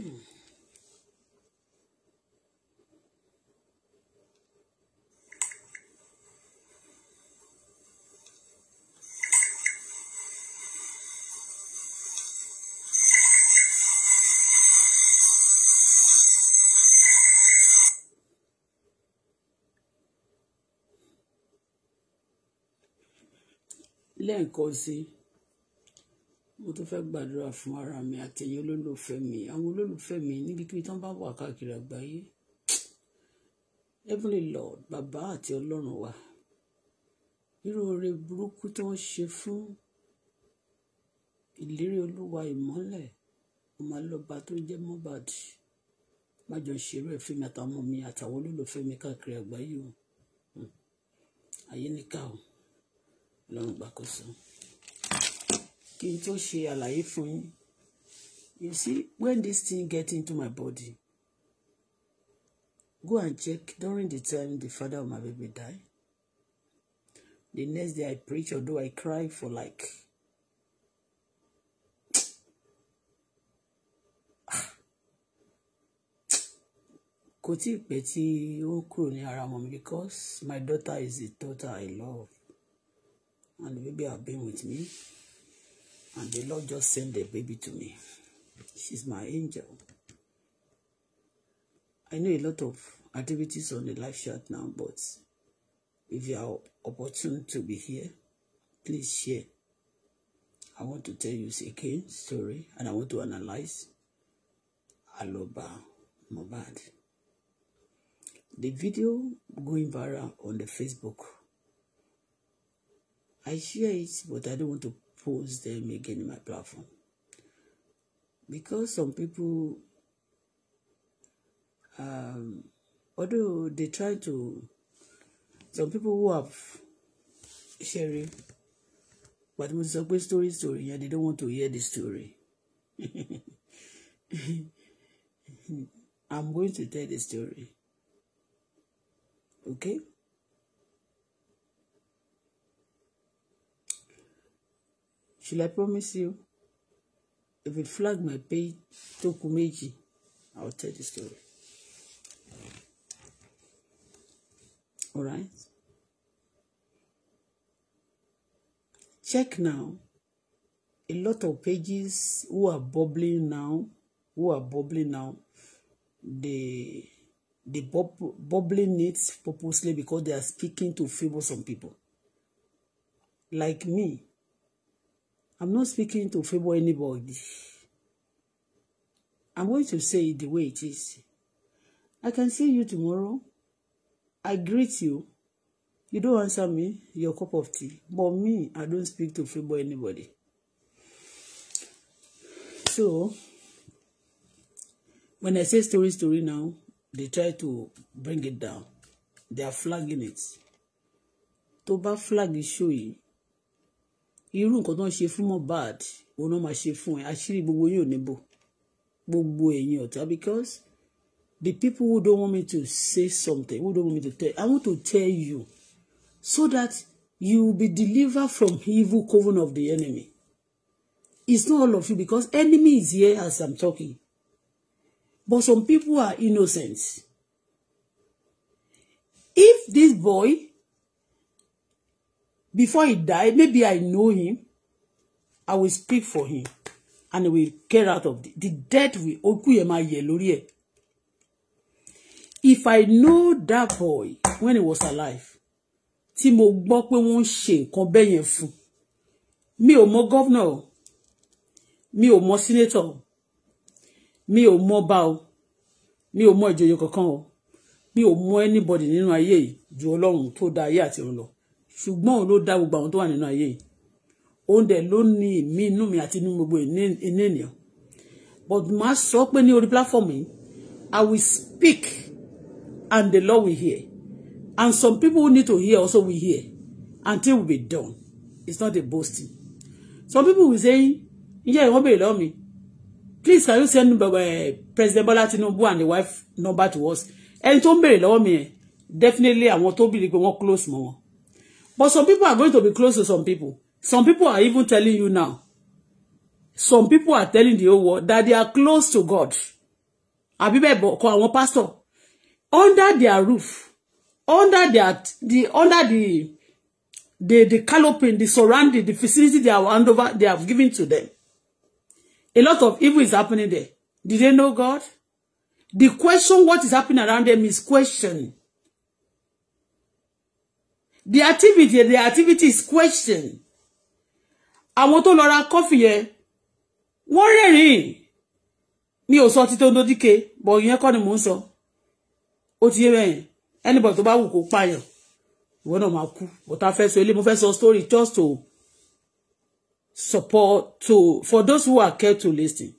l 零 cos。mo tún fẹ́ gbàdúrà fún ara mi àtẹ̀yìn olólùfẹ́ mi àwọn olólùfẹ́ mi níbikíbi tán bá wà káàkiri àgbáyé heavenly lord bàbá àti ọlọ́run wa irú oore burúkú tí wọ́n ṣe fún ìlérí olúwa ìmọ́lẹ̀ ọmọ alọ́ba tó jẹ́ Mohbad májọ ṣerú ẹ̀ fún mi àtàwọn ọmọ mi àtàwọn olólùfẹ́ mi káàkiri àgbáyé o hmm. ayé níkà o ọlọ́run gbàkóso kí n tó ṣe àlàyé fún yín you see when this thing get into my body go and check during the time the father of my baby die the next day I preach although I cry for like kò tí ì pẹ́ tí ó kúrò ní ara ọmọ mi because my daughter is a daughter I love and the baby have been with me And the Lord just sent the baby to me. She's my angel. I know a lot of activities on the live chat now, but if you are opportune to be here, please share. I want to tell you again story and I want to analyze Aloba Mohbad. The video going viral on the Facebook. I share it, but I don't want to post them again in my platform. Because some people, um, although they try to, some people who have sharing, but most of good story, story, and they don't want to hear the story. I'm going to tell the story. Okay? Shall I promise you? If it flag my page, to kù I'll tell the story. All right? Check now. A lot of pages who are bubbling now, who are bubbling now, they the bub bubbling it purposely because they are speaking to favor some people. Like me, I'm not speaking to favour anybody. I'm going to say it the way it is. I can see you tomorrow. I greet you. You don't answer me, your cup of tea. But me, I don't speak to favour anybody. So, when I say story, story now, they try to bring it down. They are flagging it. Toba bá flag show yìí, irú nǹkan tó ń ṣe fún Mohbad òun náà máa ṣe fún ẹ àṣírí gbogbo yín ò ní bò gbogbo ẹ̀yin ọ̀tá because the people who don't want me to say something who don't want me to tell I want to tell you so that you will be delivered from evil coven of the enemy it's not all of you because enemy is here as I'm talking but some people are innocent if this boy Before he died, maybe I know him. I will speak for him. And he get out of the, the death We oku ye ma If I know that boy when he was alive, timo mo gbọ́ pé wọ́n ń ṣe nǹkan bẹ́ẹ̀ governor. Me ò mọ senator. Me ò mọ ba o. Mi ò mọ ìjòyè kankan o. Mi ò mọ anybody nínú ayé ye ju long tó dá ayé ṣùgbọ́n òun ló dá gbogbo àwọn tó wà nínú ayé yìí òun dẹ̀ ló ní ìmí inú mi àti inú gbogbo inú ènìyàn but màá sọ pé ní orí platform yìí I will speak and the Lord will hear and some people who need to hear also will hear until we be done it's not a boasting some people will say ǹjẹ́ ìwọ́n béèrè lọ́wọ́ mi please can you send uh, President Bola Tinubu and the wife number to us ẹni tó ń béèrè lọ́wọ́ mi yẹn definitely àwọn tó bìrì pé wọ́n close mọ́ wọn But some people are going to be close to some people. Some people are even telling you now. Some people are telling the whole world that they are close to God. Àbí bẹ́ẹ̀ bọ̀ kọ́ àwọn pastor under their roof, under their the under the the the calopin, the surrounding, the facility they have hand over, they have given to them. A lot of evil is happening there. Did they know God? The question what is happening around them is question the activity the activity is questioned àwọn tó lọ ra kọfì yẹn wọ́n rẹ́rìn mi ò sọ títí ondódíke bọ ìyẹn kọ́ ni mò ń sọ ó ti yé bẹyẹn anybody tó bá wù kó pààyàn ìwọ náà máa kú bọtá fẹ́ sọ ilé mo fẹ́ sọ story just to support to for those who are care to listen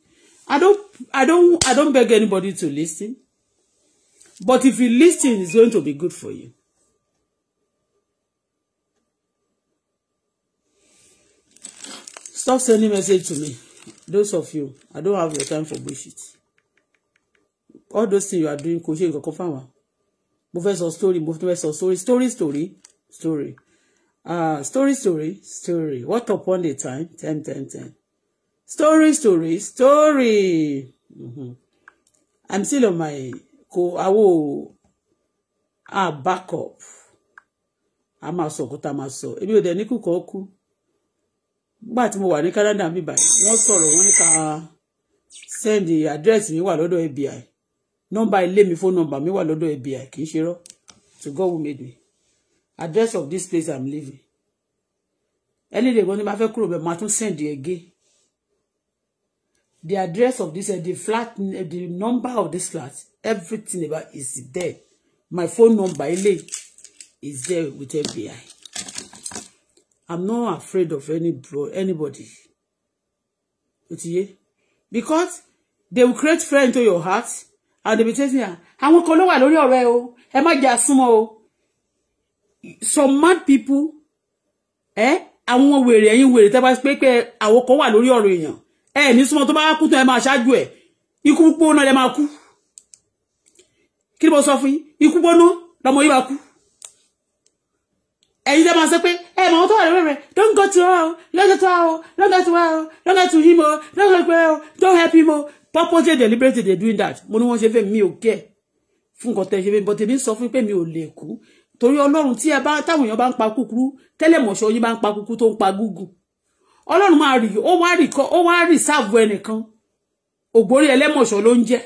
i don't i don't i don't beg anybody to listen but if you listen it's going to be good for you. Stop sending message to me. Those of you, I don't have your time for bullshit. All those things you are doing, kò ṣe nǹkan kan fáwọn. story, move fẹ́ sọ story, story, story, story. Uh, story, story, story. What upon the time? Ten, ten, ten. Story, story, story. Mm-hmm. I'm still on my ko awo ah back up. I'm also sọ kó tá a máa sọ. Ebi ò dẹ̀ ní kú gbà tí mo wà ní Canada mi báyìí wọ́n sọ̀rọ̀ wọ́n ní ká send address mi wà lọ́dọ̀ FBI nọ́mbà ilé mi phone number mi wà lọ́dọ̀ FBI kì í ṣe rọ́ to God who made me address of this place I'm living ẹni lè gbọ́ ní ma fẹ́ kúrò bẹ́ẹ̀ máa tún send again the address of this uh, the flat uh, the number of this flat everything about is there my phone number ilé is there with FBI i'm not afraid of any bro anybody otiye because they will create fear into your heart and they be telling you àwọn kan ló wà lórí ọ̀rọ̀ ẹ o ẹ má jà súnmọ́ some mad people eh àwọn wèrè ẹ̀yin wèrè tẹ́ bá pé pé àwọn kan wà lórí ọ̀rọ̀ èèyàn ẹ ní súnmọ́ tó bá kú tán ẹ máa ṣáájú ẹ̀ ikú pípóná lẹ máa kú kí ni mo sọ fún yín ikú gbóná lọmọ yìí máa kú ẹ̀yin tẹ́ máa sọ pé ẹ mọ̀ tó wà lórí rẹ̀ don't go to her o don't go to her o don't go to her o don't go to him o don't go to her o don't help him o purposely deliberately they doing that mo ní wọ́n ṣe fẹ́ mi ò kẹ́ fún nǹkan tẹ́ ṣe fẹ́ but èmi sọ fún pé mi ò lè kú torí ọlọ́run tí ẹ bá táwọn èèyàn bá ń pa kúkúrú tẹ́lẹ̀ mọ̀ṣọ́ yín bá ń pa kúkúrú tó ń pa gúgù ọlọ́run máa rí ó wá rí ó wá rí sáàbù ẹnìkan ògbórí ẹlẹ́mọ̀ṣọ́ ló ń jẹ́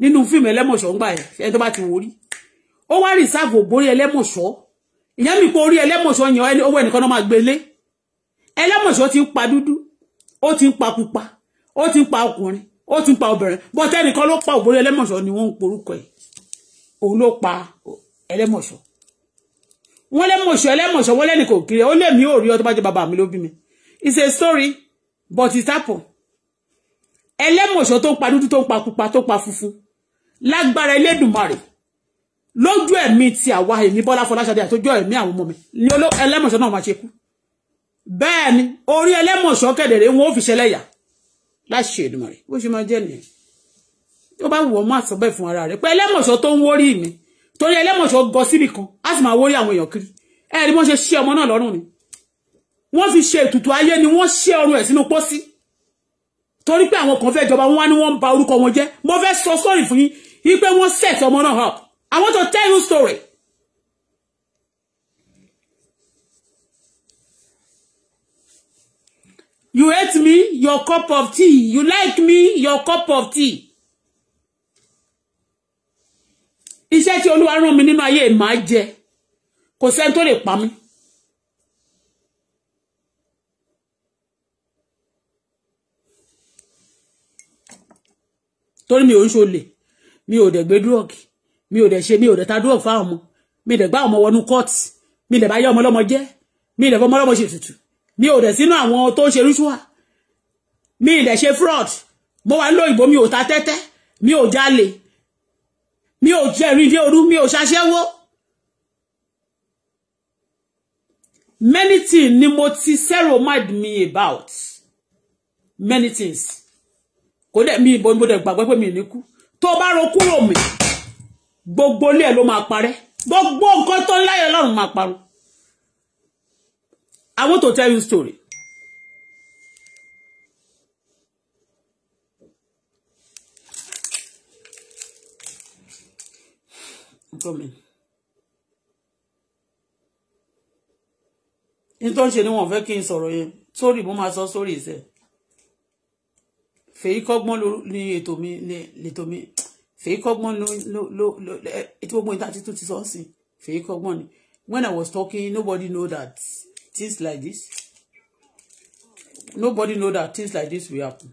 nínú fíìmù ẹlẹ́mọ̀ṣọ́ ń gbà yẹn ẹni tó bá ti wò rí ó wá rí sáàbù ògbórí ẹlẹ́mọ̀ṣọ́ ìyá mi pé orí ẹlẹ́mọ̀ṣọ́ yan owó ẹnìkan náà máa gbélé ẹlẹ́mọ̀ṣọ́ ti ń pa dúdú ó ti ń pa pupa ó ti ń pa ọkùnrin ó ti ń pa obìnrin bọ́tẹ́ ẹnìkan ló pa òbórí ẹlẹ́mọ̀ṣọ́ ni wọ́n ń porúkọ ẹ̀ òun ló pa ẹlẹ́mọ̀ṣọ́ wọ́n lẹ́mọ̀ṣọ́ ẹlẹ́mọ̀ṣọ́ wọ́n lẹ́nì kò kiri ó lè mí ò rí ọtọ́ bá jẹ́ bàbá mi ló bí mi it's a story but it happen ẹlẹ́mọ̀ṣọ́ tó ń pa dúdú tó ń pa pupa tó ń pa funfun lágbára Elédùmarè lójú ẹ̀mí ti àwa èmi Bọ́lá Fọláṣadé àtọjọ́ ẹ̀mí àwọn ọmọ mi ni ẹlẹ́mọ̀ṣọ́ náà máa ṣe kú bẹ́ẹ̀ ni orí ẹlẹ́mọ̀ṣọ́ kẹ̀dẹ̀rẹ̀ wọn ò fi ṣẹlẹ́yà láti ṣe ìdùnmọ̀ rẹ̀ bó ṣe máa jẹ́ nìyẹn tó bá wù ọ́ máa sọ bẹ́ẹ̀ fún ara rẹ̀ pé ẹlẹ́mọ̀ṣọ́ tó ń wórí mi torí ẹlẹ́mọ̀ṣọ́ gọ síbì kan á sì máa wórí àwọn èèyàn kiri ẹ rí wọ́n ṣe ṣe ọmọ náà lọ́rùn ni wọ́n fi ṣe ètùtù ayé ni wọ́n ṣe ọrùn ẹ̀ sínú pósí torí pé àwọn kan fẹ́ jọba wọn wá ní wọ́n ń ba orúkọ wọn jẹ́ mo fẹ́ sọ sọ́ọ̀rì fún yín yí pé wọ́n set ọmọ náà up I want to tell you story. You hate me, your cup of tea. You like me, your cup of tea. Iṣẹ́ tí Olúwa rán mi nínú ayé màá jẹ. Kò sẹ́ni tó lè pa mí. Torí mi ò ń ṣolè, mi ò dẹ̀ gbé dúrọ̀kì mi ò dẹ̀ ṣe mi ò dẹ̀ ta dúró fáwọn ọmọ mi dẹ̀ gbá ọmọ wọnú kọ́ọ̀tì mi dẹ̀ bá yá ọmọ ọlọ́mọ jẹ́ mi dẹ̀ fọmọ ọlọ́mọ ṣe tutù mi ò dẹ̀ sínú àwọn tó ń ṣe mi dẹ̀ ṣe fraud mo wà lóyìnbó mi ò ta tẹ́tẹ́ mi ò jalè mi ò jẹ̀rìn dé òru mi ò ṣaṣẹ́wó many things ni mo ti zero mind me about many things kò dẹ̀ mi ìbọn mo dẹ̀ gbàgbọ́ pé mi ò ní kú tó ro kúrò mi gbogbo ilé ẹ̀ ló máa parẹ́ gbogbo nǹkan tó láyọ̀ lọ́run máa parun I want to tell you story gómìn nítorí ṣe ni wọ́n fẹ́ kí n sọ̀rọ̀ yẹn sórí mo máa sọ sórí ìṣe fèyí kọ́gbọ́n ni ètò mi ni ètò mi fèyí kọ́gbọ́n ló ló ló etí gbogbo ìta títún ti sọ sí fèyí kọ́gbọ́n ni when I was talking nobody know that things like this nobody know that things like this will happen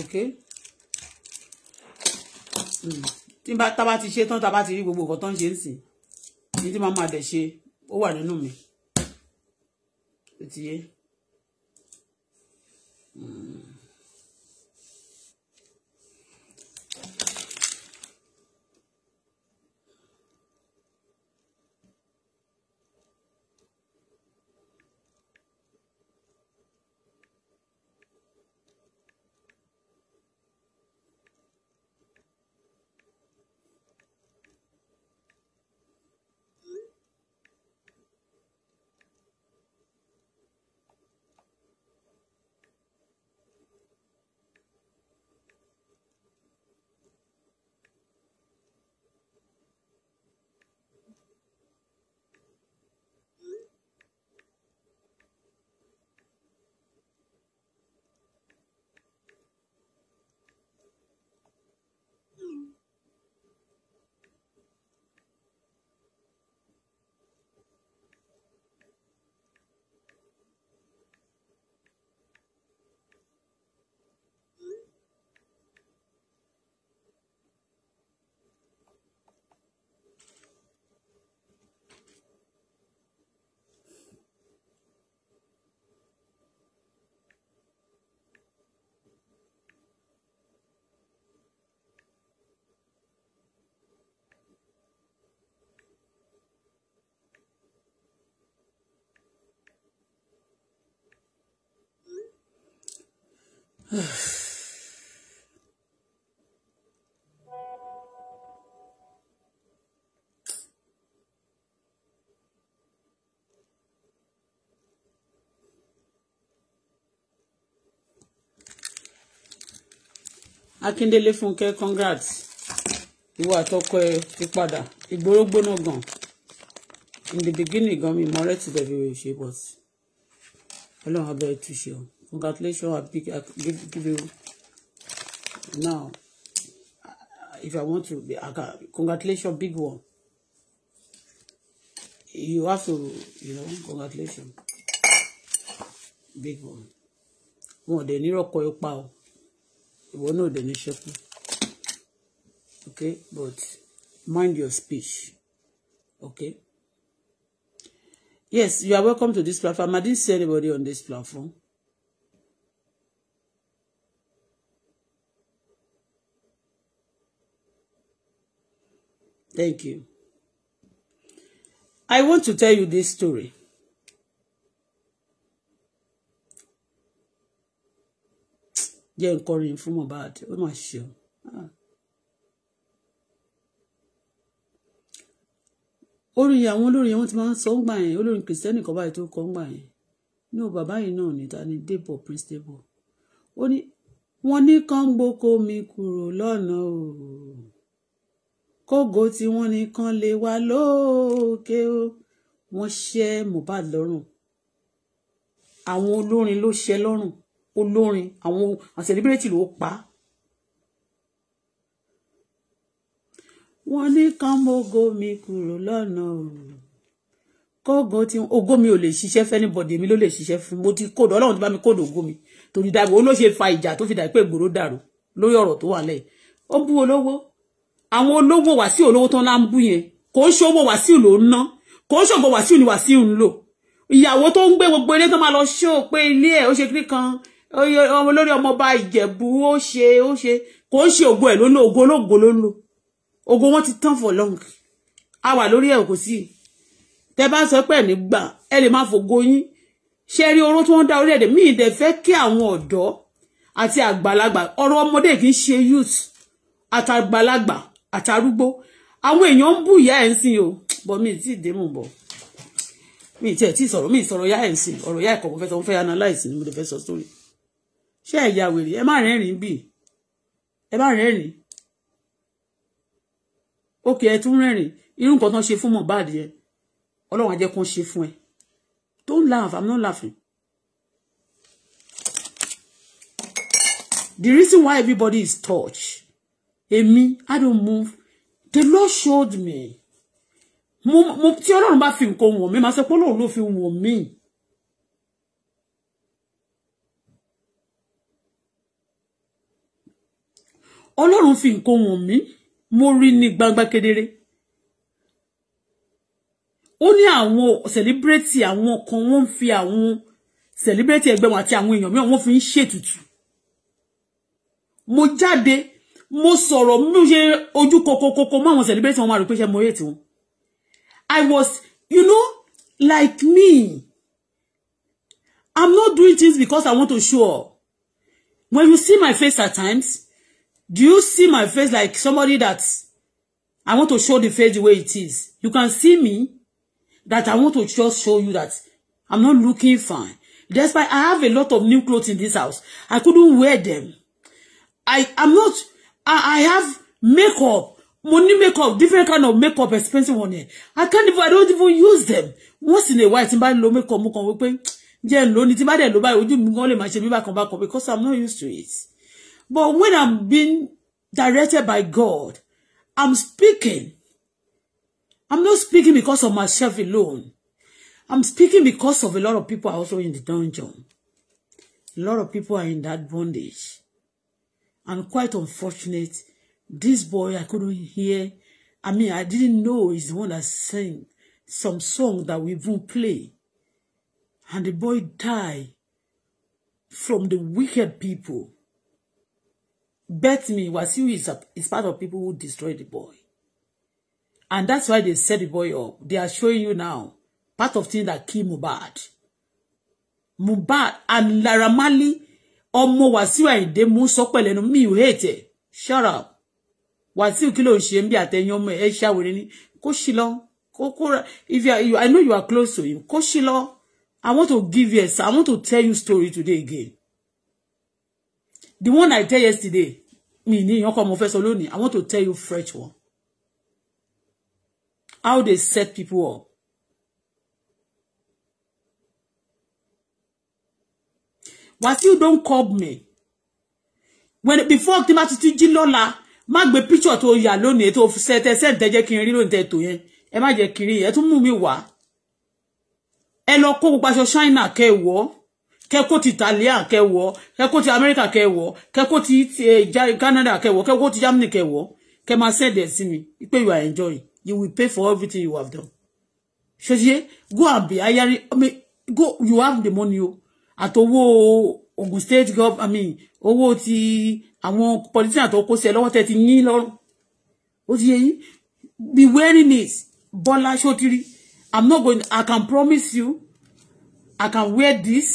okay hmm. tí bá tá ti ṣe tán tá ti rí gbogbo nǹkan tó ń ṣe ń sìn ní tí màá dẹ̀ ṣe ó wà nínú mi ó ti yé. Mm. akíndélé fúnkẹ́ congrats ìwọ àtọkọ ẹ ti padà ìgboro gbóná gan in the beginning gan mi mọ rẹ ti bẹbẹ ṣe bọ sí Ọlọ́run abẹ túṣe o. Congratulations, I, pick, I give, give you. Now, if I want to, be, I can, congratulations, big one. You have to, you know, congratulations, big one. Wọ́n dẹ̀ ní rọ́kọ̀ ẹ pa o, ìwọ náà dẹ̀ Okay, but mind your speech. Okay. Yes, you are welcome to this platform. I didn't see anybody on this platform. Thank you. I want to tell you this story. Yeah, nkọrin from about ó mà ṣe o. Ah. orin àwọn olórin wọn ti máa ń sọ ń gbà yẹn olórin kìrìsìtẹ́nì kan báyìí tó kọ́ ń gbà yẹn ní o bàbá yìí náà níta ní débò Prince Débò ó ní wọ́n ní kán o kógo tí wọ́n nìkan lè wà lókè o wọ́n ṣẹ́ Mohbad lọ́rùn àwọn olórin ló ṣẹ́ lọ́rùn olórin àwọn àṣẹlẹ́bírẹ́tì ló pa á. wọ́n ní kán mógo mi kúrò lọ́nà òru kógo tí ògo mi ò lè ṣiṣẹ́ fẹ́nibọ̀dì mi ló lè ṣiṣẹ́ fún mo ti kóòdù ọlọ́run ti bá mi kóòdù ògo mi torí dàgbò ó ló ṣe fa ìjà tó fi dà pé gbòòrò dàrú lórí ọ̀rọ̀ tó wà lẹ́yìn ó bú olówó àwọn olówó Wàsíù olówó tán láǹbù yẹn kò ń ṣòwò Wàsíù ló ń ná kò ń ṣògo Wàsíù ni Wàsíù ń lò ìyàwó tó ń gbé gbogbo ilé tó máa lọ ṣó pé ilé ẹ̀ ó ṣe kiri kan olórí ọmọọba Ìjẹ̀bú ó ṣe ó ṣe kò ń ṣe ògo ẹ̀ ló ń lo ògo ológo ló ń lo ògo wọn ti tán for long a wà lórí ẹ̀ kò sí tẹ bá sọ pé ẹni gbà ẹ lè má fògo yín ṣe rí oró tí wọ́n dá orílẹ̀-èdè míì dẹ̀ fẹ́ kí àwọn ọ̀dọ́ àti àgbàlagbà ọ̀rọ̀ ọmọdé kì í ṣe youth àtàgbàlagbà àtàrúgbó àwọn èèyàn ń bú ìyá ẹ̀ ń sìn o bọ́ mi ti dé mò ń bọ̀ mi tiẹ̀ ti sọ̀rọ̀ mi sọ̀rọ̀ yá ẹ̀ ń sìn ọ̀rọ̀ yá ẹ̀kọ́ mo fẹ́ sọ mo fẹ́ analyse ni mo lè fẹ́ sọ sórí ṣé ẹ̀yà wèrè ẹ má rẹ́rìn bì ẹ má rẹ́rìn ókè ẹ tún rẹ́rìn irú nǹkan tán ṣe fún Mohbad yẹn Ọlọ́run á jẹ́ ṣe fún ẹ don't laugh i'm not laughing the reason why everybody is touched èmi i don't move the lord showed me mo mo tí ọlọ́run bá fi nǹkan wọ̀n mi máa sọ pé ọlọ́run ló fi wọ̀n mí. ọlọ́run fi nǹkan wọ̀n mí mo rí ní gbangba kedere ó ní àwọn sẹlẹbírẹtì àwọn kan wọ́n ń fi àwọn sẹlẹbírẹtì ẹgbẹ́ wọn àti àwọn èèyàn mìíràn wọ́n fi ń ṣètùtù mo jáde mo sọ̀rọ̀ mo ṣe ojú kokokoko mọ́ àwọn celebrate wọn máa rò pé ṣe mo rètí wọn i was you know like me i'm not doing things because i want to show up when you see my face at times do you see my face like somebody that i want to show the face the way it is you can see me that i want to just show you that i'm not looking fine despite i have a lot of new clothes in this house i couldn't wear them i am not I, I have makeup. Money makeup, different kind of makeup, expensive one here. I can't even, I don't even use them. Once in a while, tí n bá makeup, mo kàn wò pé, jẹ́ n lò ní, tí n bá dẹ̀ lò báyìí, ojú mi gan lè máa ṣe bí because I'm not used to it. But when I'm being directed by God, I'm speaking. I'm not speaking because of myself alone. I'm speaking because of a lot of people are also in the dungeon. A lot of people are in that bondage and quite unfortunate this boy I couldn't hear I mean I didn't know he's the one that sang some song that we even play and the boy died from the wicked people bet me Wasiu is, a, is part of people who destroyed the boy and that's why they set the boy up they are showing you now part of thing that killed Mubad, Mohbad and Laramali ọmọ Wàsíù Àyìndé mú sọ pẹ̀lẹ́nu mi ò hate ẹ̀ shut Wàsíù kí ló ń ṣe ń bí àtẹ̀yìn ọmọ ẹ̀ ṣàwèrè ni kó ṣì lọ kó kó if you, are, I know you are close to him kó ṣì lọ I want to give you a I want to tell you story today again the one I tell yesterday mi ní ìyàn kan mo sọ lónìí I want to tell you fresh one how they set people up Wasiu don't call me. When before the to Jilola, má gbé picture to yà lónìí tó ṣe te se de jẹ́ kin rí lónìí te tó yẹn. Ẹ má jẹ́ kiri I tún mú mi wá. Ẹ lọ kó gbogbo China kẹ́ wọ̀. Kẹ́ kó ti Italian kẹ́ wọ̀, kẹ́ kó ti America kẹ́ wọ̀, kẹ́ kó ti eh, Canada kẹ́ wọ̀, kẹ́ kó ti Germany kẹ́ wọ̀. Kẹ́ má send it sí mi. Pé you are enjoying. You will pay for everything you have done. Shoje, go and be ayari. I mean, go you have the money. Oh àtowó Ogun state gov i mean owó ti àwọn politician tó kó sí ẹ lọ́wọ́ tẹ́ ti ní lọ́rùn ó ti yẹ yín be wearing it Bọ́lá Ṣótìrí i'm not going i can promise you i can wear this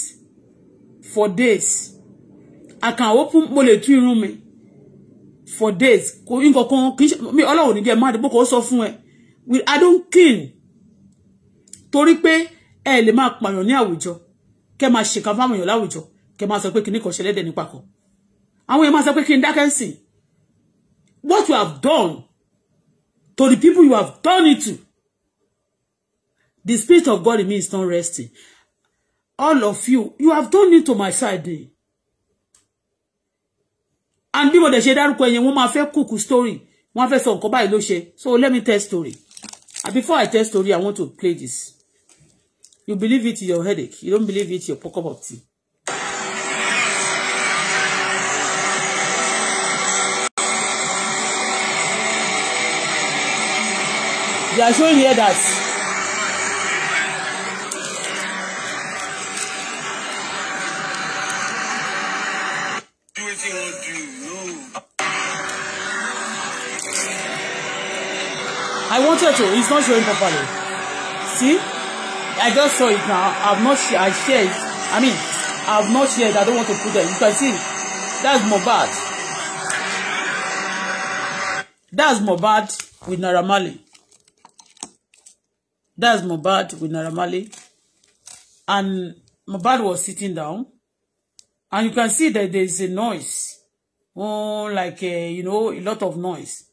for days i can open mo lè tún irun mi for days kò nǹkan kan kì í ṣe mi ọlọ́run nídìí ẹ má dìbò kò sọ fún ẹ i don't kill torí pé ẹ lè máa pààyàn ní àwùjọ kẹ́ máa ṣèkà fáwọn èèyàn láwùjọ kẹ́ máa sọ pé kìnnìkan ṣẹlẹ̀ dẹ̀ nípa kan àwọn èèyàn máa sọ pé kí n dákẹ́ sìn what you have done to the people you have done it to the spirit of God in me is not resting all of you you have done it to my side and bí mo dẹ̀ ṣe dárúkọ yẹn wọ́n máa fẹ́ kúkú story wọ́n á fẹ́ sọ nǹkan báyìí ló so let me tell story and before I tell story I want to play this. You believe it your headache. You don't believe it your cup of tea. They are showing here that I wanted to. It's not showing properly. See? I just saw it now. I've not sh I shared. I mean, I've not shared. I don't want to put them. You can see, that's more bad. That's more bad with Naramali. That's more bad with Naramali. Marley. And Mohbad was sitting down. And you can see that there's a noise. Oh, like, uh, you know, a lot of noise.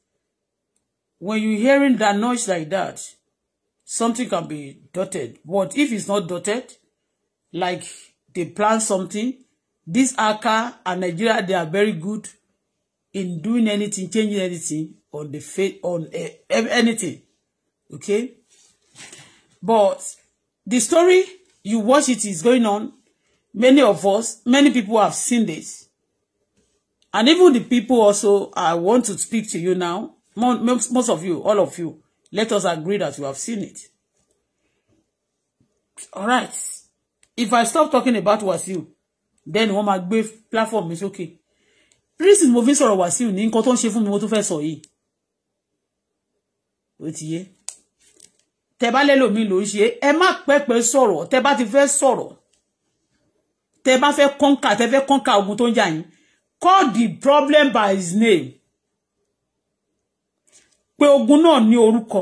When you're hearing that noise like that, something can be dotted. But if it's not dotted, like they plan something, this ACA and Nigeria, they are very good in doing anything, changing anything on the faith, on uh, anything. Okay? But the story, you watch it, is going on. Many of us, many people have seen this. And even the people also, I want to speak to you now. most of you, all of you. Let us agree that you have seen it. All right. If I stop talking about Wasiu, then wọ́n máa gbé platform is okay. Please mo fi sọ̀rọ̀ Wasiu ní nǹkan shifu mi mo tún fẹ́ sọ yìí. Ó ti yé. mi ló ń ṣe, ẹ soro. pẹ́pẹ́ sọ̀rọ̀, tẹ́ bá ti fẹ́ sọ̀rọ̀. Tẹ́ bá fẹ́ kọ́ńkà, tẹ́ fẹ́ kọ́ńkà ogun tó ń Call the problem by his name pé ogun náà ní orúkọ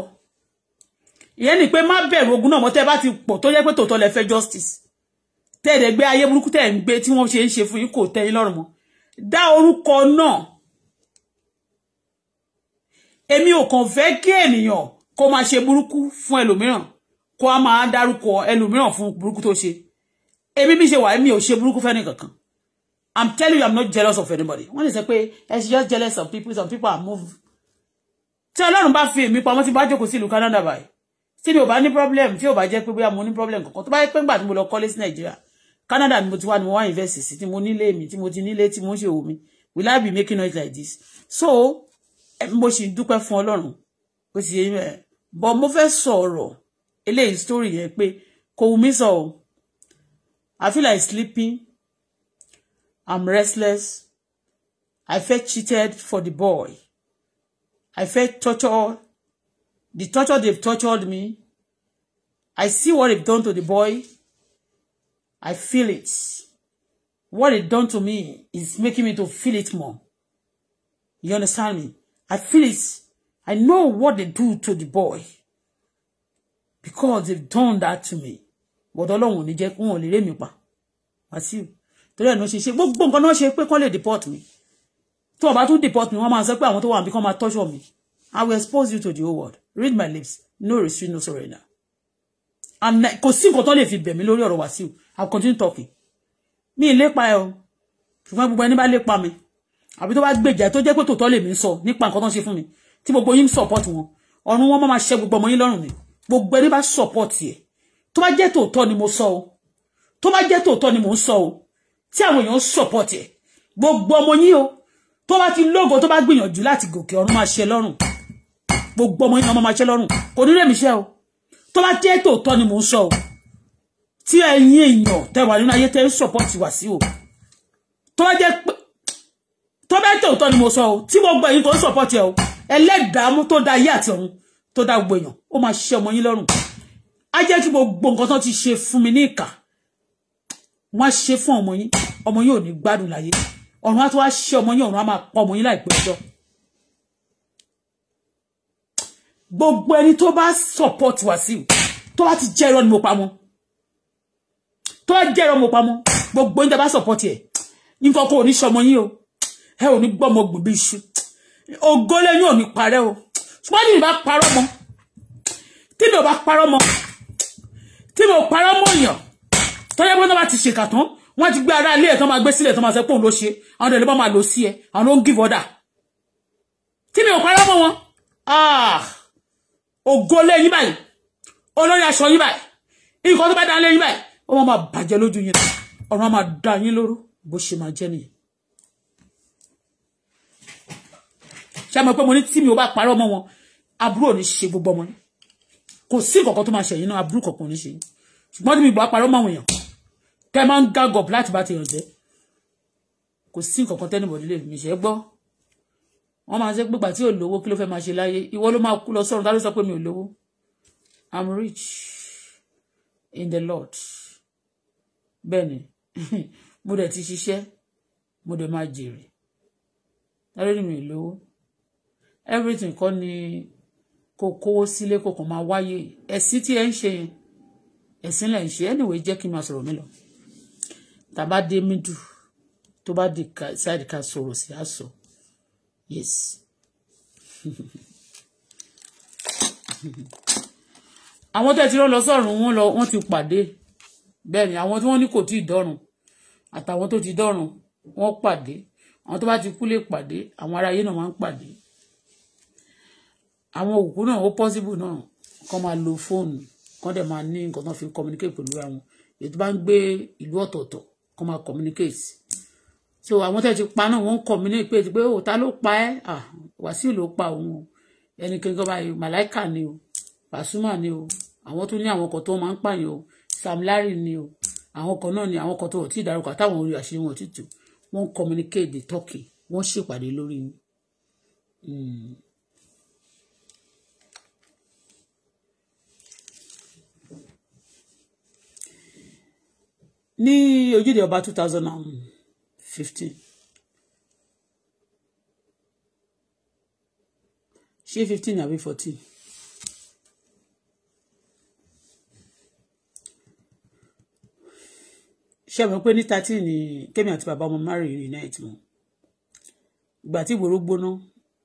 ìyẹn ni pé má bẹ̀rù ogun náà mọ́ tẹ́ bá ti pọ̀ tó jẹ́ pé tòótọ́ lẹ fẹ́ justice tẹ́ ẹ̀dẹ̀ gbé ayé burúkú tẹ́ ẹ̀ ń gbé tí wọ́n ṣe ń ṣe fún yín kò tẹ́ yín lọ́rùn mọ́ dá orúkọ náà èmi ò kàn fẹ́ kí ènìyàn kó máa ṣe burúkú fún ẹlòmíràn kó a máa dárúkọ ẹlòmíràn fún burúkú tó ṣe èmi bí ṣe wà èmi ò ṣe burúkú fẹ́ nìkankan I'm telling you I'm not jealous of anybody wọ́n lè sọ pé I just jealous of people some people are moved tí ọlọ́run bá fi èmi pamọ́ tí bá jókòó sí ìlú Canada báyìí tí mi ò bá ní problem tí ò bá jẹ́ pé bóyá mo ní problem kankan tó bá yẹ pé ńgbà tí mo lọ kọ́lé sí Nàìjíríà Canada ni mo ti wá ni mo wá invest sí tí mo nílé mi tí mo ti nílé tí mo ń ṣe òwò mi will I be making noise like this so mo sì dúpẹ́ fún ọlọ́run ó sì yẹ bọ́ mo fẹ́ sọ̀rọ̀ eléyìí story yẹn pé kò wù mí sọ o I feel like sleeping I'm restless I felt cheated for the boy I felt tortured. The torture they've tortured me. I see what they've done to the boy. I feel it. What they've done to me is making me to feel it more. You understand me? I feel it. I know what they do to the boy. Because they've done that to me. But Ọlọ́run ní jẹ́ kí wọ́n lè rẹ́ mi pa. Wàsíù. Torí ẹ̀ náà ṣe ṣe gbogbo nǹkan náà deport me? To o bá deport me, wọ́n máa sọ pé àwọn to wà níbi kan máa torture me. i will expose you to the whole world read my lips no restraint no surrender and kò sí nǹkan tó lè fi bẹ̀ mí lórí ọ̀rọ̀ Wàsíù i I'll continue talking mi ì lépa ẹ o ṣùgbọ́n gbogbo ẹni bá lépa mi àbí tó bá gbèjà tó jẹ́ pé tòótọ́ to ń sọ so. nǹkan tó ń ṣe fún mi tí gbogbo yín ń support wọn ọ̀run wọn máa ṣe gbogbo ọmọ yín lọ́rùn ni gbogbo ẹni bá support ẹ̀ tó bá to tòótọ́ ni mo sọ o tó bá to tòótọ́ ni mo ń sọ o tí àwọn èèyàn support ẹ̀ gbogbo ọmọ yín o tó bá ti lógo tó bá gbìyànjú láti gòkè ọ̀run máa ṣe lọ́rùn gbogbo ọmọ yín ọmọ máa ṣe lọ́rùn kò ní rèmi o tó bá jẹ́ tòótọ́ ni mò ń sọ o tí ẹ̀yin èèyàn tẹ́ wà nínú ayé tẹ́ ń sọ̀pọ̀tì wá sí o tó bá jẹ́ pé tó bá jẹ́ tòótọ́ ni mo sọ o tí gbogbo ẹ̀yin kò ń sọ̀pọ̀tì ẹ o ẹlẹ́dàámú tó da ayé àti ọ̀run tó da gbogbo èèyàn ó máa ṣe ọmọ yín lọ́rùn á jẹ́ kí gbogbo nǹkan tán ti ṣe fún mi ní ìkà wọ́n á ṣe fún ọmọ yín ọmọ yín ò ní gbádùn láyé ọ̀run á tó wá ṣe ọmọ yín ọ̀run á máa pọ̀ ọmọ yín láìpẹ́ ọjọ́ gbogbo ẹni tó bá support Wàsíù tó bá ti jẹ́ irọ́ ni mo pamọ́ tó bá jẹ́ irọ́ ni mo pamọ́ gbogbo ẹni tó bá support ẹ̀ nǹkan kò ní ṣọmọ yín o ẹ ò ní gbọ́mọ gbò bí iṣu ògo lẹ́yìn ò ní parẹ́ o ṣùgbọ́n ní ìbá parọ́ mọ́ tí mi ò bá parọ́ mọ́ tí mi ò parọ́ mọ́ èèyàn tó yẹ pé wọ́n bá ti ṣèkà tán wọ́n ti gbé ara ilé ẹ̀ tán máa gbé sílẹ̀ tán máa sẹ́ pòun ló ṣe àwọn ẹ̀lẹ́bọ̀ máa lò sí ẹ àwọn ló ń give order tí mi ò parọ́ mọ́ wọn ah! ògo lé yín báyìí olórí aṣọ yín báyìí nǹkan tó bá dá lé yín báyìí ó máa bàjẹ́ lójú yín ọ̀run máa dá yín lóró bó ṣe máa jẹ́ nìyẹn. ṣe mọ̀ pé mo ní tí mi ò bá parọ́ mọ́ wọn aburú ò ní ṣe gbogbo ọmọ ni kò sí nǹkan kan tó máa ṣẹ̀yìn náà aburú kankan ní ṣe ṣùgbọ́n tí mi ò parọ́ mọ́ àwọn èèyàn kẹ́ máa ń gágọ̀ láti bá tèèyàn jẹ́ kò sí nǹkan kan tẹ́nìmọ̀dé lè mi ṣe gbọ́ wọ́n máa ṣe gbégbà tí ò lówó kí ló fẹ́ máa ṣe láyé ìwọ ló máa kú lọ sọ́run tá sọ pé mi ò lówó I'm rich in the Lord bẹ́ẹ̀ ni mo dẹ̀ ti ṣiṣẹ́ mo dẹ̀ máa jèrè tá ló mi ò lówó everything kọ́ ni kò kówó sílé kò kàn máa wáyé ẹ̀sìn tí ẹ ń ṣe ẹ̀sìn lẹ̀ ń ṣe anyway jẹ́ kí n máa sọ̀rọ̀ mi lọ tá a bá dé middle tó bá di side ká sọ̀rọ̀ sí á yes àwọn tẹ́ ti rán lọ sọ́run wọn lọ wọ́n ti pàdé bẹ́ẹ̀ ni àwọn tí wọ́n ní kò tí ì dọ́run àtàwọn tó ti dọ́run wọ́n pàdé àwọn tó bá ti kú lè pàdé àwọn ará ayé náà máa ń pàdé àwọn òkú náà ó possible náà kàn máa lo fóònù kàn dẹ̀ máa ní nǹkan tó fi communicate pẹ̀lú àwọn èyí tó bá ń gbé ìlú ọ̀tọ̀ọ̀tọ̀ kó máa communicate so àwọn tẹ́ ti pa náà wọ́n ń communicate pé òòtá oh, ló pa ẹ́ ah Wàsíù ló pa òun o ẹnikẹ́ni kan báyìí màláìkà ni o Pasuma ni o àwọn tó ní àwọn kan tó máa ń pààyàn o Sam Larry ni o àwọn kan náà ni àwọn kan tó ti dárúkọ àtàwọn orí àṣírí wọn títù wọ́n communicate the talking wọ́n ṣèpàdé lórí ni. Hmm. ní ojúde ọba two thousand and fifteen ṣé fifteen àbí fourteen. ṣe mọ̀ pé ní thirteen ni kémi àti bàbá ọmọ mary unite mu ìgbà tí ìgboro gbóná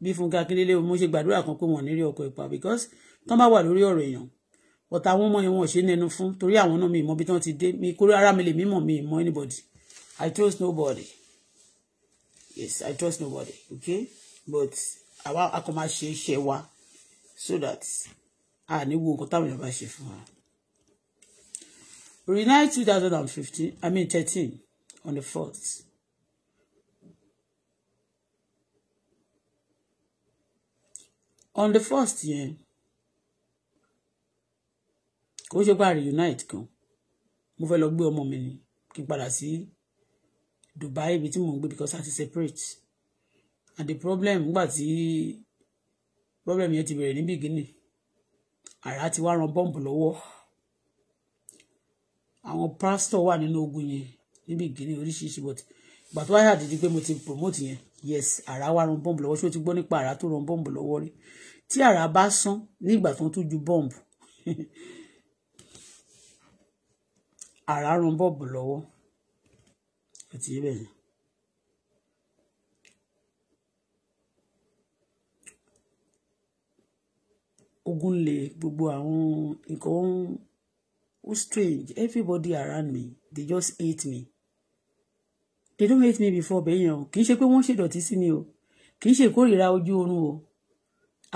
bí Fúnkẹ́ Akíndélé mo ṣe gbàdúrà kan pé wọn ò ní rí ọkọ ìpa because tán bá wà lórí ọ̀rọ̀ èèyàn ọ̀tá àwọn ọmọ yẹn wọn ò ṣe nẹnu fún torí àwọn náà mi ìmọ̀ bí tí wọ́n ti dé mi kórè ara mi lè mímọ̀ mi ìmọ̀ anybody I trust nobody yes I trust nobody okay but àwa a kò máa ṣe wa so that a ní wo nǹkan táwọn èèyàn bá ṣe fún wa. Reunite two thousand and fifteen I mean thirteen on the fourth. on the first yẹn. Yeah, kò ń ṣe pa reunite kan mo fẹ́ lọ gbé ọmọ mi ni kí n padà sí Dubai ibi tí mò ń gbé because I ti separate and the problem nígbà tí problem yẹn ti bẹ̀rẹ̀ ní beginning àrà ti wá ran bọ́ǹbù lọ́wọ́ àwọn pásítọ̀ wà nínú ogun yẹn ní beginning oríṣiríṣi but ìgbà tó wáyà dídí pé mo ti promote yẹn yes àrà wá ran bọ́ǹbù lọ́wọ́ ṣé o ti gbọ́ nípa àrà tó ran bọ́ǹbù lọ́wọ́ rí tí àrà bá sán nígbà tó ń tún ju bọ́ǹbù àràrùn bọ́ọ̀bù lọ́wọ́ àti ibẹ̀ yẹn. ogun le gbogbo àwọn nǹkan ó strange everybody around me they just hate me they don't hate me before bẹ́yẹn o kì í ṣe pé wọ́n ṣèdọ̀tí sí mi o kì í ṣe ìkórìíra ojú oorun o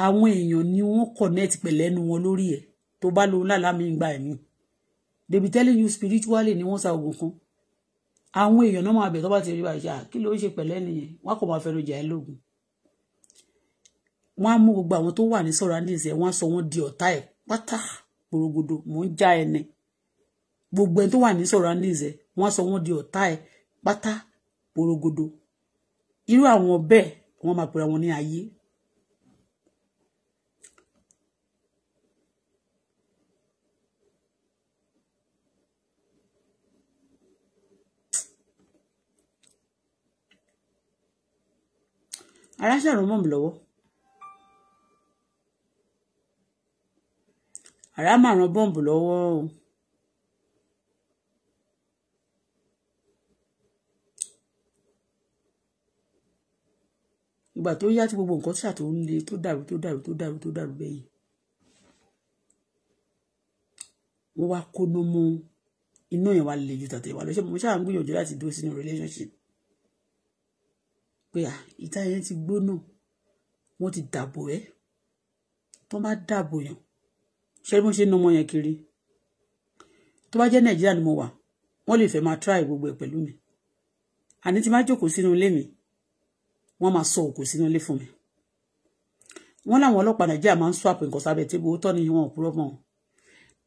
àwọn èèyàn ni wọ́n connect pẹ̀lẹ́nu wọn lórí ẹ̀ tó bá lo ńlá lámì ẹ̀mí they be telling you spiritually ni wọ́n sa oògùn kan àwọn èèyàn náà máa bẹ̀ tó bá ti rí báyìí ṣáà kí ló ń ṣe pẹ̀lẹ́ nìyẹn wọ́n kò máa fẹnu jà ẹ́ lóògùn wọ́n á mú gbogbo àwọn tó wà ní surroundings ẹ̀ wọ́n á sọ wọ́n di ọ̀tá ẹ̀ pátá gbòrògbòdò mò ń já gbogbo ẹni tó wà ní surroundings ẹ̀ wọ́n á sọ di ọ̀tá ẹ̀ pátá gbòrògbòdò irú àwọn bẹ́ẹ̀ wọ́n máa pera wọn ní ayé ara ṣàrò mọ̀ mí lọ́wọ́ ara máa ran bọ́ǹbù lọ́wọ́ o ìgbà tó yá tí gbogbo nǹkan ṣà tó ń le tó dàrú tó dàrú tó dàrú tó dàrú bẹ́yìn wọ́n wá kóná mọ́ iná yẹn wá le ju tàtẹ̀ wá lọ ṣé mo ṣáà ń gbìyànjú láti dúró sínú relationship pé à ah, ìta yẹn ti gbóná wọ́n ti dàbò ẹ́ tó bá dàbò yàn ṣé bí wọ́n ṣe ń ọmọ yẹn kiri tó bá jẹ́ nàìjíríà ni mo wà wọ́n lè fẹ́ máa try gbogbo ẹ̀ pẹ̀lú mi àní tí má jókòó sínú ilé mi wọ́n máa sọ òkú sínú ilé fún mi wọ́n láwọn ọlọ́pàá nàìjíríà máa ń swap nǹkan sábẹ́ tébù ó tọ́ ni wọn ò purọ́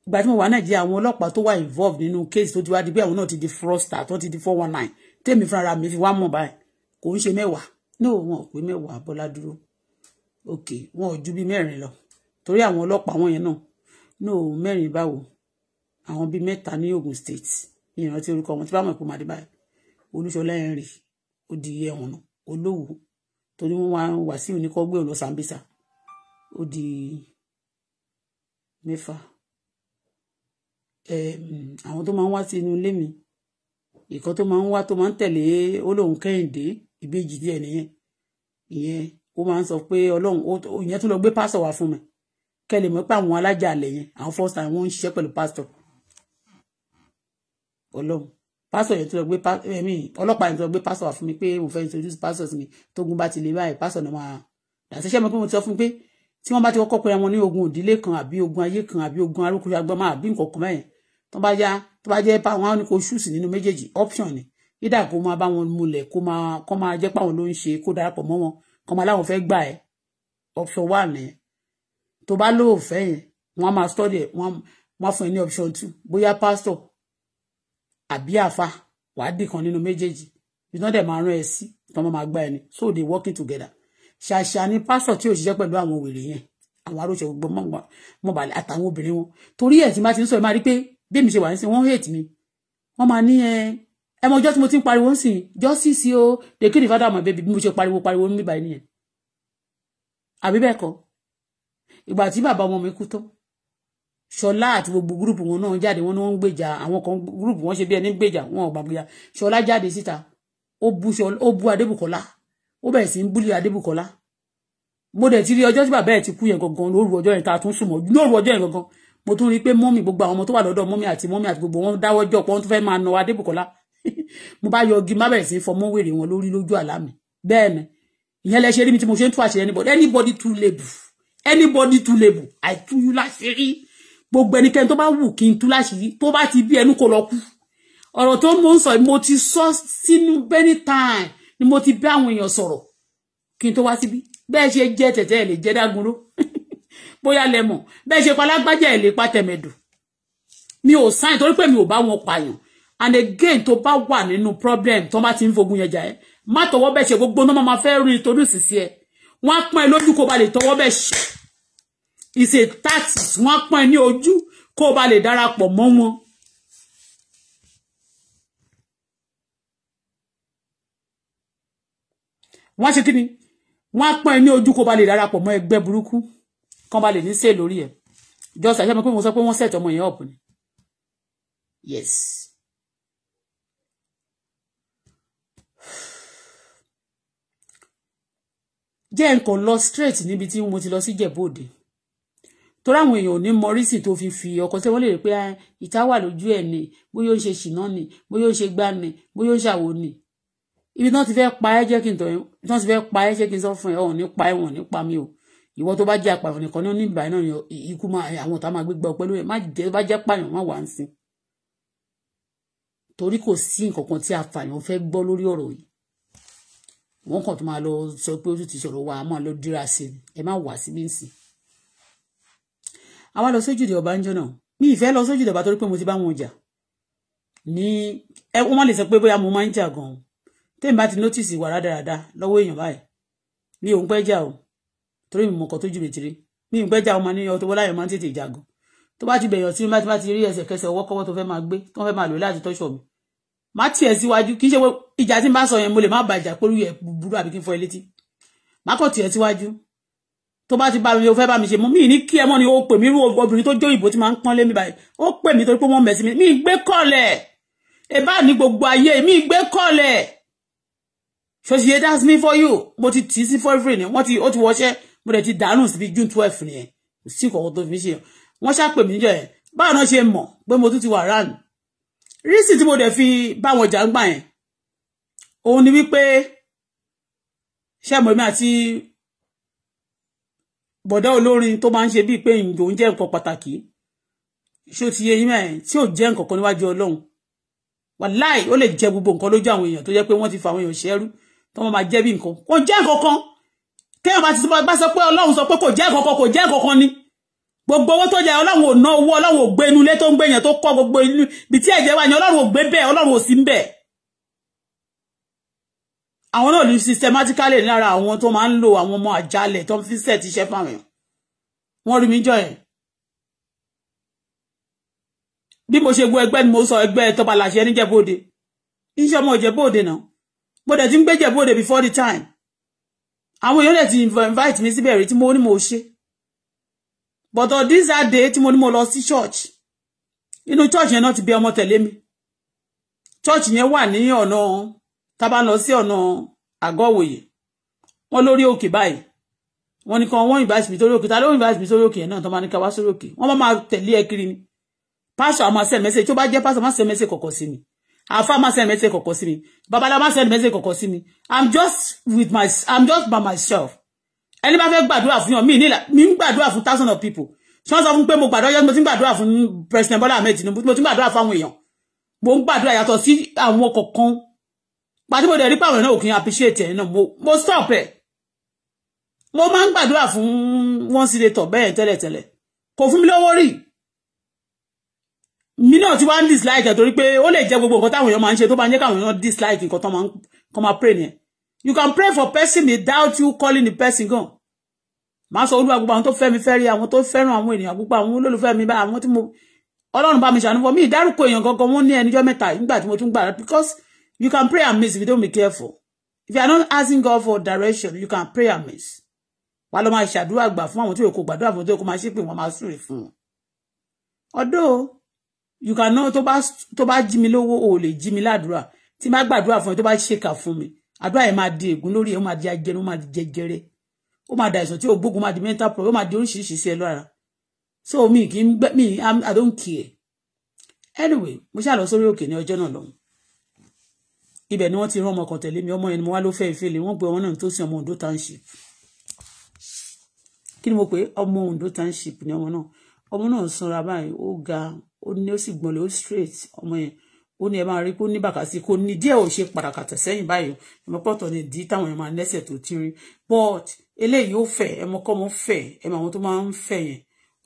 ìgbà tí mo wà nàìjíríà àwọn ọlọ́pàá tó wà involved nínú case tó ti wá di bí àwọn náà ti di fraudster tó ti di four one nine tèmi fúnra mi fi wá mọ̀ báyìí kò ń ṣe mẹ́wàá náà wọn ò pé mẹ́wàá bọ́lá dúró òkè wọn ò ju bí mẹ́rin lọ torí àwọn ọlọ́pàá wọn yẹn náà náà mẹ́rin báwo àwọn bíi mẹ́ta ní Ogun State ìrántí orúkọ wọn tí bá mọ̀ pé màdé báyìí Henry ó di ẹ̀wọ̀n náà Olówó torí wọn wá Wàsíù ní kọ́ gbé òun lọ Sambisa ó di mẹ́fà àwọn tó máa ń wá sí inú ilé mi ìkan tó máa ń wá tó máa ń tẹ̀lé ó Kẹ́hìndé ìbejì díẹ̀ nìyẹn ìyẹn ó máa ń sọ pé ọlọ́run ìyẹn tún lọ gbé pásítọ̀ wá fún mi kẹ́ lè mọ̀ pé àwọn alájà àlẹ̀ yẹn àwọn first time wọ́n ń ṣiṣẹ́ pẹ̀lú pásítọ̀ ọlọ́run pásítọ̀ yẹn tún lọ gbé ẹ̀mí ọlọ́pàá yẹn tún lọ gbé pásítọ̀ wá fún mi pé mo fẹ́ introduce pásítọ̀ sí mi tógun bá ti lè báyìí pásítọ̀ náà máa dàṣẹ́ṣẹ́ mi pé mo ti sọ fún mi pé tí wọ́n bá ti kọ́kọ́ pera wọn ní ogun òdílé kan àbí ogun ayé kan àbí ogun arókùnrin agbọ́n máa bí nǹkan kan mẹ́rin tó bá yá tó bá jẹ́ pa àwọn àwọn oníkó ṣùsì nínú méjèèjì option ni yídà kó máa bá wọn múlẹ̀ kó máa kó máa jẹ́ pàwọn ló ń ṣe kó darapọ̀ mọ́ wọn kó máa láwọn fẹ́ gbà ẹ́ option one nìyẹn tó bá lóò fẹ́ yẹn wọ́n á máa study ẹ̀ wọ́n á fún ẹ ní option two bóyá pastor àbí àfa wàá dì kan nínú méjèèjì iná dẹ̀ máa rán ẹ sí tọ́ máa gbá ẹni so they working together ṣàṣà ni pastor tí ò ṣiṣẹ́ pẹ̀lú àwọn wèrè yẹn àwọn aróṣẹ gbogbo mọ̀ balẹ̀ àtàwọn obìnrin wọn torí ẹ̀ tí má ti ń sọ ẹ máa rí pé bí èmi ṣe wà ní sí wọ́n hate mi wọ́n máa ní ẹ ẹ mọ ọjọ́ tí mo ti ń pariwo ń sìn justice o the kid father of my baby bí mo ṣe pariwo pariwo ń bíbá ẹnìyẹn àbí bẹ́ẹ̀ kọ́ ìgbà tí bàbá ọmọ mi kú tán ṣọlá àti gbogbo gúrùpù wọn náà jáde wọn ni wọn ń gbèjà àwọn kan gúrùpù wọn ṣe bí ẹni ń gbèjà wọn ò gbàgbéjà ṣọlá jáde síta ó bú adébùkọ́lá ó bẹ̀rẹ̀ sí ń búlé adébùkọ́lá mo dẹ̀ ti rí ọjọ́ tí bàbá ẹ̀ ti kú yẹn gangan lóru ọjọ́ yẹn ta tún sùn mọ́ lóru ọjọ́ yẹn gangan mo tún rí i pé mọ́mì gbogbo àwọn ọmọ tó wà lọ́dọ̀ mọ́mì àti mọ́mì àti gbogbo wọn dáwọ́jọ́ pọ́n tó fẹ́ máa nà adébùkọ́lá mo bá yọgi má bẹ̀rẹ̀ sí fọmọ́ wèrè wọn lórí lójú àlá mi bẹ́ẹ̀ ni ìyẹn lẹ ṣe mi tí mo ṣe ń tú àṣírí anybody anybody too label anybody too label àìtú yú láṣírí gbogbo ẹnikẹ́ni tó bá wù kí n tú láṣírí tó bá ti bí ẹnu kò lọ kú ọ̀rọ̀ tó mò ń mo ti sọ sinu many time ni mo ti bá àwọn èèyàn sọ̀rọ̀ kí n tó wá síbí bẹ́ẹ̀ ṣe jẹ́ tẹ̀tẹ̀ ẹ̀ lè jẹ́ dágunró bóyá lẹ mọ̀ bẹ́ẹ̀ ṣe pa pa tẹ̀mẹ̀dù mi ò sáyìn torí pé mi ò bá wọn pààyàn and again tó bá wà nínú problem tó bá ti ń fogun yẹn jà ẹ́ má tọwọ́ bẹ́ẹ̀ ṣe gbogbo náà máa fẹ́ rí torí ìsìsì ẹ̀ wọ́n á pọ́n ẹ lójú kó ba lè tọwọ́ bẹ́ẹ̀ ṣe is a tactics wọ́n á pọ́n ẹ ní ojú kó ba lè darapọ̀ mọ́ wọn. wọ́n ṣe kí ni wọ́n á pọ́n ẹ ní ojú kó ba lè darapọ̀ mọ́ ẹgbẹ́ burúkú kán ba lè ní sè lórí ẹ̀ jọ́sà ṣe mọ̀ pé mo sọ pé wọ́n set ọmọ yẹn up ni yes. jẹ́ nǹkan lọ straight níbi tí mo ti lọ sí jẹ̀bóde torí àwọn èèyàn ní mọ tó fi fi ọkọ tí wọ́n lè rí pé ah, ìta wà lójú ẹ̀ ni bóyá ó ń ṣe ṣìnà ni bóyá ó ń ṣe gbá ni bóyá ó ń ni ibi tí wọ́n ti fẹ́ pa ẹ́ jẹ́ kí n tọ́ ẹ́ tí wọ́n ti fẹ́ pa ẹ́ jẹ́ kí n sọ fún ẹ ọ̀hún nípa ẹ̀ wọ̀n nípa mi o ìwọ tó bá jẹ́ apààyàn nìkan ní ìgbà náà ikú àwọn ọ̀tá máa gbégbá ọpẹ́ lóye má jẹ́ bá jẹ́ pààyàn má wà ń sìn torí kò sí nǹkan kan tí apààyàn fẹ́ gbọ́ lórí ọ̀rọ̀ yìí wọ́n kàn tó máa lọ sọ pé ó ti sọ̀rọ̀ wa a máa lọ dira sí i ẹ má wà síbí nsì. àwa lọ sójú ìdè ọba ń jọ náà mi ìfẹ́ lọ sójú ìdè ọba torí pé mo ti bá wọn jà ní ẹ wọ́n má lè sọ pé bóyá mo máa ń jà gan-an tẹ́mi bá ti nọ́tìsì wà rádaràda lọ́wọ́ èèyàn báyìí mi ò ń pẹ́ jà o torí mi mọ̀ ọkọ̀ tó jù mí tiri mi ò ń pẹ́ jà o máa ní ọtọ́ bọ́láyọ̀ máa ń tètè jà gan tó bá ti bẹ̀yàn tí bá ti rí ẹsẹ̀kẹsẹ̀ ọwọ́ kọ́wọ́ tó fẹ́ máa gbé tó fẹ́ máa lò láti tọ́ṣọ̀ mi má tiẹ̀ síwájú kì í ṣe pé ìjà tí n bá sọ yẹn mo lè má ba ìjà pé olúyẹ burú àbí kí n fọ ilé tí má kọ̀ tiẹ̀ síwájú tó bá ti bá mi o fẹ́ bá mi ṣe mo mí ní kí ẹ mọ́ ni o pè mí rú obìnrin tó jó ìbò tí máa ń pọ́n lé mi báyìí ó pè mí torí pé wọ́n mẹ̀sí mi mi gbé kọ̀lẹ̀ ẹ̀bá ní gbogbo ayé mi gbé kọ̀lẹ̀ ṣòṣìyẹ that's me for you mo ti tì í sí fọ́ọ̀fìrì ni wọ́n ti ó ti wọṣẹ́ mo dẹ̀ ti dànù síbi june twelve nìyẹn kò sí ìkọ̀kọ̀ tó fi ṣe wọ́n ṣàpè mí jẹ́ báwo náà ṣe mọ̀ pé mo tún ti wà ráàlú rísì tí mo dẹ̀ fi bá wọn jà ń gbà yẹn òun ni wípé ṣé àmọ́ mi àti bọ̀dá olórin tó máa ń ṣe bíi pé ìjò ń jẹ́ nǹkan pàtàkì ṣé o ti yé yín mẹ́rin tí ò jẹ́ nǹkan kan níwájú ọlọ́run wàláì ó lè jẹ gbogbo nǹkan lójú àwọn èèyàn tó jẹ́ pé wọ́n ti fa àwọn èèyàn ṣẹ́rú tó wọ́n máa jẹ́ bí nǹkan kò jẹ́ nǹkan kan kéèyàn bá ti bá sọ pé ọlọ́run sọ pé kò jẹ́ nǹkan kan kò jẹ́ nǹkan kan ni gbogbo owó tó jẹ ọlọ́run ò ná owó ọlọ́run ò gbé inú ilé tó ń gbé yẹn tó kọ́ gbogbo inú ibi tí ẹ̀jẹ̀ wà yẹn ọlọ́run ò gbé bẹ́ẹ̀ ọlọ́run ò sí ń bẹ̀. àwọn náà ní systematically lára àwọn tó máa ń lo àwọn ọmọ àjálẹ̀ tó ń fi sẹ̀ ti ṣẹ́ fáwọn èèyàn wọ́n rí mi jọ yẹn. bí mo ṣe gbọ́ ẹgbẹ́ ni mo sọ ẹgbẹ́ tọ́ba làṣẹ níjẹ̀bọ́dẹ iṣẹ́ ọmọ ìjẹ̀bọ́dẹ náà mo dẹ̀ ti ń gbé jẹ̀bọ́dẹ before the time àwọn èèyàn dẹ̀ ti invite mi síbẹ̀ rí tí mo ní mo ṣe but on this that day tí mo ní mo lọ sí church inú church yẹn náà ti bí ọmọ tẹ̀lé mi church yẹn wà ní ọ̀nà tá bá lọ sí ọ̀nà àgọ́wòye wọ́n lórí òkè báyìí wọ́n ní kan wọ́n invite mi sórí òkè ta ló invite mi sórí òkè yẹn náà tó ni ní ká wá sórí òkè wọ́n máa tẹ̀lé ẹ kiri ni pásọ àmọ́ send message tó bá jẹ́ pásọ máa send message kọ̀kọ̀ sí mi àfa máa send message kọ̀kọ̀ sí mi babalá máa send message kọ̀kọ̀ sí mi i'm just with my i'm just by myself ẹni bá fẹ́ gbàdúrà fún yàn mí nílà mí ń gbàdúrà fún thousand of people tí wọ́n sọ fún pé mo gbàdúrà yẹn mo ti ń gbàdúrà fún president Bọ́lá Ahmed Tinubu mo ti ń gbàdúrà fún àwọn èèyàn mo ń gbàdúrà yàtọ̀ sí àwọn kọ̀ọ̀kan pàtí mo dẹ̀ rí pàwọn náà òkìyàn appreciate ẹ̀ náà mo stop ẹ̀ mo máa ń gbàdúrà fún wọn sí lè tọ̀ bẹ́ẹ̀ tẹ́lẹ̀tẹ́lẹ̀ kò fún mi lówó rí mi náà ti wá ń dislike ẹ̀ torí pé ó lè jẹ́ gbogbo nǹkan táwọn èèyàn máa ń ṣe tó bá ń jẹ́ káwọn èèyàn dislike nǹkan tó máa ń pray nìyẹn You can pray for person without you calling the person gone. Màá sọ Olúwa gbogbo àwọn tó fẹ́ mi fẹ́ rí àwọn tó fẹ́ràn àwọn ènìyàn gbogbo àwọn olólùfẹ́ mi bá àwọn tí mo Ọlọ́run bá mi ṣàánú fún mi ìdárúkọ èèyàn gangan wọ́n ní ẹnijọ́ mẹ́ta nígbà tí mo tún gbà because you can pray and miss if you don't be careful. If you are not asking God for direction, you can pray and miss. Wàá lọ máa ṣàdúrà gbà fún àwọn tí òkò gbàdúrà fún tó kò máa ṣépè wọn máa súre fún wọn. Although you cannot know tó bá jí mi lówó o lè jí mi ládùúrà tí má gbàdúrà fún ẹ tó bá ṣèkà fún mi àdúrà yẹn máa di ègún lórí ẹ ó máa di ajẹnu ó máa di jẹjẹrẹ ó máa da àìsàn tí ò gbógun máa di mental problem ó máa di oríṣiríṣi sí ẹ lọ́ra so mi kì í gbẹ mi i don't care anyway mo ṣáà lọ sórí òkè ní ọjọ́ náà lọ́hùn ibẹ̀ ni wọ́n ti rán ọmọ kan tẹ̀lé mi ọmọ yẹn ni mo wá ló fẹ́ ìfẹ́lẹ̀ wọ́n pe ọmọ náà tó sin ọmọ Ondo township kí ni mo pè ọmọ Ondo township ni ọmọ náà ọmọ náà sanra báyìí ó ga ó ní ó sì gbọ̀nlẹ̀ ó straight ọmọ yẹn ó ní ẹ máa rí kó ní bàkàsí kó ní díẹ̀ ò ṣe pàràkàtà sẹ́yìn báyìí ẹ̀mọ́pọ̀tọ̀ ni ìdí táwọn ẹ̀ máa lẹ́sẹ̀ tó ti rí but eléyìí ó fẹ̀ ẹ̀mọ́kọ́mọ́ fẹ̀ ẹ̀mọ́ àwọn tó máa ń fẹ̀ yẹn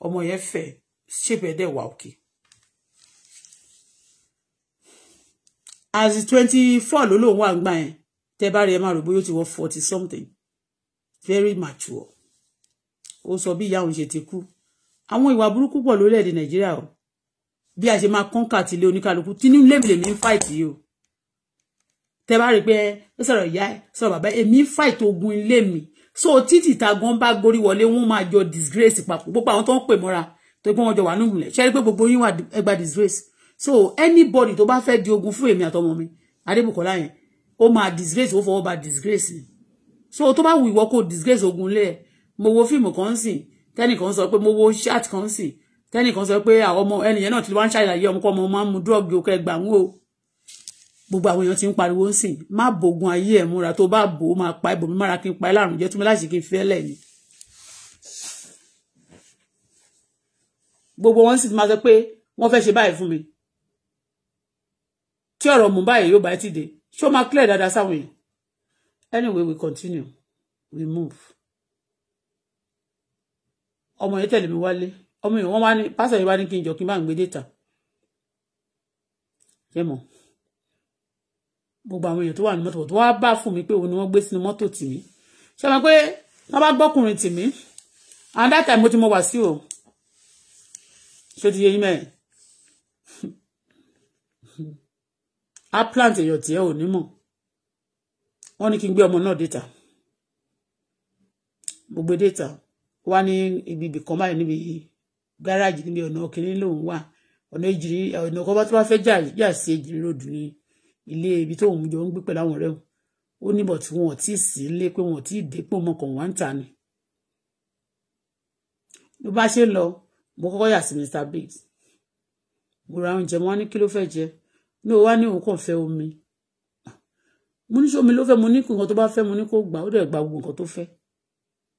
ọmọ yẹn fẹ̀ ṣèpẹ̀ dẹ̀ wà òkè. as twenty four ló lóun wà gbà yẹn tẹ́ bá rí ẹ máa rò bóyá ó ti wọ forty something very mature ó sọ bí ìyá òun ṣe ti kú àwọn ìwà burúkú pọ̀ lórílẹ̀‐èdè nàìjíríà o bí a ṣe máa kọ́ńkà tilé oníkálukú tínú lèmi lèmi ń fight yìí o tẹ bá rí pé ó sọ̀rọ̀ ìyá ẹ̀ sọ̀rọ̀ bàbá èmi ń fight ogun ilé mi so títí ìtagan bá gorí wọlé wọn máa jọ disgrace papọ̀ gbogbo àwọn tó ń pè mọ́ra tó pé wọ́n jọ wà nígbìlẹ̀ ṣe é pé gbogbo yín wà ẹgbà disgrace so anybody tó bá fẹ́ di ogun fún èmi àtọmọ mi adébùkọ́lá yẹn ó máa disgrace ó fọwọ́ ba disgrace so tó bá wù ìwọ kó disgrace ogun lé ẹ mo wo fíìmù kan sìn tẹ́nìkan sọ pé mo wo chat kan sìn tẹ́nìkan sọ pé àwọn ọmọ ẹnìyẹn náà ti wá ń ṣàlàyé ọmọkọ ọmọ máa ń mu drug yòókù ẹgbà ń wò gbogbo àwọn èèyàn ti ń pariwo ń sìn má bògùn ayé ẹ̀ múra tó bá bò ó máa pa ibòmí mára kí n pa ẹ́ lárùn jẹ́ túnmí láti kí n fẹ́ lẹ̀ ni. gbogbo wọn sì ti máa sọ pé wọ́n fẹ́ ṣe báyìí fún mi tí ọ̀rọ̀ mú báyìí yóò bá ti dé ṣó máa clear dáadáa sáwọn èèyàn anyway we continue we move ọmọ yẹn tẹ̀lé mi wálé ọmọ yìí wọ́n wá ní pásítọ̀ yìí wá ní kí n jọ kí n bá ń gbé data jẹ́ mọ́ gbogbo àwọn èèyàn tó wà ní mọ́tò tó wá bá fún mi pé òun ni wọ́n gbé sínú mọ́tò tì mí ṣe pé wọ́n bá gbọ́kùnrin tì and that time mo ti mọ wá sí o ṣé ti yé yín mẹ́rin a plant èèyàn tí ẹ ò ní mọ̀ wọ́n ní kí n gbé ọmọ náà data mo gbé data wá ní ibi ibì kan báyìí níbi yìí gáràjì níbi ọ̀nà kìnínní lòun wà ọ̀nà ìjìrì ọ̀nà kọ́ bá tó bá fẹ́ jà sí ìjìrì ròdù ní ilé ibi tóun jọ ń gbé pẹ̀lú àwọn ọ̀rẹ́ wọn ó níbọ̀ tí wọn ò sí ilé pé wọn ò tí ì dépò wọn ń tà ni. ló bá ṣe ń lọ mo kọ́kọ́ yà sí Mr Biggs mo ra oúnjẹ mo wá ní kí ló fẹ́ jẹ ní o wá ní òun kàn fẹ́ omi mo ní sómi ló fẹ́ mo ní nǹkan tó bá fẹ́ mo ní kó gbà ó dẹ̀ gba gbogbo nǹkan tó fẹ́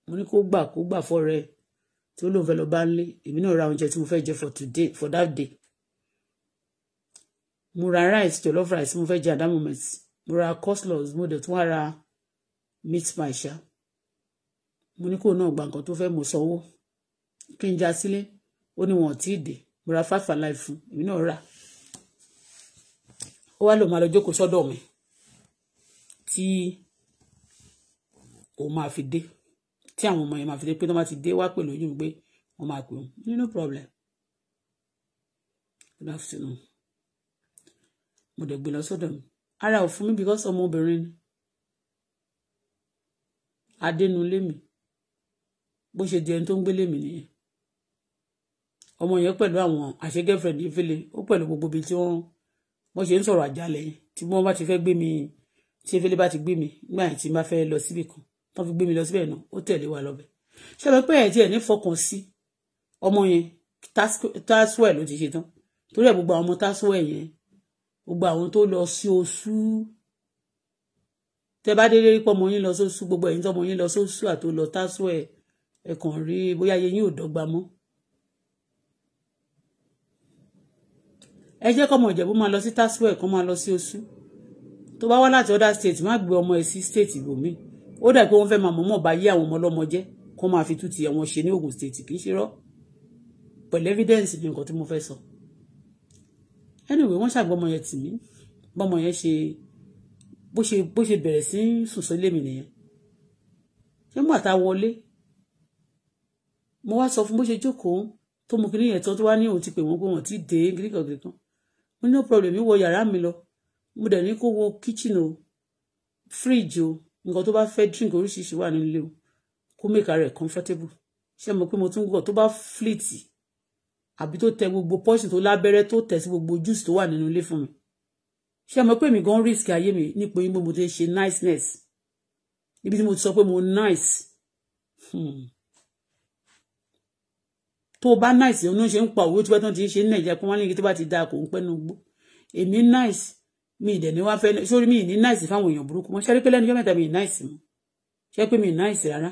mo ní kó gbà kó gbà fọ́ rẹ̀ tí ó lóun fẹ́ lọ bá ń lé èmi náà ra oúnjẹ tí mo fẹ́ jẹ for today for that day mo ra rice jollof rice mo fẹ́ jẹ at that moment mo ra coleslaw mo dẹ̀ tún wá ra meat pie ṣá mo ní kó náà gba nǹkan tó fẹ́ mo sanwó kí n já sílé ó ní wọn ò tí ì dé mo ra five alive fún èmi náà rà ó wá lòun máa lọ jókòó sọ́dọ̀ mi tí òun máa fi dé tí àwọn ọmọ yẹn máa fi dé pé tó máa ti dé wá pẹ̀lú ojú pé wọ́n máa pè wọ́n no problem good afternoon mo dẹ̀ gbé lọ sọ́dọ̀ mi ara ò fún mi because ọmọbìnrin ni adénulé mi bó ṣe di ẹni tó ń gbélé mi nìyẹn ọmọ yẹn pẹ̀lú àwọn àṣẹ girlfriend yìí fẹ́lẹ̀ ó pẹ̀lú gbogbo ibi tí wọ́n wọ́n ṣe ń sọ̀rọ̀ àjálẹ̀ yẹn tí wọ́n bá ti fẹ́ gbé mi tí efele bá ti gbé mi nígbà yẹn tí n bá fẹ́ lọ síbì kan tó fi gbé mi lọ síbẹ̀ náà ó tẹ̀lé wa lọ́bẹ̀ ṣe lọ pé ẹ̀ tí ẹ̀ ní fọkàn sí ọmọ yẹn tásùwẹ̀ ló ti ṣe tán torí ẹ̀ gbogbo àwọn ọmọ tásùwẹ̀ yẹn gbogbo àwọn tó lọ sí oṣù tẹ bá délé rí pọmọ yín lọ sóṣù gbogbo ẹ̀yin tọmọ yín lọ sóṣù àtó lọ tásùwẹ̀ ẹ̀kàn rí bóyá yẹn yóò dọ́gba mọ́. ẹ jẹ́ kọ́mọ ìjẹ̀bú máa lọ sí tásùwẹ̀ kọ́ máa lọ sí oṣù tó bá wá láti other state má gbé ọmọ ẹ̀ sí state ibòmíì ó dà pé wọ́n fẹ́ máa mọ̀ọ́mọ̀ bá yé àwọn ọmọ ọlọ́mọ jẹ́ kó máa fi tú ti àwọn ṣe ní Ogun State kì í ṣe rọ́ pẹ̀lú evidence ni nǹkan tí mo fẹ́ sọ anyway wọ́n ṣàgbọ́mọ yẹn tì mí bọ́mọ yẹn ṣe bó ṣe bó ṣe bẹ̀rẹ̀ sí sùn sílé mi nìyẹn ṣé mú àtà wọlé mo wá sọ fún bó ṣe jókòó tó mú kinní yẹn tán tó wá ní òun ti pè wọ́n pé wọ́n ti dé gírígàn gírígàn mo ní no problem wọ yàrá mi lọ mo dẹ̀ ní kó wo kitchen o fridge o nǹkan tó bá fẹ́ drink oríṣiríṣi wà nílé o kó make ara comfortable ṣé mo pé mo tún gbọ́ tó bá flitì àbí tó tẹ gbogbo pọ́ọ̀sì tó lábẹ́rẹ́ tó tẹ̀ sí gbogbo juice tó wà nínú ilé fún mi ṣé mo pé mi gan risk ayé mi nípa yín bó mo ti ṣe niceness ibi tí mo ti sọ pé mo nice hmm. tó bá nice òun ló ṣe ń pa òwe tí wọ́n ti ń ṣe ní nàìjíríà pé wọ́n ní ibi tó bá ti dáa kò ń pẹ́ nu gbó èmi nice mi ì dẹ̀ ní wá fẹ́ mi ni nice náìsì fáwọn èèyàn burúkú mọ́ ṣẹ́rí pé lẹ́nu jọ́mẹ́ta mi ì náìsì mọ́ ṣẹ́ pé mi ì náìsì rárá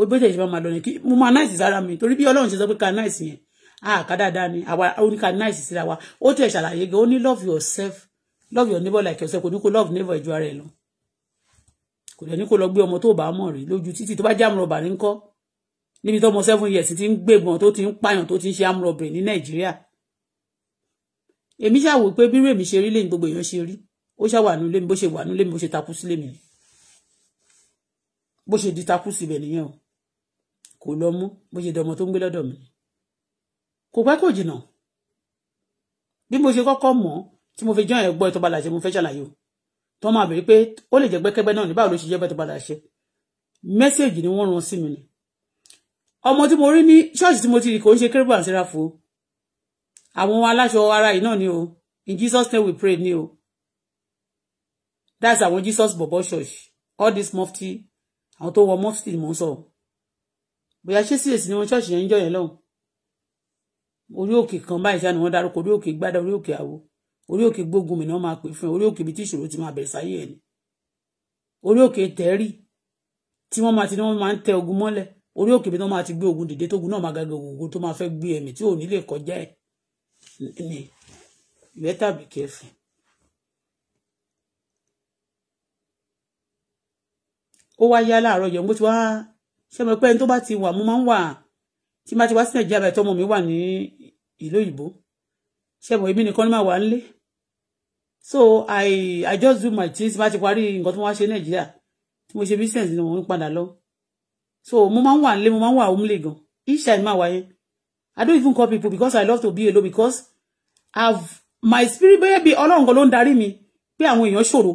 ó bó tẹ̀sí bá máa lọ ní kí mo máa náìsì sára mi torí bí Ọlọ́run ṣe sọ pé ká náìsì yẹn àká dáadáa ni àwa oníka náìsì síra wa ó tẹ̀ ṣàlàyé gan ó ní love yourself love your neighbor like yourself kò ní kó love neighbor ìjọ ara ẹ̀ lọ kò dẹ̀ ní kó lọ gbé ọmọ tó bá mọ̀ rí lójú títì tó bá jẹ́ àmúrọ̀bà ní kọ́ níbi tó ọmọ seven years ti ń gbébọn tó ti ń pààyàn tó ti ń ṣe àmúrọ̀bìnrin ní Nàìjíríà èmi ṣáà wò pé bírò èmi ṣe rí lẹ́yìn gbogbo èèyàn ṣe rí ó ṣáà wà nílé mi bó ṣe wà nílé mi bó ṣe takú sílé mi bó ṣe di takú síbẹ̀ nìyẹn o kò lọ mú bó ṣe dọmọ tó ń gbé lọ́dọ̀ mi kò pẹ́ kò jìnnà bí mo ṣe kọ́kọ́ mọ̀ tí mo fi jọ́ ẹ̀ gbọ́ ìtọ́balà ṣe mo fẹ́ ṣàlàyé o tó máa bèrè pé ó lè jẹ́ gbẹ́kẹ́gbẹ́ náà ní báwo ló ṣe jẹ́ bẹ́ẹ̀ ìtọ́balà mẹ́sẹ̀gì ni wọ́n rán sí mi ni ọmọ tí mo rí ní ṣọ́ọ̀ṣì tí mo ti rí kò ń ṣe kérébù àti ráfo àwọn aláṣọ ara yìí náà ni o in Jesus name we pray ni o that's àwọn Jesus bọ̀bọ̀ church all this mufti àwọn tó wọ mufti mò ń sọ bóyá ṣé sí èsì ni wọn ṣọ́ọ̀ṣì yẹn ń jọ yẹn lọ́hùn orí òkè kan báyìí ṣáà ni wọ́n dárúkọ orí òkè gbádá orí òkè àwo orí òkè gbógun mi ni wọ́n máa pè fún ẹ orí òkè ibi tí ìṣòro ti máa bẹ̀rẹ̀ sáyé ẹ̀ ni orí òkè tẹ́rì tí wọ́n máa ti ní wọ́n máa ń tẹ ogun mọ́lẹ̀ orí òkè bí wọ́n máa ti gbé ogun dìde tógun náà máa gàgà ogun tó máa fẹ́ gbé ẹ̀mí tí ò ní lè kọjá ẹ̀ me. You better be careful. Ó wá yá láàárọ̀ yẹn, mo ti wá ṣe mọ̀ pé ẹni tó bá ti wà, mo máa ń wà tí máa ti wá sí Nàìjíríà báyìí mi wà ní ìlú òyìnbó. Ṣé mọ̀ èmi nìkan ni máa wà nílé? So I I just do my things, máa ti parí nǹkan tí mo ṣe Nàìjíríà tí mo ṣe business ni mo ń padà lọ. So mo máa ń wà nílé, mo máa ń wà òmùlé gan. Ìṣà ni máa wà I don't even call people because I love to be alone because I've my spirit bẹ́ẹ̀ bí ọlọ́run kan ló ń darí mi pé àwọn èèyàn ṣòro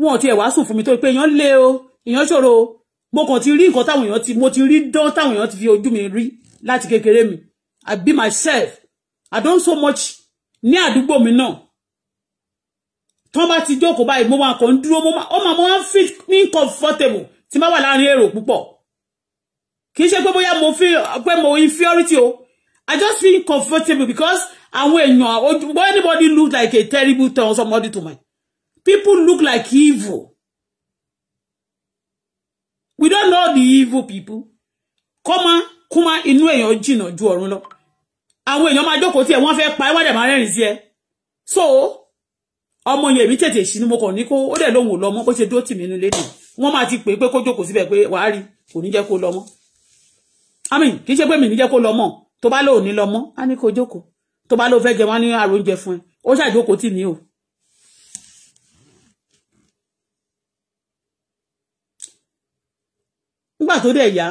wọn ò tiẹ̀ wá sùn fún mi tó pé èèyàn lé o èèyàn ṣòro o mo kàn ti rí nǹkan táwọn èèyàn ti mo ti rí dán táwọn èèyàn ti fi ojú mi rí láti kékeré mi I be myself I don't so much ní àdúgbò mi náà tán bá ti jókòó báyìí mo máa kàn ń dúró ó máa mọ́ fit me comfortable tí má wà láàrin èrò púpọ̀ kì í ṣe pé bóyá mo fi pé mo inferiority o I just feel comfortable because àwọn èèyàn when anybody look like a terrible thing or somebody to me people look like evil we don't know the evil people kọ́mọ kúmọ inú èèyàn jìnnà ju ọ̀run lọ àwọn èèyàn máa jókòó tí ẹ wọ́n fẹ́ pa ẹ wọ́n dẹ̀ máa rẹ́rìn sí ẹ so I'm yẹn èmi tètè sínú mo kàn ní kó ó dẹ̀ lóhùn ò lọ́mọ bó ṣe dúró tì mí nínú go wọ́n go ti pè é pé kó jókòó síbẹ̀ pé wàá rí kò ní jẹ́ kó lọ́mọ i mean kì í ṣe pé mi ní jẹ́ kó tó bá lóò ní lọ mọ́ á ní kó jókòó tó bá lóò fẹ́ jẹ wọ́n ní àrò oúnjẹ fún ẹ ó ṣàjókòó tì mí o. nígbà tó dẹ̀ yá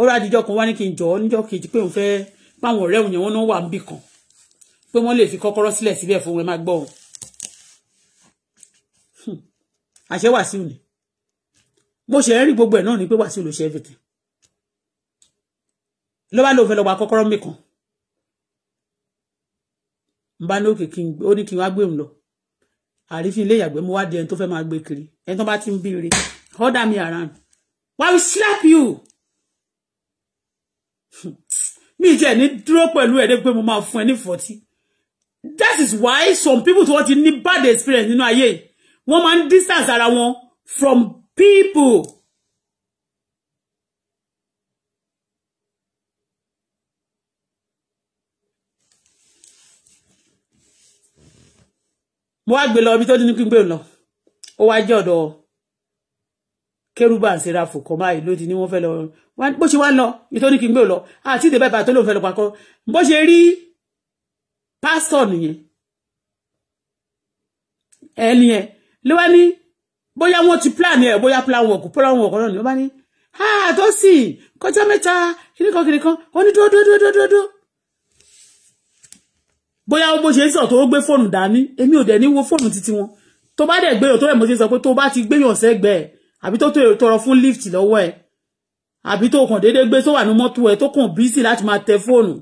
ó rà àdìjọ kan wá ní kí n jọ ọ́ níjọ́ kejì pé òun fẹ́ páwọn ọ̀rẹ́ òun yẹn wọ́n náà wà níbì kan pé wọ́n lè fi kọ́kọ́rọ́ sílẹ̀ síbẹ̀ fún ẹ máa gbọ́ ọ hmm. àṣẹ Wàsíù ni mo ṣe rí gbogbo ẹ̀ náà ni pé Wàsíù ló ṣe everything ló bá lóun fẹ́ lọ gba kọ́kọ́rọ́ mi kan n bá ní òkè kí n ó ní kí n wá gbé òun lọ mo wá di ẹni tó fẹ́ máa gbé kiri ẹni tó bá ti ń bí me around why we slap you mi jẹ́ ní dúró pẹ̀lú ẹ̀ dé pé mo máa fún ẹ ní fọ́tí that is why some people to wọ́n ti bad experience You know, wọ́n máa ń distance ara wọn from people. mo wá gbé lọ ibi tó nínú kí n gbé lọ ó wá jẹ́ ọ̀dọ̀ kérúbà ń sera fòkàn báyìí ló ti ní wọ́n fẹ́ lọ bó ṣe wá lọ ibi tó ní kí n gbé lọ àti ìdè bàbá tó lóun fẹ́ lọ pakọ́ bó ṣe rí pásítọ̀ nìyẹn ẹni yẹn ló wá ní bóyá wọ́n ti plan ẹ̀ bóyá plan wọn kò plan wọn kọ́ náà ni ó bá ní àtọ́sìn ah, kọjá mẹ́ta kìnnìkan kìnnìkan ó ní dúró dúró dúró bóyá ó bó ṣe ń sọ tó gbé fóònù dání èmi ò dẹ̀ ní wo fóònù títí wọn tó bá dẹ̀ gbéyàn tó rẹ̀ mo ṣe sọ pé tó bá ti gbéyàn sẹ́gbẹ̀ẹ́ àbí tó tọrọ fún lift lọ́wọ́ ẹ̀ àbí tó kàn déédéé gbé tó wà ní mọ́tò ẹ̀ tó kàn bísí láti máa tẹ fóònù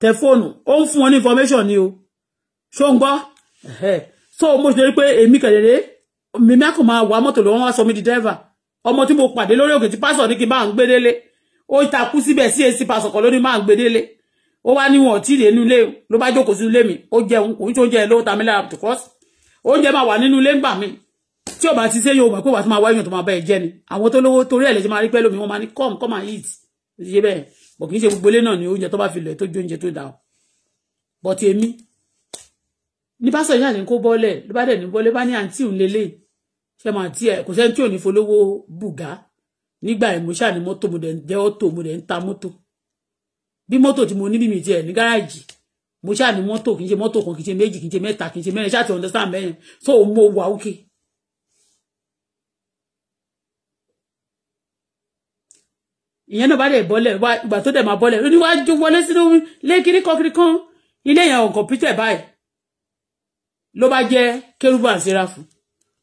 tẹ fóònù ó ń fún wọn ní information ni o ṣó ń gbọ́ so mo ṣe rí pé èmi kẹ̀lẹ́rẹ́ mímí àkàn máa wà mọ́tò lọ́wọ́ wá sọ mí di driver ọmọ tí mo pàdé lórí òkè tí pásọ̀ ní kí n máa ń gbé délé ó takú síbẹ̀ sí pásọ̀ kan ló máa ń gbé délé ó wá níwọ̀n tí ìrè inú ilé ló bá jókòó sí ilé mi ó jẹun kò ń tó jẹ lówó ta mi lára because oúnjẹ máa wà nínú ilé ń gbà mí tí ọba ti ṣe yorùbá pé wà tí máa wáyàn tó máa bá ẹ jẹ ni àwọn tó lówó torí ẹ̀ lè ṣe máa rí pẹ́ lómi wọn máa come come and eat ṣe bẹ́ẹ̀ bọ̀ kì í ṣe gbogbo ilé náà ni oúnjẹ tó bá fi lẹ̀ tó jó oúnjẹ tó dà ọ́ bọ̀ ti èmi ní pásítọ̀ yìí àní kó bọ́lẹ̀ ló bá dẹ̀ ní bọ́lẹ̀ bá ní àǹtí òun lélẹ̀ ṣe máa ti ẹ̀ kò sẹ́ni tí ò ní folówó bùgá nígbà ẹ̀ mo ṣáà ní mọ́tò mo dẹ̀ ń jẹ́ mo dẹ̀ ń ta bí mọ́tò tí mo ní bí mi tiẹ̀ ní gáràjì mo ṣáà ní mọ́tò kì í ṣe mọ́tò kan kì í ṣe méjì kì í ṣe mẹ́ta kì í ṣe mẹ́rin ṣáà ti understand mẹ́rin so mo wà ókè. ìyẹn náà bá dẹ̀ bọ́lẹ̀ ìgbà tó dẹ̀ máa bọ́lẹ̀ oníwájú wọlé sínú lékiri kọkiri kan ilé yẹn ọ̀n kọ̀mpútà báyìí ló bá jẹ́ kérúbù àṣírà fún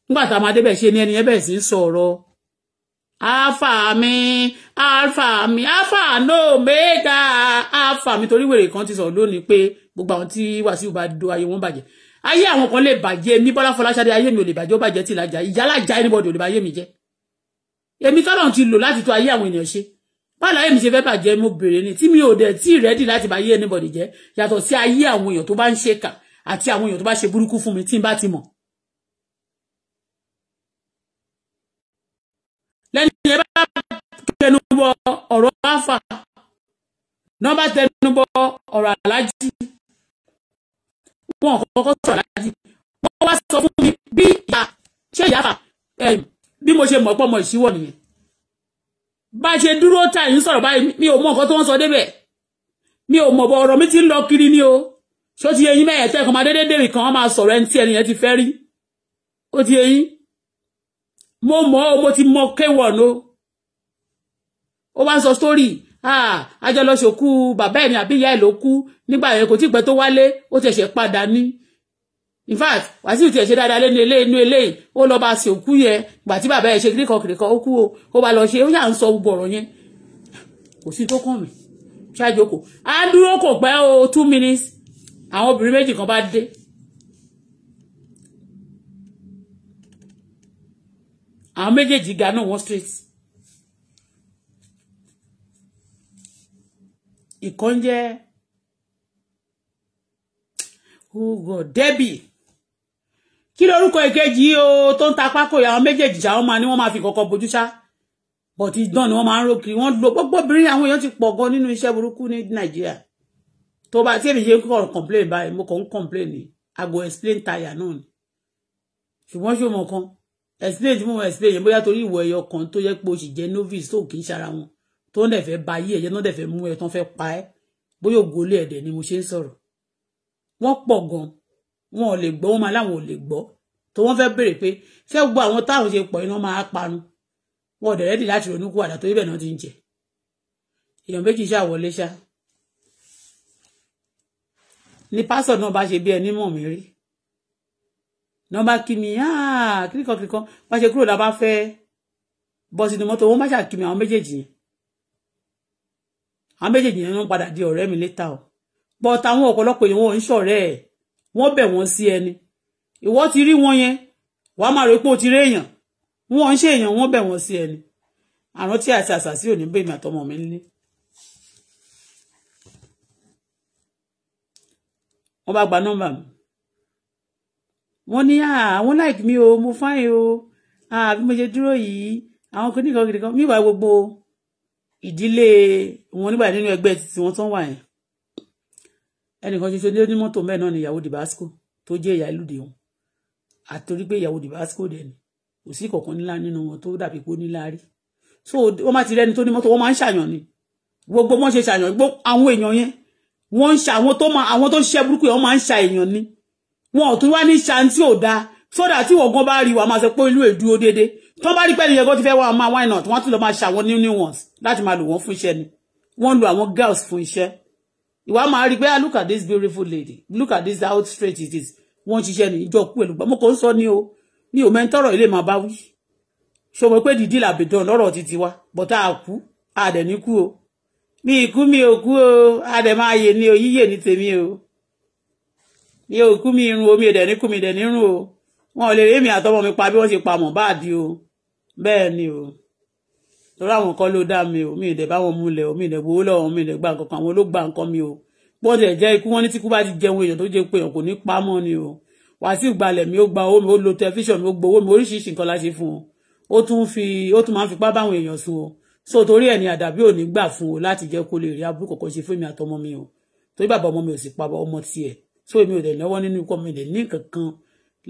nígbà tá a máa débẹ̀ ṣe ni ẹni yẹn bẹ̀rẹ̀ sí í alpha mi alpha mi alpha no mega alpha mi torí wèrè kan ti sọ̀rọ̀ lónìí pé gbogbo àwọn tí wàsíù bá do ayé wọn bàjẹ́ ayé àwọn kan lè bàjẹ́ mi bọ́lá fọláṣadé ayé mi ò lè bàjẹ́ ó bàjẹ́ tí ìlàjà ìyálàjà anybody ò lè bàyé mi jẹ́ èmi tọ́lọ̀ ti lò láti tó ayé àwọn ènìyàn ṣe báàlà ayé mi ṣe fẹ́ bàjẹ́ mo bèrè ni tí mi ò dẹ̀ tí rẹ́dì láti bàyé anybody jẹ́ yàtọ̀ sí ayé àwọn èèyàn tó bá ń ṣèkà àti àwọn èèyàn tó bá ṣe burúkú fún mi tí n bá ti mọ̀ nọ́mbà tẹnubọ ọ̀rọ̀ aláàjì wọn kọ́kọ́ sọ̀rọ̀ aláàjì wọ́n wá sọ fún mi bí ìyá ṣé ìyá fà bí mo ṣe mọ̀ pọ̀ mọ̀ ìṣíwọ̀ nìyẹn bá a ṣe dúró tà ń sọ̀rọ̀ báyìí mi ò mọ nǹkan tó ń sọ débẹ̀ mi ò mọ̀ bọ̀ ọ̀rọ̀ mi ti ń lọ kiri ni o ṣó ti yẹyin mẹ́yẹ̀ tẹ́kọ̀ máa dédé dèrè kan wọ́n máa sọ̀rọ̀ ẹni tí ẹni yẹn ti fẹ́ rí ó ti yẹyin mo mọ̀ ọ́ mo ti mọ kéwọ̀n o ó wá ń sọ sórí àjọ lọ ṣòkú bàbá ẹ̀ ní àbí ìyá ẹ̀ ló kú nígbà yẹn kò tí ì pẹ́ tó wálé ó ti ẹ̀ṣẹ̀ padà ní in fact wàsíù tiẹ̀ ṣe dáadáa lẹ́nu ilé inú ilé ó lọ́ọ́ bá ṣòkú yẹn gbà tí bàbá ẹ̀ ṣe kíríkọ kíríkọ ó kú o ó bá lọ ṣe ó yà ń sọ gbogbo ọ̀rọ̀ yẹn kò sí tó kàn mí ṣáàjókò á dúró kò pẹ́ o two minutes àwọn obìnrin méjì kan bá dé àwọn méjèèjì ga náà wọ́n straight ìkan jẹ́ oh God Debbie kí lórúkọ ìkejì o tó ń ta pákó ìyá àwọn méjèèjì jà wọ́n máa ní wọ́n máa fi kọ̀kọ̀ bojú ṣá but ìdán ni wọ́n máa ń ró kiri wọ́n lo gbogbo obìnrin àwọn èèyàn ti pọ̀ gan nínú iṣẹ́ burúkú ní Nàìjíríà tó bá tí èmi ṣe ń kọ̀ complain báyìí mo kàn ń complain ni i go explain tire náà ni ṣùgbọ́n ṣé o mọ̀ explain tí mo mọ̀ explain yẹn bóyá torí ìwọ ẹ̀yọ kan tó yẹ pé o sì jẹ́ novice tó kì í ṣara wọn tó ń dẹ̀ fẹ́ ba ayé ẹ̀yẹ́ náà dẹ̀ fẹ́ mú ẹ tán fẹ́ pa ẹ́ bóyá ògólé ẹ̀dẹ̀ ni mo ṣe ń sọ̀rọ̀ wọ́n pọ̀ gan wọn ò lè gbọ́ wọn máa láwọn ò lè gbọ́ tó wọ́n fẹ́ béèrè pé ṣé gbogbo àwọn táwọn ṣe pọ̀ iná máa parun wọn ò dẹ̀ rẹ́dì láti ronú kú àdá torí bẹ́ẹ̀ náà ti ń jẹ èèyàn méjì ṣáà wọlé ṣá ni pásọ̀ náà bá ṣe bí ẹni mọ̀ mí rí náà bá kí mi kíríkan kíríkan bá ṣe kúrò lábá fẹ́ bọ́ sínú mọ́tò wọn bá ṣàkí mi àwọn méjèèjì yẹn àwọn méjèèjì yẹn ń padà di ọ̀rẹ́ mi létà o but àwọn ọ̀pọ̀lọpọ̀ èèyàn wọn ò ń ṣọ̀rẹ́ ẹ̀ wọ́n bẹ̀ wọ́n sí ẹni ìwọ ti rí wọn yẹn wà á máa rò pé o ti rí èèyàn wọn ò ń ṣe èèyàn wọ́n bẹ̀ wọ́n sí ẹni àrùn tí àti àṣàṣì ò ní bẹ́ẹ̀ mi àtọmọ mi nílé. wọ́n bá gba nọ́mbà mi wọ́n ní ah, àwọn like mi o mo fáyìn o àbí ah, mo ṣe dúró yìí àwọn kìnnìkan kìnnìkan mi ìwà gbogbo o ìdílé wọn nígbà nínú ẹgbẹ́ tí wọ́n tán wà yẹn ẹnìkan ṣoṣo ní onímọ́tò mẹ́ẹ̀ náà ni ìyàwó dìbásíkò tó jẹ́ ìyá ìlúde wọn àtòrí pé ìyàwó dìbásíkò dẹ̀ ni kò sí kọ̀ọ̀kan ńlá nínú wọn tó dàbí pé ó nílá rí so wọ́n má ti rẹ́ni tó ní mọ́tò wọ́n máa ń ṣàyàn ni gbogbo wọn ṣe ṣàyàn gbogbo àwọn èèyàn yẹn wọ́n ń ṣe àwọn tó máa àwọn tó ń ṣiṣẹ́ burúkú yẹn wọ́n máa ń ṣa èèyàn ni wọn ò tún wá ní ṣa ò dáa sódà tí wọ́n gan bá rí wàá máa sọ pé ìlú èdúró déédéé tó bá rí pẹ́ẹ́lì yẹn kó ti fẹ́ wá ọmọ why not wọ́n tún lọ máa ṣe àwọn new new ones láti máa lò wọ́n fún iṣẹ́ ni wọ́n lo àwọn girls fún iṣẹ́ ìwà máa rí pé ah look at this beautiful lady look at this how straight it is wọ́n ṣiṣẹ́ ní ìjọ kú èlùbọ́ mo kò ń sọ ní o ní òmẹ́ ń tọrọ ilé màá bá wí ṣọwọ́ pé dìdí làbẹ̀dàn lọ́rọ̀ títí wa bọ́tà àkú àdẹ̀ ní kú o mi ìkú mi ò kú o àdẹ̀ máa yè ní o yíyè ní tèmi o mi ò kú mi irun o mi dẹ̀ ní kú mi dẹ̀ ní irun o wọn ò lè rí èmi àtọmọ mi pa bí wọ́n ṣe pa Mohbad o bẹ́ẹ̀ ni o torí àwọn kan ló dá mi o mi ì dẹ̀ bá wọn múlẹ̀ o mi ì dẹ̀ gbowó lọ́wọ́ mi ì dẹ̀ gba nǹkan kan àwọn ló gba nǹkan mi o bó dẹ̀ jẹ́ ikú wọn ní tí ikú bá ti jẹun èèyàn tó jẹ́ pé èèyàn kò ní pamọ́ ni o wàásù gbalẹ̀ mi ó gba owó mi ó lo tẹlifíṣàn mi ó gbowó mi oríṣiríṣi nǹkan la ṣe fún o ó tún fi ó tún máa ń fipá báwọn èèyàn sùn o so torí ẹ̀ ni àdàbí ò ní gbà fún o láti jẹ́ kó lè rí aburú kọ̀ọ̀kan ṣe fún mi àtọmọ mi o torí bàbá ọmọ mi ò sì pa ọmọ tiẹ̀ so èmi ò dẹ̀ náwó nínú ikú ọmọ mi dẹ̀ ní kankan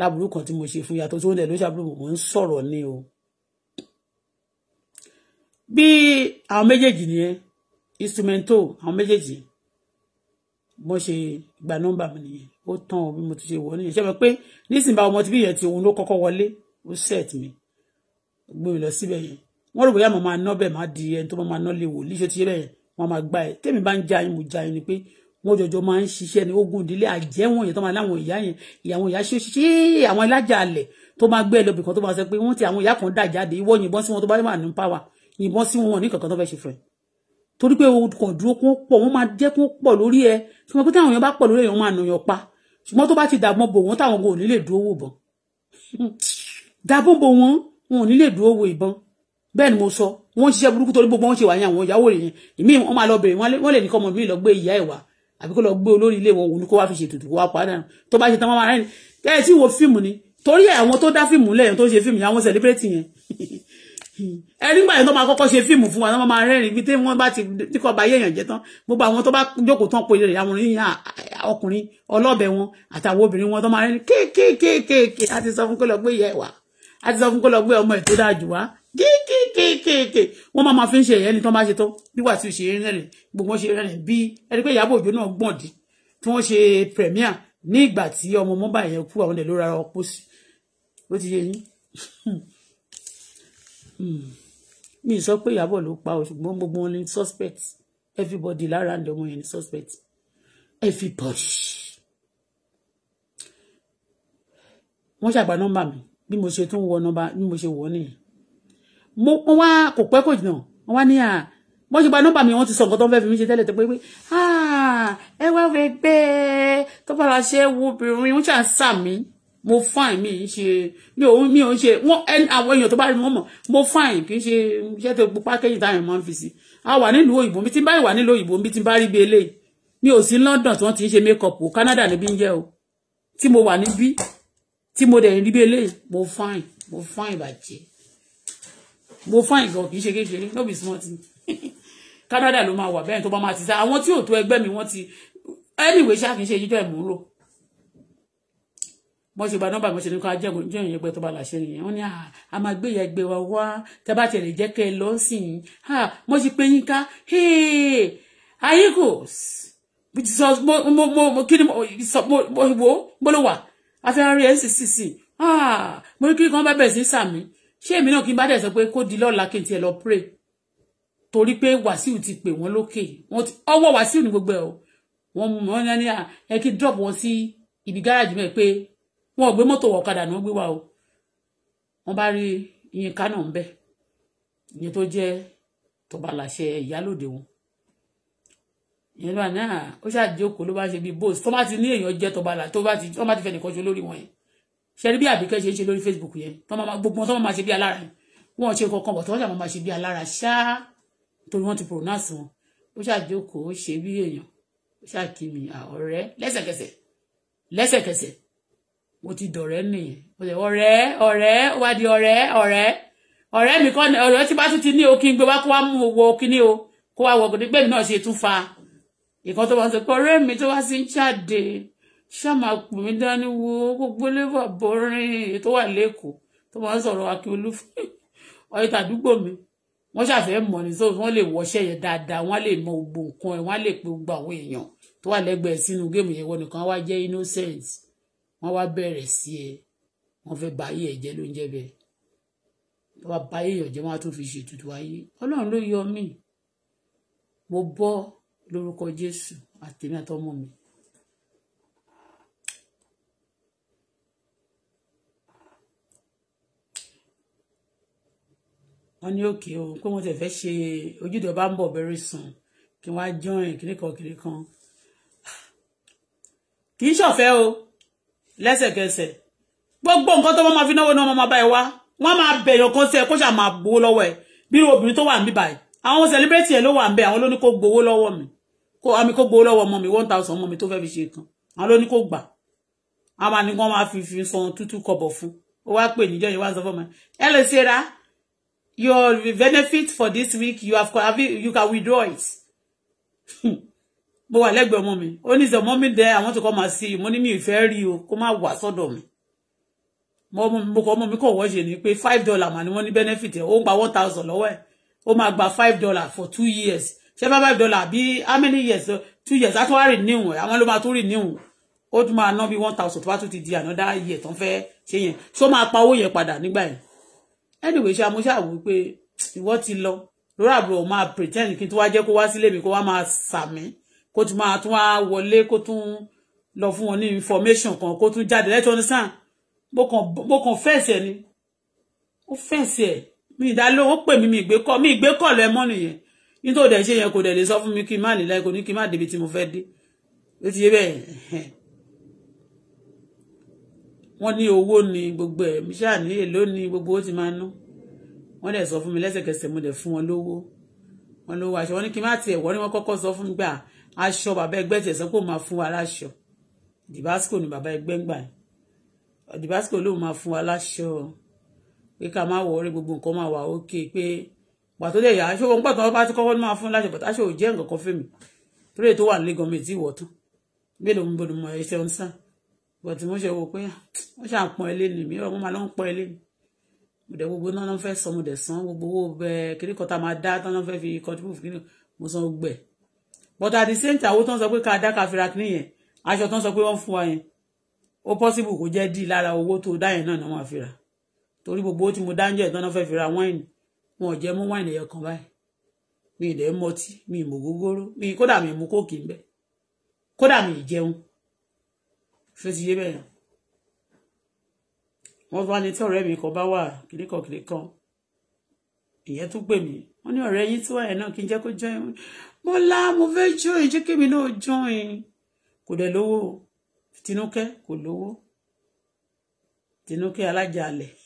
láburú kan tí mo ṣe fún yàtọ̀ tó ń dẹ̀ ló ṣàbúrò mò ń sọ̀rọ̀ ni o bí àwọn méjèèjì nìyẹn instrumento àwọn méjèèjì mo ṣe gba nọ́mbà mi nìyẹn ó tán bí mo ti ṣe wọ nìyẹn ṣe mọ̀ pé nísìnyí ọmọ tí bí ìyẹn ti òun ló kọ́kọ́ wọlé ó set mi gbé mi lọ síbẹ̀ yẹn wọ́n rò bóyá mo máa ná bẹ́ẹ̀ máa di ẹni tó máa ná lè wò líṣe tí bẹ́ẹ̀ wọ́n máa gba ẹ̀ tẹ́mi bá ń ja yín mo ja yín ni pé wọ́n jọjọ máa ń ṣiṣẹ́ ní ogun ìdílé àjẹwọ̀n yẹn tó máa láwọn ìyá yẹn ìyàwó ìyá ṣe ṣiṣẹ́ àwọn alájà alẹ̀ tó máa gbé ẹ lọ bìkan tó máa sọ pé wọ́n ti àwọn ìyá kan dà jáde ìwọ yìnbọn sí wọn tó bá máa ní pàwà ìbọn sí wọn ní kankan tó fẹ́ ṣe fún ẹ torí pé o kò dúró kó pọ̀ wọ́n máa jẹ́ kó pọ̀ lórí ẹ tí wọ́n pé táwọn èèyàn bá pọ̀ lórí ẹ wọ́n máa nàyàn pa ṣùgbọ́n tó bá ti dàbọn bò wọ́n táwọn ò ní lè dúró wò bọn dàbọn bò wọ́n wọn ò ní lè dúró wò ìbọn bẹ́ẹ̀ ni mo sọ wọ́n ṣiṣẹ́ burúkú torí gbogbo wọn ṣe wà ní àwọn ìyàwó rẹ̀ yẹn ìmí wọn máa lọ bèrè wọ́n lè ní kọ́mọ mi lọ gbé ìyá ẹ̀ wá àbí kó lọ gbé olórí ilé wọn òun kó wá fi ṣètùtù wá padà tó bá ṣe tán wọn máa rẹ́ni kẹ́ẹ̀ tí wo fíìmù ni torí àwọn tó dá fíìmù lẹ́yìn tó ṣe fíìmù yẹn àwọn sẹ̀lẹ́bírẹ́tì yẹn ẹrí gbà yẹn tó máa kọ́kọ́ ṣe fíìmù fún wa náà máa rẹ́rìn ibi tí wọ́n bá ti kíkọ́ bá yéèyàn jẹ́ tán gbogbo àwọn tó bá jókòó tán pé rẹ̀ àwọn èèyàn ọkùnrin ọlọ́bẹ wọn àtàwọn obìnrin wọn tó máa rẹ́rìn kéékèèkéèké a ti sọ fún kó lọ gbé ìyá ẹ̀ wá a ti sọ fún kó lọ gbé ọmọ ẹ̀ tó dáa jù wá kéékèèkéèké wọ́n máa ma fi ń ṣe ẹ̀yẹ́ni tán bá ṣe tán bí wàá ti ṣe rẹ́rìn gbogbo ṣe rẹ́rìn bí ẹni pé Ìyábọ̀ premier ní ìgbà tí ọmọ mọ́bà yẹn kú àwọn ẹ̀ ló rárá ọpọ́ sí ó ti yé yín Hmm. mi sọ pé Ìyábọ̀ ló pa o ṣùgbọ́n gbogbo wọn ni suspect everybody lára ń lọmọ yẹn ni suspect everybody. wọ́n ṣàgbà nọ́mbà mi bí mo ṣe tún wọ nọ́mbà bí mo ṣe wọ̀ nìyẹn mo wọ́n wá kò pẹ́ kò jìnnà wọ́n wá ní à wọ́n ṣe gba nọ́mbà mi wọ́n ti sọ nǹkan tó ń fẹ́ fi mí ṣe tẹ́lẹ̀ tó pé pé ẹ wá fẹ́ gbé tó bá la ṣe wo obìnrin wọ́n ṣà mí mo fine mi ń ṣe mi ò mi ò ń ṣe wọn ẹni àwọn èèyàn tó bá rí wọn mọ̀ mo fine kì í ṣe iṣẹ́ tó pupa kẹ́yìn táwọn máa ń fi sí a wà nílùú òyìnbó mi tí n bá wà nílùú òyìnbó mi tí n bá rí bí eléyìí mi ò sí London tí wọ́n ti ń ṣe makeup o Canada níbí ń jẹ́ o tí mo wà níbí tí mo dẹ̀ rí bí eléyìí mo fine mo fine bàjẹ́ mo fine gan kì í ṣe kékeré no be small thing Canada ló máa wà bẹ́ẹ̀ tó bá máa ti sá àwọn tí ò tó ẹgbẹ́ mi wọ́n ti anyway ṣáà kì í ṣe jíjọ́ ìmúlò wọ́n ṣe gba nọ́mbà mi ṣe ní ká jẹun jẹun yẹn gbẹ tó bá làṣẹ nìyẹn wọ́n ní a máa gbé ìyá ẹgbẹ́ wa wá tẹ́ bá tẹ̀lé jẹ́ kẹ́ ẹ lọ sí i mo ṣe pé yín ká ayikos mo mo mo kí mo wo gbọ́dọ̀ wà afẹ́rẹ́ ẹ̀ ń sì sì mo ní kí ni kan bá bẹ̀rẹ̀ sí sàmì ṣé èmi náà kí n bá dẹ̀ sọ pé kó di lọ́la kí n tiẹ̀ lọ pray torí pé wàsíù ti pè wọ́n lókè ọwọ́ wàsíù ni gbogbo ẹ̀ wọ́n mú wọn ní ẹ kí drop wọn sí ibi gáràjì mẹ́ pé wọn ò gbé mọ́tò wọ ọ̀kadà ni wọ́n gbé wá o wọ́n bá rí Yínká náà ń bẹ̀ ìyẹn tó jẹ́ tọbaláṣẹ ìyálòde wọn ìyẹn ló wà náà ó ṣàjókòó ló bá ṣe bíi bóòsì tó bá ti ní èèyàn jẹ́ tọbalà tó bá ti wọ́n bá ti fẹ́ nìkan ṣe lórí wọn yẹn ṣe rí bí àbíkẹ́ ṣe ń ṣe lórí Facebook yẹn gbogbo tó máa ṣe bí alára wọn ṣe kankan bọ̀ tó wọ́n máa ṣe bí alára ṣáá torí wọ́n ti pronounce wọn ó ṣàjókòó ṣe bí èèyàn ó ṣàkíyèmí ah, ọ̀rẹ́ lẹ́sẹ̀kẹsẹ̀ lẹ́sẹ̀kẹsẹ̀ mo ti dọ̀rẹ́ nìyẹn mo lè ọ̀rẹ́ ọ̀rẹ́ ó wá di ọ̀rẹ́ ọ̀rẹ́ ọ̀rẹ́ mi kọ́ ọ̀rẹ́ tí bá tún ti ní o kí n gbé wá kó wá mú owó kíní o kó wá wọ̀gùn nígbẹ̀mí náà ṣe tún fa ìkan tó bá sọ pé ọ̀rẹ́ mi tó wá sí ń jáde ṣáàmà pò mí dání wo gbogbo lébà borin tó wà lẹ́kọ̀ọ́ tó máa ń sọ̀rọ̀ akíolú fún ọ̀rẹ́ tàdúgbò mi wọ́n ṣàfẹ́ mọ̀ ní so wọ́n lè wọṣẹ́ yẹn dáadáa wọ́n lè mọ gbogbo nǹkan ẹ̀ wọ́n lè pe gbogbo àwọn èèyàn tó wà lẹ́gbẹ̀ẹ́ sínú géèmù yẹn wọ́n nìkan wá jẹ́ innocent wọ́n wá bẹ̀rẹ̀ sí ẹ wọ́n fẹ́ ba ayé ẹ̀ jẹ́ ló ń jẹ́ bẹ́ẹ̀ wọ́n wá ba ayé ẹ̀ jẹ́ wọ́n á tún fi ṣètùtù ayé ọlọ́run ló yọ mí mo bọ́ lórúkọ jésù àtèmi àtọmọ mi wọ́n ní òkè o pé wọ́n ti fẹ́ ṣe ojúde ọba ń bọ̀ bẹ̀rẹ̀ sùn kí wọ́n á jọrin kìnìkan kìnìkan kì í ṣọ̀fẹ́ o lẹ́sẹ̀kẹsẹ̀ gbogbo nǹkan tó bá máa fi náwó náà máa bá ẹ wá wọ́n máa bẹ̀yàn kan sí ẹ kó ṣáà máa gbowó lọ́wọ́ ẹ bí obìnrin tó wà níbí báyìí àwọn sẹlẹbírẹtì ẹ ló wà níbẹ̀ àwọn ló ní kó gbowó lọ́wọ́ mi kó àmì kó gbowó lọ́wọ́ ọmọ mi one thousand ọmọ mi tó fẹ́ fi ṣe kan àwọn ló ní kó gbà á máa ní wọ́n máa fi fi san tútù kọ̀bọ̀ fún ó wá pè níjọ́ yìí wá sọ fún mi ẹ your benefit for this week you have you can withdraw it. mo wà lẹ́gbẹ̀ẹ́ ọmọ mi ó ní sọ mọ́mí dẹ àwọn tó to máa sí i mo ní mi ìfẹ́ rí o kó má wà sọ́dọ̀ mi mo kọ́ ọmọ mi kọ̀ wọ́ṣẹ̀ ni pé five dollar mà ni wọ́n ní benefit ẹ̀ ó ń gba one thousand lọ́wọ́ ẹ̀ ó máa gba five dollar for two years ṣé bá five dollar bí how many years two years á why wá renew ẹ̀ àwọn ló máa tún renew ó tún máa ná bí one thousand tó bá tún ti di another year tó ń fẹ́ ṣe yẹn ṣó máa pa owó yẹn padà nígbà yẹn anyway ṣe amúṣà wò pé ìwọ ti lọ lórí àbúrò máa pretend kí n tó wá jẹ́ kó wá sílé mi kó wá máa sàmí kó tún máa tún wá wọlé kó tún lọ fún wọn ní information kan kó tún jáde lẹ́tọ́ ní sàn mo kàn fẹ́ẹ̀sì ẹ̀ ni ó fẹ́ẹ̀sì ẹ̀ mi ìdáló ó pè mí mi ìgbékọ̀ mi ìgbékọ̀ lọ ẹ mọ́ nìyẹn nítorí òdẹ̀ ṣe yẹn kò dẹ̀ lè sọ fún mi kí n má nílẹ̀ kò ní kí n má débi tí mo fẹ́ dé ó ti yé bẹ́ẹ̀ wọ́n ní owó ni gbogbo ẹ̀ mi ṣáà ní èlò ni gbogbo ó ti máa ná wọ́n dẹ̀ sọ fún mi lẹ́sẹ̀kẹsẹ̀ mo dẹ̀ fún wọn lówó wọn lówó aṣọ wọn ní kí n má tiẹ̀ wọ́n ní wọ́n kọ́kọ́ sọ fún mi gbà aṣọ bàbá ẹgbẹ́ tiẹ̀ sọ pé òun máa fún wa láṣọ dìbásíkò ni bàbá ẹgbẹ́ ń gbà yẹn dìbásíkò lóun máa fún wa láṣọ pé ká má wọ orí gbogbo nǹkan máa wà ókè pé pàtó dẹ̀ yà aṣọ òun pàtó bá ti kọ́kọ́ máa fún láṣọ pàtó aṣọ ò jẹ́ nǹkan kan fẹ́mi torí ètò wà nílé gan-an mi tí ìwọ̀ tán mélòó ń bọ̀dọ̀ mọ ẹsẹ̀ ń sàn bọ̀tí mo ṣe wò pé ah, wọ́n ṣà ń pọn ilé mi ọmọ máa lọ ń pọn ilé mo dẹ̀ gbogbo náà fẹ́ san mo dẹ̀ san gbogbo owó bẹ́ẹ̀ kíní kan a máa dá tán náà fẹ́ fi kọ́ńtúbù fún kíní mo san gbẹ̀ but at the same time owó tó ń sọ pé ká dá ká fira kìíní yẹn aṣọ tó ń sọ pé wọ́n fún wa yẹn ó possible kó jẹ́ dí lára owó tó dá yẹn náà ni wọ́n á fira torí gbogbo ó ti mo dáńjọ́ ìtọ́nà fẹ́ fira wáìnì wọn ò jẹ́ mú wáìnì ẹ̀yọ kan báyìí mi ì dẹ̀ mọtí mi ì mọ gógóró mi kódà mi ì mú kóòkì ń bẹ kódà mi ì jẹun ṣé ti yé bẹ́ẹ̀ yẹn wọ́n bá ní tí ọ̀rẹ́ mi kan bá wà kìnìkan kìnìkan ìyẹn tún pè mí wọ́n ní ọ̀rẹ́ yín tí wà yẹn náà kí n jẹ́ kó jẹ́ Bọ́lá mo fẹ́ join jẹ́ kémi náà join kò dẹ̀ lówó Tinúkẹ́ kò lówó Tinúkẹ́ alájàalẹ̀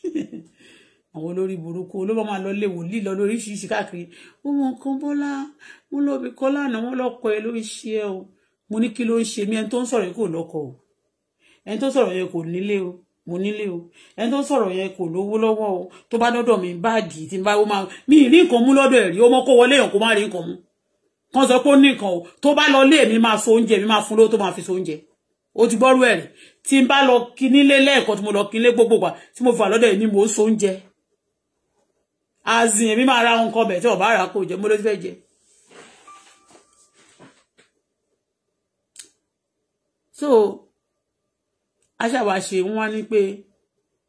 àwọn olórí burúkú ló bá máa lọ lé wòlíì lọ lóríṣiríṣi káàkiri ó mọ nǹkan Bọ́lá mo lọ bí kọ́ lánàá wọn lọ́kọ ẹ ló ń ṣe ẹ o mo ní kí ló ń ṣe mí ẹni tó ń sọ̀rọ̀ yẹn kò lọ́kọ o ẹni tó ń sọ̀rọ̀ yẹn kò nílé o mo nílé o ẹni tó ń sọ̀rọ̀ yẹn kò lówó lọ́wọ́ o tó bá dọ́dọ̀ mi báàgì tí n bá ó máa mi ì rí nǹkan mú lọ́dọ̀ ẹ̀ rí ó kó wọlé yàn kó má rí nǹkan mú kan sọ pé ó ní nǹkan o tó bá lọ lé èmi máa so oúnjẹ èmi máa fún lówó tó máa fi so oúnjẹ ó ti gbọ́rú ẹ̀ rí n bá lọ kí nílé lẹ́ẹ̀kan tí mo lọ kí nílé gbogbo gbà tí mo fà lọ́dọ̀ ni mò so oúnjẹ azìn èmi máa ra nǹkan bẹ̀ tí ọ̀bá ara kò jẹ́ mo ló ti fẹ́ jẹ. so aṣáwa ṣe wọn wá ní pé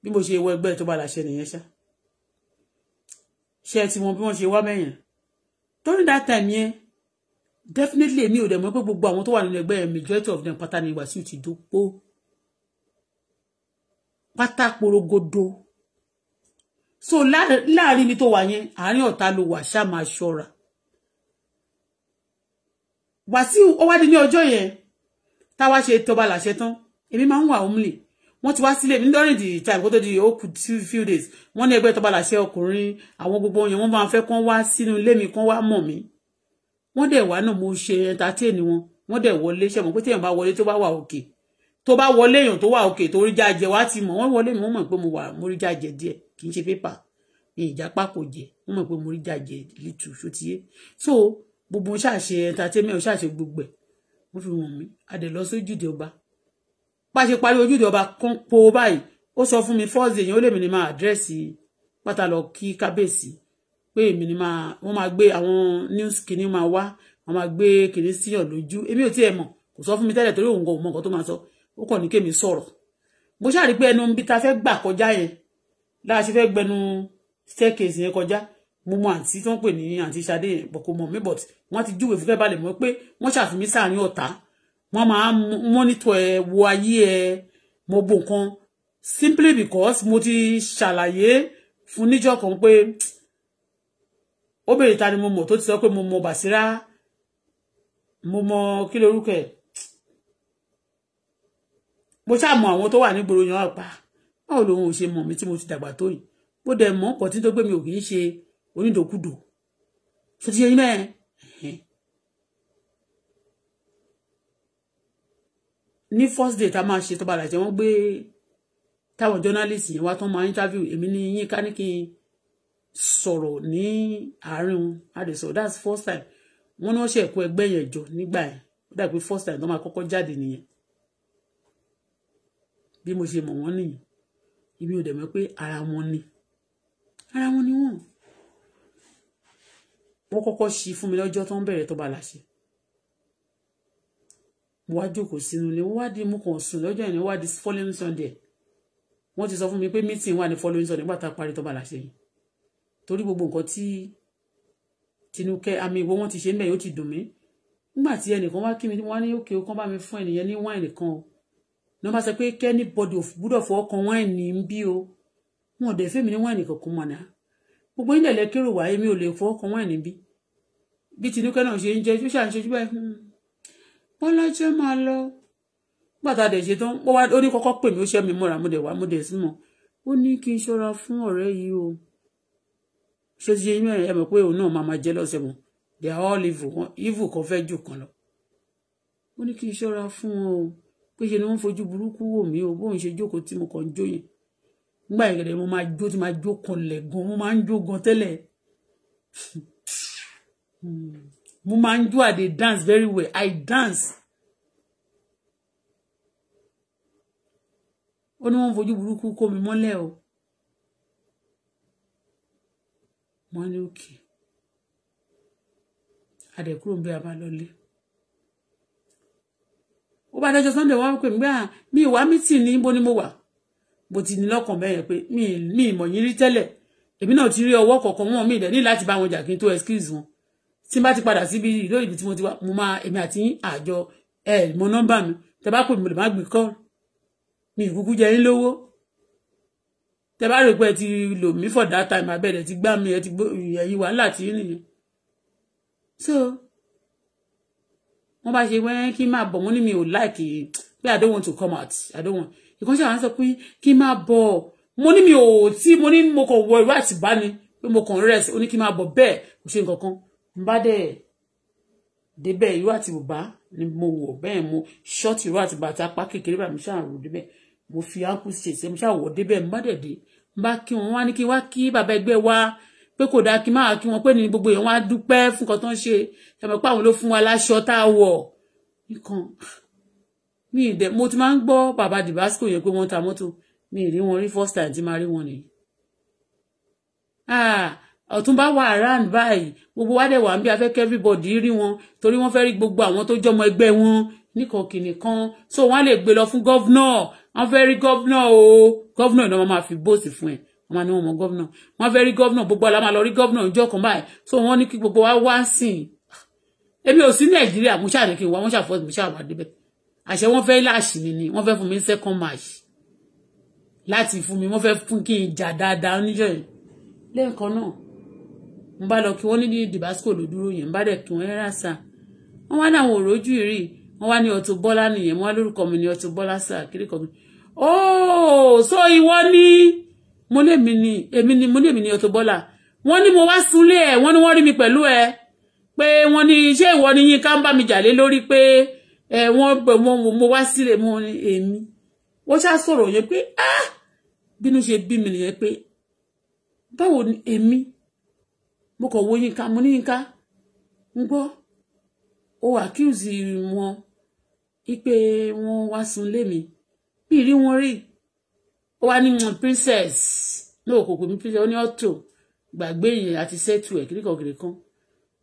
bí mo ṣe wọ ẹgbẹ́ tó bá làṣẹ nìyẹn ṣá ṣe ti mọ bí wọ́n ṣe wá mẹ́yìn torí that time yẹn. Yeah definitely èmi ò dẹ̀ mọ̀ pé gbogbo àwọn tó wà nínú ẹgbẹ́ majority of them pátá ni Wàsíù ti dópó pátá porogodo so láàrin mi tó wà yẹn àárín ọ̀tá ló wà ṣá máa ṣọ́ra Wàsíù ó wá di ní ọjọ́ yẹn táwa ṣe tọba làṣẹ tán èmi máa ń wà òmìnir wọ́n ti wá sílé mi during the time kó tó di ó kù two few days wọ́n ní ẹgbẹ́ tọba làṣẹ ọkùnrin àwọn gbogbo yẹn wọ́n máa fẹ́ kán wá sínú ilé mi kán wá mọ̀ mi wọ́n dẹ̀ wá náà mo ṣe entertain wọn wọ́n dẹ̀ wọlé ṣe mọ̀ pé téèyàn bá wọlé tó bá wà òkè tó bá wọlé èèyàn tó wà òkè tó rí jájẹ wá ti mọ̀ wọ́n wọlé mi wọ́n mọ̀ pé mo wà mo rí jájẹ díẹ̀ kì í ṣe pépà ní ìjápá kò jẹ wọ́n mọ̀ pé mo rí jájẹ lítù ṣótiyé so gbogbo ṣàṣe entertainment ṣàṣe gbogbo ẹ̀ wọ́n fi wọ̀n mí adẹ̀ lọ sójúde ọba pàṣẹ parí ojúde ọba kan po báyìí ó sọ fún mi fọ́ọ̀sì èèyàn ó lè mi ní máa àdírẹ́sì pátá lọ kí kábíyèsí pé èmi ni máa wọ́n máa gbé àwọn news kìíní máa wá wọ́n máa gbé kìíní síyàn lójú èmi ò tiẹ̀ mọ̀ kò sọ fún mi tẹ́lẹ̀ torí òun kò mọ nǹkan tó máa sọ ó kàn ní kémi sọ̀rọ̀ mo ṣáà rí pé ẹnu bí ta fẹ́ gbà kọjá yẹn láà ṣe fẹ́ gbẹnu staircase yẹn kọjá mo mọ àǹtí tó ń pè ní àǹtí Ṣadé yẹn bọ̀ kò mọ̀ mí but wọ́n ti júwèé fúnkẹ́ balẹ̀ mọ́ pé wọ́n ṣàfihàn mí sáàrin ọ̀tá wọ́n máa mọ́nítọ̀ ẹ wo ayé ẹ mo bo nǹkan simply because mo ti ṣàlàyé fún níjọ́ kan pé ó béèrè ta ni mo mọ̀ tó ti sọ pé mo mọ̀ Bàṣírá mo mọ̀ kí lorúkọ ẹ̀ mo ṣáà mọ̀ àwọn tó wà nígboro yan àpá báwo lòun ò ṣe mọ̀ mí tí mo ti dàgbà tó yìí bó dẹ̀ mọ̀ pọ̀ tí tó gbé mi ò kì í ṣe onídòkúdò ṣe ti ṣe yín mẹ́ẹ̀. ní first day tá máa ṣe tó wọ́n gbé táwọn journalist yẹn tó máa interview èmi ní yín ká ní kí n sọ̀rọ̀ ní àárín wọn a lè sọ̀rọ̀ that's first time wọ́n ní wọ́n ṣe ẹ̀kọ́ ẹgbẹ́ yẹn jọ nígbà yẹn ó dà first time tó máa kọ́kọ́ jáde nìyẹn bí mo ṣe mọ̀ wọ́n nìyẹn ibi ò dẹ̀ mọ̀ pé ara wọn ni ara wọn ni wọ́n wọ́n kọ́kọ́ ṣí fún mi lọ́jọ́ tó ń bẹ̀rẹ̀ tó bá láṣẹ mo wá jókòó sínú ilé wọ́n wá di mú kàn sùn lọ́jọ́ yẹn wá di following sunday wọ́n ti sọ fún mi pé meeting wà ní following sunday nígbà tá a parí tó bá láṣẹ yìí torí gbogbo nǹkan tí tinúkẹ́ àmì ìwọ wọn ti ṣe mẹ́yìn ó ti dùn mí nígbà tí ẹnìkan wá kí mi wá ní òkè ọkàn bá mi fún ẹnìyẹn ní wáìnì kan o ní wọ́n bá sọ pé kẹ́ni bọ́dọ̀ gbúdọ̀ fọwọ́ kan wáìnì ń bí o wọn ò dẹ̀ fẹ́mi ní wáìnì kankan mọ̀ náà gbogbo yín lẹ̀lẹ́ kérò wá èmi ò lè fọwọ́ kan wáìnì bí bí tinúkẹ́ náà ṣe ń jẹ́ ó ṣàǹṣe ojú báyìí hmm, bọ́lájọ́ máa lọ gbàtà dẹ̀ ṣe tán ó ní kọ́kọ́ pè mí ó ṣẹ́ mi mọ́ra mo dẹ̀ wá mo dẹ̀ sí mọ́ ó ní kí n ṣọ́ra fún ọ̀rẹ́ yìí o So, ti yẹ ẹ mọ̀ pé òun náà máa máa jẹ́ lọ́sẹ̀ wọn they are all evil wọn evil kan fẹ́ jù kan lọ. ó ní kí n ṣọ́ra fún wọn pé ṣe ni wọ́n fojú burúkú wò mí o bóun ṣe jókòó tí mo kàn jó yẹn nígbà ìrẹ̀lẹ̀ mo máa jó tí máa jó kanlẹ̀ gan mo máa ń jó gan tẹ́lẹ̀ hmm. mo máa ń jó i dey dance very well i dance. ó ní wọ́n fojú burúkú kó mi mọ́lẹ̀ o. mo á ní òkè adẹ̀kúrò ń bẹ abalọ́lé ó bá dájọ́ sunday wá pè mí gbà mí ìwà mítì ní bó ni mo wà bó ti ní lọ́kàn bẹ́ẹ̀ pé mi ìmọ̀ yín rí tẹ́lẹ̀ èmi náà ti rí ọwọ́ kọ̀ọ̀kan wọn mi ìdẹ́ láti bá wọn jà kí n tó excuse wọn tí n bá ti padà síbi ìlú ìbí tí mo ti wá mo máa èmi àti àjọ ẹ mo nọ́mbà mi tẹ bá pè mí lè má gbé kọ́ mi ìkúkú jẹ yín lówó tẹ bá rí pé ẹ ti lò mí for that time abẹ́rẹ́ ti gbá mi ẹ ti gbó ẹ̀yìn wàhálà tí nìyẹn so wọ́n bá ṣe wẹ́n kí n máa bọ̀ wọ́n ní mi ò láìkì pé I don't want to come out I don't want ìkànṣe àwọn sọ pé kí n máa bọ̀ mo ní mi ò tí mo ní mo kàn wọ ìwé àtìbá ni pé mo kàn rest ó ní kí n máa bọ̀ bẹ́ẹ̀ kò ṣe nǹkan kan n bá dẹ̀ débẹ̀ ìwé àtìbá ni mo wọ̀ bẹ́ẹ̀ mo ṣọ́ọ̀tì ìwé àtìbá àti apá kékeré bàmí ṣáà débẹ̀ mo fi ápù ṣe ṣe mo ṣàwọ̀ débẹ̀ de, bá dẹ̀ dé mo bá kí wọn wá ní kí wá kí bàbá ẹgbẹ́ wa pé kò dáa kí máa kí wọn pé ní gbogbo èèyàn wá dúpẹ́ fún kan tó ń ṣe ẹ̀mọ̀ pé àwọn ló fún wa láṣọ tá a wọ̀ nìkan mi ì dẹ̀ mo ti máa ń gbọ́ bàbá dìbásíkò yẹn pé wọ́n ta mọ́tò mi ì rí wọn rí first time tí máa rí wọn nìyí ah, ọ̀túnba wà around báyìí gbogbo wa dẹ̀ wà ń bí afẹ́kẹ́ everybody rí wọn torí wọ́n fẹ́ rí gbogbo àwọn tó jọmọ ẹgbẹ́ wọn nìkan kìnì kan so wọ́n á lè gbé lọ fún gọ́vnà wọ́n fẹ́ rí gọ́vnà o gọ́vnà ìnáwó máa fi bóòsì fún ẹ̀ wọ́n máa ní wọ́n mọ gọ́vnà wọ́n fẹ́ rí gọ́vnà gbogbo àlámà lọ rí gọ́vnà ìjọ kan báyìí so wọ́n ní kí gbogbo wa wá sìn èmi ò sí nàìjíríà mo ṣáà ní kí n wá wọ́n ṣàfọ́ mi ṣáà wà àṣẹ wọ́n fẹ́ láàṣì mi ni wọ́n fẹ́ fún mi second march. láti fún mi wọ́n fẹ́ fún kí n jà dáadáa níjọ́ yìí lẹ́ẹ̀kan náà mo bá lọ kí wọ́n ní ní dìbásíkò ló dúró yẹn mo bá dẹ̀ tún ẹ́ rà sá wọ́n wá láwọn òrójú ìrì wọ́n wá ní Auto Bola nìyẹn wọ́n lórúkọ mi ní Auto Bola sir kiri kọ mi ooo oh, so ìwọ ni mo ní èmi ni èmi ni mo ní èmi ni Auto Bola wọ́n ní mo wá súnlé ẹ̀ wọ́n ní wọ́n rí mi pẹ̀lú ẹ̀ pé wọ́n ní iṣẹ́ ìwọ ni yín ká ń bá mi jà lé lórí pé ẹ wọ́n pẹ̀ mo mo wá sílẹ̀ mo ní èmi wọ́n ṣá sọ̀rọ̀ yẹn pé ah bínú ṣe bí mi nìyẹn pé báwo ni èmi mo kàn wo yín ká mo ní yín ká ń gbọ́ o accuse wọn ipe wọn wá sun lé mi bí rí wọn rí ó wá ní wọn mm, princess náà kò mi mí princess ó ní Auto gbàgbé yẹn àti sẹ́tù ẹ̀ kíríkan kíríkan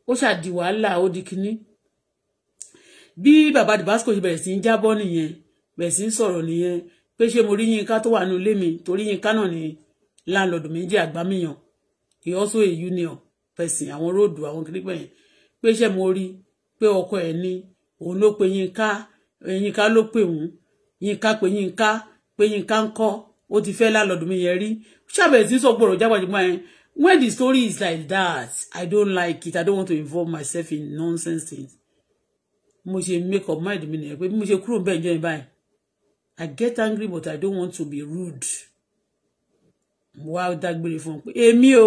ó ṣàdì wàhálà ó di kinní bí bàbá Dibasco ṣe bẹ̀rẹ̀ sí í jábọ́ nìyẹn bẹ̀rẹ̀ sí í sọ̀rọ̀ nìyẹn pé ṣé mo rí Yínká tó wà nínú ilé mi torí Yínká náà ni láńlọ́ọ̀dù mi jẹ́ àgbámìyàn he also a union person àwọn róòdù àwọn kìnìún pẹ̀yìn pé ṣé mo rí pé ọkọ ẹ̀ ni òun ló pe Yínká Yínká ló pè wọ́n Yínká pé Yínká pé Yínká ń kọ́ ó ti fẹ́ lálọ́dún mi yẹn rí ṣàbẹ̀sí sí sọ̀gbọ̀rọ̀ jágbàjúgbà yẹn when the story is like that I don't like it I don't want to involve myself in nonsense things mo ṣe make up mind mi nìyẹn pé bí mo ṣe kúrò bẹ́ẹ̀ jọyìn báyìí I get angry but I don't want to be rude mo wá dágbére fún un pé èmi o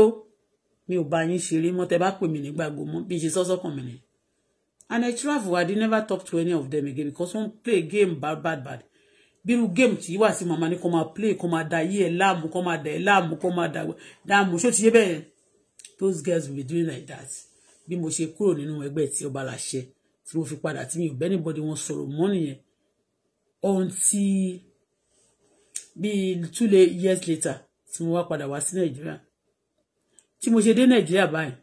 mi ò bá yín ṣeré mọ́ tẹ́ bá pè mí nígbàgbọ́ mọ́ bí n ṣe sọ́sọ́kàn mi nìyẹn and I travel I did never talk to any of them again because wọ́n play game bad bad bad bírú game tí wà sí màmá ni kò play kò máa da yí ẹ láàmú kò máa da ẹ láàmú kò máa da dáàmú ṣó ti yé bẹ́ẹ̀ those girls will be doing like that bí mo ṣe kúrò nínú ẹgbẹ́ tí ọba làṣẹ tí mo fi padà tí mi ò bẹ́ anybody wọn sọ̀rọ̀ mọ́ nìyẹn until bíi two years later tí mo wá padà wá sí nàìjíríà tí mo ṣe dé nàìjíríà báyìí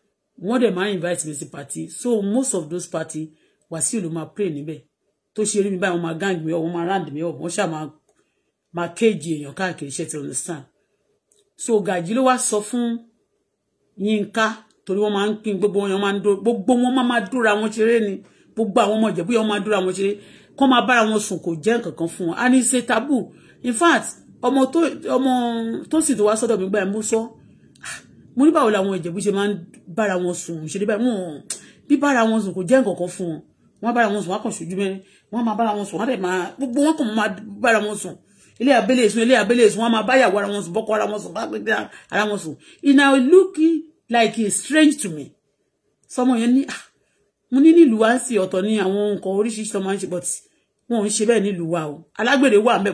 wọ́n dẹ̀ máa invite mi sí party so most of those party Wàsíù ló máa pray níbẹ̀ tó ṣe rí mi báyìí wọ́n máa gang mi up wọ́n máa round mi up wọ́n ṣáà máa máa kéèjì èèyàn káàkiri iṣẹ́ ti understand so Gàjí ló wá sọ fún Yínká torí wọ́n máa ń pín gbogbo wọn máa ń dó gbogbo wọn máa dúra wọn ṣeré ni gbogbo àwọn ọmọ Ìjẹ̀bú yẹn máa dúra wọn ṣeré kọ́ máa bára wọn sùn kò jẹ́ nǹkan kan fún wọn a ní ṣe taboo in fact ọmọ tó ọmọ tó sì tó wá sọ́dọ̀ mi gbà ẹ̀ mú sọ́ mo ní báwo làwọn ìjẹ̀bú ṣe máa ń bára wọn sùn ṣe dé báyìí wọn bí bára wọn sùn kò jẹ́ nǹkan kan fún wọn wọn bára wọn sùn wọn kàn ṣojú mẹ́rin wọn máa bára wọn sùn wọn dẹ̀ máa gbogbo wọn kàn máa bára wọn sùn ilé abẹ́lé sùn ilé abẹ́lé sùn wọn máa bá yàwó ara wọn sùn bọ́kọ ara wọn sùn bá gbẹgbẹ ara wọn sùn it now look like a strange to me sọmọ yẹn ní ah, mo ní nílùú wa ń sì ọ̀tọ̀ ní àwọn nǹkan oríṣiríṣi ọmọ ṣe but wọn ò ń ṣe bẹ́ẹ̀ nílùú wa o alágbèrè wà ń bẹ̀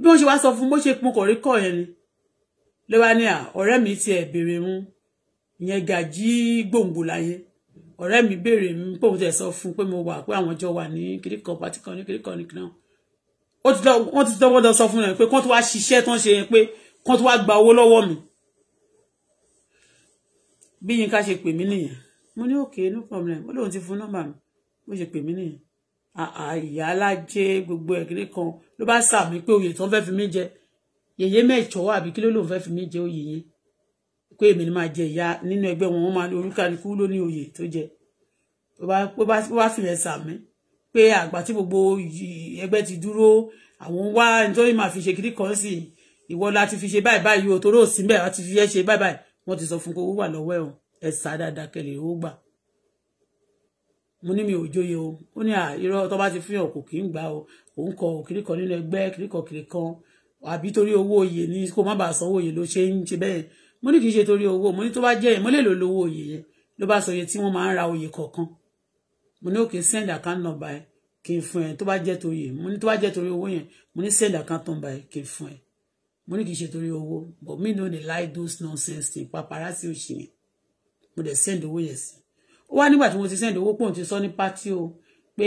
bí wọ́n ṣe wá sọ fún bó ṣe pọn kọ̀rí kọ̀ yẹn ni lẹ́wà ní à ọ̀rẹ́ mi ti ẹ̀ béèrè mu ìyẹn gàjí gbòǹgbò láyé ọ̀rẹ́ mi béèrè mi pé òun tẹ̀ sọ fún pé mo wà pé àwọn jọ wà ní kíríkan pàtí kan ní kíríkan ní kíríkan wọ́n ti tọ́wọ́ lọ sọ fún ẹ pé kán tó wá ṣiṣẹ́ tán ṣe yẹn pé kán tó wá gba owó lọ́wọ́ mi bí Yínká ṣe pè mí nìyẹn mo ní òkè no problem ó lóun ti fún nọ́mbà mi bó ṣe pè mí nìyẹn àyálájẹ gbogbo ẹgbẹ kan ló bá sàmì pé oyè tó ń fẹ́ fi mí jẹ yèyé mẹ́jọ àbí kí ló lòun fẹ́ fi mí jẹ oyè yẹn pé èmi ni máa jẹ ìyá nínú ẹgbẹ́ wọn wọ́n máa olúkálukú ló ní oyè tó jẹ bó bá fìyẹn sàmì pé àgbà tí gbogbo ẹgbẹ́ ti dúró àwọn wá nítorí máa fi ṣe kiri kan sí ìwọ la ti fi ṣe báyìí báyìí o toró òsínbẹ̀ àti fi ṣe báyìí báyìí wọ́n ti sọ fún kó wà lọ́wọ́ ẹ̀ ẹ̀sà dáadáa kẹlẹ̀ ó gbà mo ní mi ò joyè o ó ní irọ́ tó bá ti fi hàn kò kì í gbà o òun kọ òkìrí kan nínú ẹgbẹ́ kìrí kan kìrí kan àbí torí owó oyè ni kó má bàa sanwó oyè ló ṣe ń ṣe bẹ́ẹ̀ mo ní kì í ṣe torí owó mo ní tó bá jẹ́ yẹn mo lè lò lówó oyè yẹn ló bá sọ iye tí wọ́n máa ń ra oyè kọ̀ọ̀kan mo ní òkè send account number ẹ kì í fún ẹ tó bá jẹ́ torí yẹn mo ní tó bá jẹ́ torí owó yẹn mo ní send account number ẹ kì í fún ẹ mo ní kì í ṣe torí but me no dey like those nonsense things paparazzi ò ṣe yẹn mo dẹ̀ send ó wá nígbà tí mo ti sẹ́ndì owó pòun ti sọ ní pátí o pé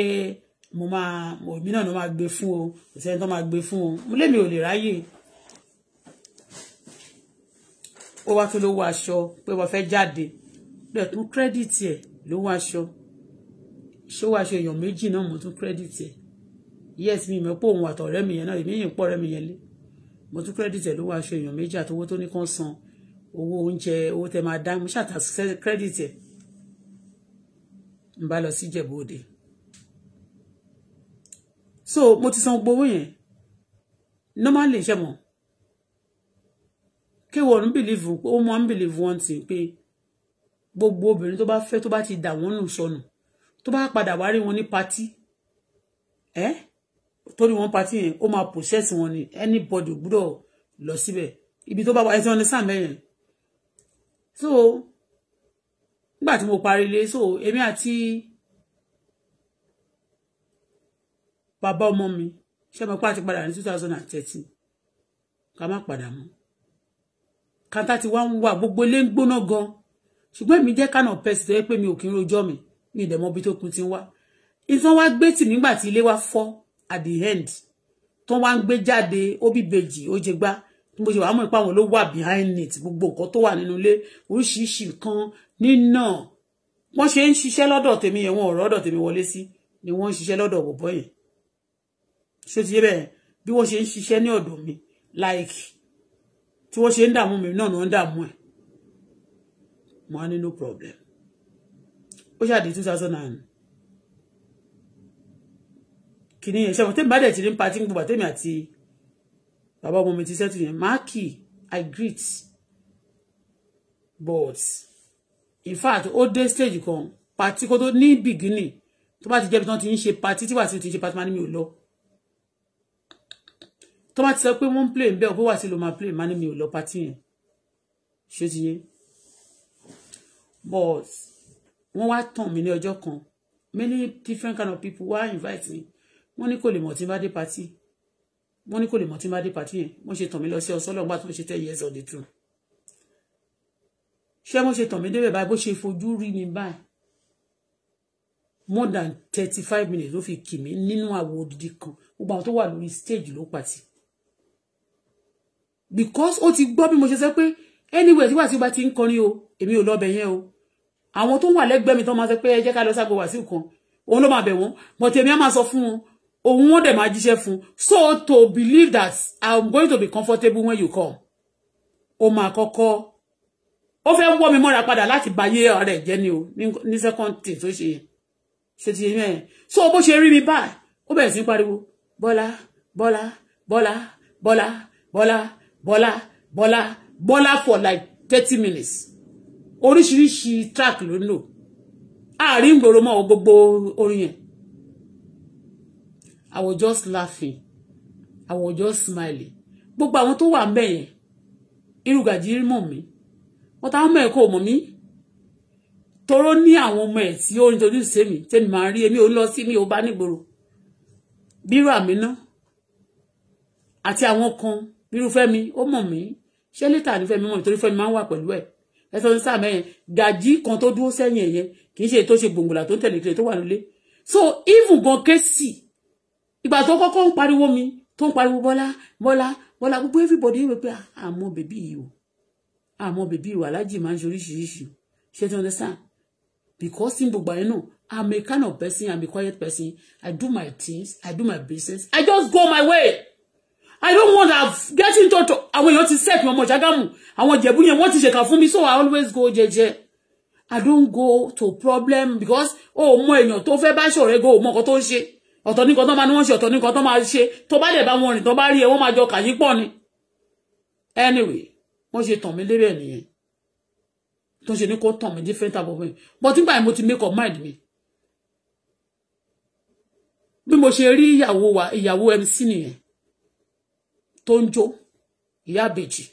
mo máa òmí náà ló máa gbé fún o kò sẹ́ni tó máa gbé fún o mo lèmi ò lè ráyè ó wá tó lówó aṣọ pé wọ́n fẹ́ jáde bẹ́ẹ̀ tún kírẹ́dìtì ẹ̀ lówó aṣọ ṣówó aṣọ èèyàn méjì náà mo tún kírẹ́dìtì ẹ̀ yes mi mọ̀ pé òun àtọ̀rẹ́ mi yẹn náà èmi yìí pọ̀ rẹ́ mi yẹn lé mo tún kírẹ́dìtì ẹ̀ lówó aṣọ èèyàn méjì àtowó tó ní kàn san owó oúnjẹ owó tẹ máa dá mo ṣàtà kírẹ́dìtì ẹ̀ n bá lọ sí Ìjẹ̀bú Òde so mo ti san gbowó yẹn normally ṣe mọ kéwọ ń bìlìfù ó mọ ń bìlìfù wọn ti pé gbogbo obìnrin tó bá fẹ́ tó bá ti dà wọ́n nù sọnù tó bá padà wá rí wọn ní patí ẹ torí wọn patí yẹn ó máa possess wọn ni anybody gbúdọ̀ lọ síbẹ̀ ibi tó bá wà ẹ wọn ní sàmẹ́yẹn so nígbà tí mo parí ilé so èmi àti bàbá ọmọ mi ṣé mo pa àti padà ní two thousand and thirteen ká má padà mọ́ kàńtà tí wàá ń wà gbogbo ilé ń gbóná gan ṣùgbọ́n èmi jẹ́ kánà pẹ́sì tó yẹ pé mi ò kí ń rojọ́ mi mi ìdẹ̀mọ́ bí tó kun ti ń wá ìtàn wá gbé tì nígbà tí ilé wá fọ́ at the end tó wá ń gbé jáde ó bí bèjì ó jẹ gbá mo ṣe wàá mọ̀ pé àwọn ló wà behind it gbogbo nǹkan tó wà nínú ilé oríṣiríṣi nǹkan nínà wọ́n ṣe ń ṣiṣẹ́ lọ́dọ̀ tèmi yẹn wọn ọ̀rọ̀ ọ̀dọ̀ tèmi wọlé sí ni wọ́n ń ṣiṣẹ́ lọ́dọ̀ bọ̀bọ̀ yẹn ṣé ti yé bẹ́ẹ̀ bí wọ́n ṣe ń ṣiṣẹ́ ní ọ̀dọ̀ mi like tí wọ́n ṣe ń dààmú mi náà náà ń dààmú ẹ̀ mo á ní no problem ó ṣáà di two thousand and kìíní yẹn ṣe àwọn tèmi bá dẹ̀ ti ní patí ń gbọ́dọ̀ tèmi àti bàbá ọmọ mi ti sẹ́tù yẹn máàkì I greet but in fact ó dé stage kan pati kó tó ní beginning tó bá ti jẹ́ bí tán ti ń ṣe pati tí wà sí ti ń ṣe pati máa ní mi ò lọ tó bá ti sọ pé wọ́n ń play bẹ́ẹ̀ pé wà sí ló máa play máa ní mi ò lọ pati yẹn ṣé ti yé but wọ́n wá tàn mí ní ọjọ́ kan many different kind of people wá invite me wọ́n ní kò lè mọ̀ tí n bá dé pati wọ́n ní kò lè mọ̀ tí n bá dé pati yẹn wọ́n ṣe tàn mí lọ sí ọsọ́lọ́gbà tó ṣe ten years of the truth ṣé wọ́n ṣe tàn mí débẹ̀ báyìí bó ṣe fojú rí mi báyìí more than thirty five minutes ló fi kì mí nínú àwo odidi kan gbogbo àwọn tó wà lórí stage ló pàtì because ó ti gbọ́ bí mo ṣe sọ pé anyway tí wà tí ó bá ti ń kọrin o èmi ò lọ́bẹ̀ yẹn o àwọn tó wà lẹ́gbẹ̀ẹ́ mi tó máa sọ pé ẹ jẹ́ ká lọ ságo wàsíù kan òun ló máa bẹ̀ wọ́n but èmi á máa sọ fún wọn òun wọ́n dẹ̀ máa jíṣẹ́ fún so to believe that I'm going to be comfortable when you come ó máa kọ́kọ́ ó fẹ́ wọ́ mi mọ́ra padà láti báyé ọ̀rẹ́ jẹ́ ni o ní second thing tó ṣe yẹn ṣe ti yẹn so bó ṣe rí mi báyìí ó bẹ̀rẹ̀ sí pariwo bọ́lá bọ́lá bọ́lá bọ́lá bọ́lá bọ́lá bọ́lá bọ́lá for like thirty minutes oríṣiríṣi track ló ń lò àárín gbòòrò mọ́ gbogbo orin yẹn I was just laughing I was just smiling gbogbo àwọn tó wà ń bẹ̀ yẹn irú gàjí mọ̀ mi but àwọn ọmọ ẹ̀ kò mọ̀ mí toró ní àwọn ọmọ ẹ̀ tí ó ń dojú sí mi tẹ́mi máa rí èmi ò lọ sí mi ò bá nígboro bírò àmì náà àti àwọn kan bírú Fẹ́mi ó mọ̀ mí ṣé lẹ́tà ní Fẹ́mi mọ̀ nítorí Fẹ́mi máa ń wà pẹ̀lú ẹ̀ ẹ sọ ní sáà mẹ́yẹn gàjí kan tó dúró sẹ́yìn ẹ̀yẹn kì í ṣe tó ṣe gbòǹgbòlà tó ń tẹ̀lé kiri tó wà nílé so even gan kẹ́sì ìgbà tó kọ́kọ́ ń pariwo mi tó ń pariwo Bọ́lá Bọ́lá Bọ́lá gbogbo everybody wípé àmọ́ ah, bèbí yìí o àmọ́ bèbí ìwà alájì máa ń ṣe oríṣiríṣi ṣé ti understand because ní gbogbo àyẹ̀nù i'm a kind of person i'm a quiet person i do my things i do my business i just go my way i don't want to get into to àwọn èèyàn ti set mi ọmọ Ṣàgámù àwọn ìjẹ̀bú yẹn wọ́n ti ṣèkà fún mi so i always go jẹ́jẹ́ i don't go to problem because o oh, mọ èèyàn tó fẹ́ bá ṣọ̀rẹ́ go mọ nǹkan tó ń ṣe ọ̀tọ̀ ní nǹkan tó máa ní wọ́n ṣe ọ̀tọ̀ ní nǹkan tó máa ṣe tó bá dẹ̀ bá wọn rìn tó bá rí ẹ wọ́n máa jọ kàyí pọ̀ ni anyway wọ́n ṣe tàn mí lérè nìyẹn tó ń ṣe ní kó tàn mí different type of way but nígbà yẹn mo ti make up mind mi bí mo ṣe rí ìyàwó wa ìyàwó MC nìyẹn tó ń jó ìyá àbèjì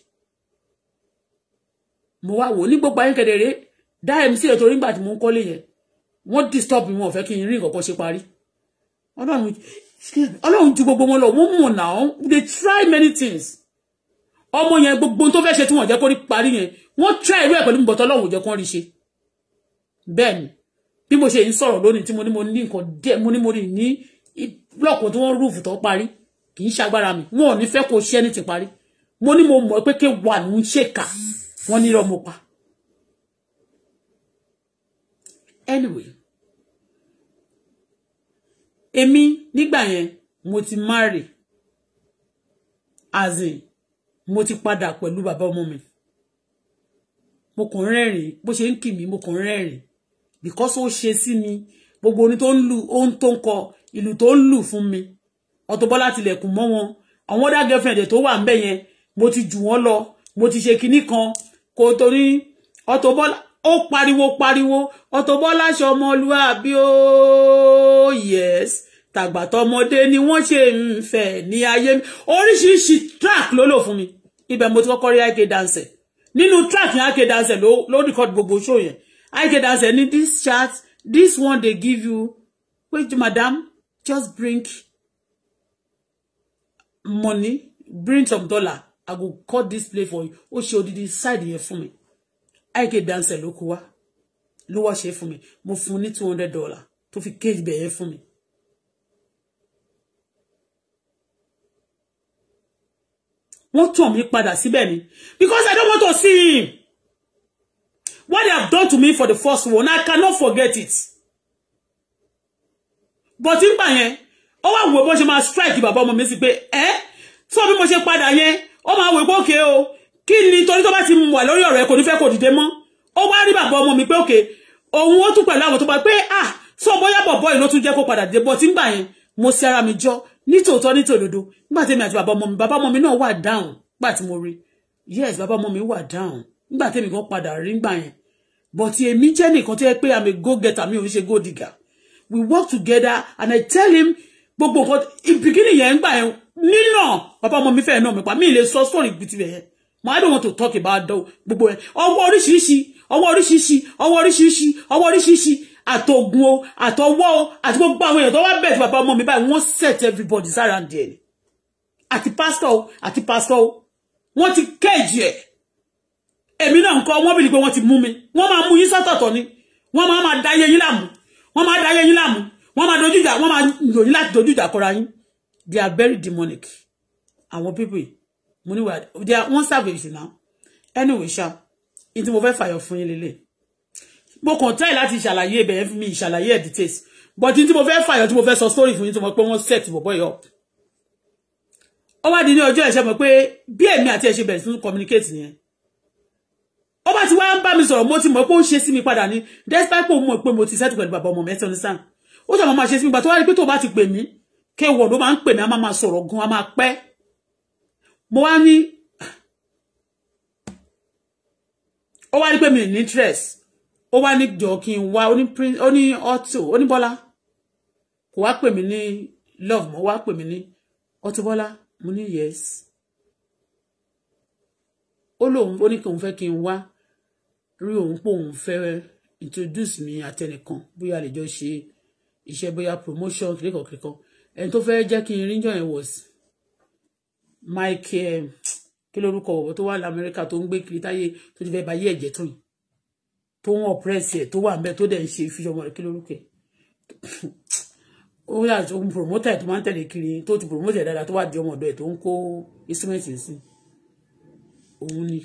mo wá wò ní gbogbo ayé kedere dá MC ètò orí ńgbà tí mo ń kọ́lé yẹn wọ́n disturb mi wọn ò fẹ́ kí n rí nǹkan kan ṣe parí ọlọ́run ju gbogbo wọn lọ wọ́n mọ̀ náà they try many things ọmọ yẹn gbogbo tó fẹ́ ṣe tí wọ́n jẹ́ kó rí parí yẹn wọ́n try irú ẹ̀ pẹ̀lú bọ̀tọ́ lọ́hùn jẹ́ kó rí ṣe bẹ́ẹ̀ ni bí mo ṣe ń sọ̀rọ̀ lónìí tí mo ní mo ní nǹkan díẹ̀ mo ní mo ní ní blọọkù tí wọ́n rúùfù tó parí kì í ṣagbára mi wọn ò ní fẹ́ kó ṣẹ́ ní ti parí mo ní mo mọ̀ pé ké wà ló ń ṣèkà wọ́n ní rọmọ pa anyway èmi nígbà yẹn mo ti marry as in mo ti padà pẹ̀lú bàbá ọmọ mi mo kàn rẹ́rìn bó ṣe ń kì mí mo kàn rẹ́rìn because ó ṣe sí mi gbogbo orin tó ń lu ohun tó ń kọ ìlú tó ń lù fún mi Auto Bola tilẹ̀kùn mọ́ wọn àwọn ọ̀dà girlfriend tó wà ń bẹ̀ yẹn mo ti jù wọ́n lọ mo ti ṣe kinní kan kò torí Auto Bola ó pariwo pariwo Auto Bola ṣọmọlúàbí ó oh yes tàgbàtọmọdé ni wọ́n ṣe ń fẹ́ ní ayé mi oríṣiríṣi track ló lò fún mi ibẹ̀ mo ti kọ́kọ́ rí ike dancer nínú track yẹn ike dancer ló ló record gbogbo show yẹn ike dancer ní this chart this one dey give you wait madam just bring money bring some dollar i go cut this play for you ó ṣe odidi side yẹn fún mi ike dancer ló kó wá ló wá ṣe fún mi mo fún ní two hundred dollar tó fi cage bẹ̀yẹn fún mi wọ́n tàn mí padà síbẹ̀ ni because I don't want to see him what they have done to me for the first one I cannot forget it but nígbà yẹn ó wà wò bó ṣe máa strike bàbá ọmọ mi sí pé ẹ sọ bí mo ṣe padà yẹn ó máa wò pé o kí ni torí tó bá ti wà lórí ọ̀rọ̀ ẹ kò ní fẹ́ kó dìde mọ́ ó wá rí bàbá ọmọ mi pé òkè òun ó tún pẹ̀lú àwọn tó bá pé ah sọ bóyá bọ̀bọ́ yìí ló tún jẹ́ kó padà dé bọ́ tí yẹn mo ṣe ara mi jọ nítòótọ́ nítòdodo nígbà tèmi àti bàbá ọmọ mi bàbá ọmọ mi náà wà dáhùn nígbà tí mo rí yes bàbá ọmọ mi wà dáhùn nígbà tèmi kan padà rí nígbà yẹn but èmi jẹ́ nìkan tó yẹ pé àmì go get mi ò ń ṣe go digger we work together and i tell him gbogbo nǹkan ìbìkínì yẹn nígbà yẹn nínà bàbá ọmọ mi fẹ́ẹ̀ náà mi pa mí lè sọ sọ́ọ̀rì gbìtì yẹn mo i don't want to talk about gbogbo ẹ ọwọ́ oríṣiríṣi ọwọ́ oríṣiríṣi ọwọ́ oríṣiríṣi ọwọ́ oríṣiríṣi àtògùn o àtọwọ́ o àti gbogbo àwọn èèyàn tó wá bẹ̀rẹ̀ sí bàbá ọmọ mi báyìí wọ́n set everybody sára ń díẹ̀ ni àti pásítọ̀ o àti pásítọ̀ o wọ́n ti kéèjì ẹ̀ èmi náà nǹkan wọ́n bìí pé wọ́n ti mú mi wọ́n máa mú yín sọ́tọ̀ọ̀tọ̀ ni wọ́n máa máa da yẹyin láàmú wọ́n máa da yẹyin láàmú wọ́n máa dojú ìjà wọ́n máa lò yín láti dojú ìjà kọra yín they are very demonic àwọn people mo ní wà they are one service now anyway ṣá ìdí mo fẹ́ fàyọ̀ fún yín lélẹ̀ẹ́ mo kàn tẹ́ẹ̀ láti ṣàlàyé ibẹ̀ mi ìṣàlàyé details but tí mo fẹ́ fàyọ̀ tí mo fẹ́ sọ story fún yín tí mo pé wọ́n set bọ̀bọ̀ yọ. ó wá di ní ọjọ́ ìṣẹ́ mọ̀ pé bí èmi àti ẹ̀ ṣe bẹ̀rẹ̀ sí communicate nìyẹn ó bá ti wá ń bá mi sọ̀rọ̀ mo ti mọ̀ pé ó ń ṣe sí mi padà ní despite pé òun mọ̀ pé mo ti settle pẹ̀lú bàbá ọmọ mi ẹ̀sìn onísàn ó ṣàmọ́ máa ṣe sí mi gbà tó wá rí pé tó bá ti pè mí kéwọ̀ ló máa ń pè mí a máa máa sọ̀rọ̀ gan a máa pẹ́ mo wá ní ó wá rí pé mi interest ó wá ní jọ kí n wá oni ní Auto ó ní Bọ́lá kò wá pè love mo wa pè mí ní Auto Bọ́lá mo ní yes ó lóun ó ní kí òun fẹ́ kí n wá rí òun pé òun fẹ́ introduce mi àtẹnìkan bóyá a lè jọ ṣe iṣẹ́ bóyá promotion kíríkan kíríkan ẹni tó fẹ́ jẹ́ kí n rí jọ̀yìn wọ̀ sí Mike eh, kí lórúkọ ọ̀wọ̀ tó wà lamẹ́ríkà tó ń gbé kiri táyé tó ti fẹ́ bá ẹ̀jẹ̀ tó yìí tó ń ọ̀pẹ́rẹ́sì ẹ̀ tó wà ń bẹ́ tó dẹ̀ ń ṣe fíṣọmọ rẹ̀ kí lórúkọ ẹ̀ ó yà tó ń promoter tó máa ń tẹ̀lé kiri tó ti promoter dáadáa tó wà di ọmọ ọ̀dọ̀ ẹ̀ tó ń kó instrument sí òun ni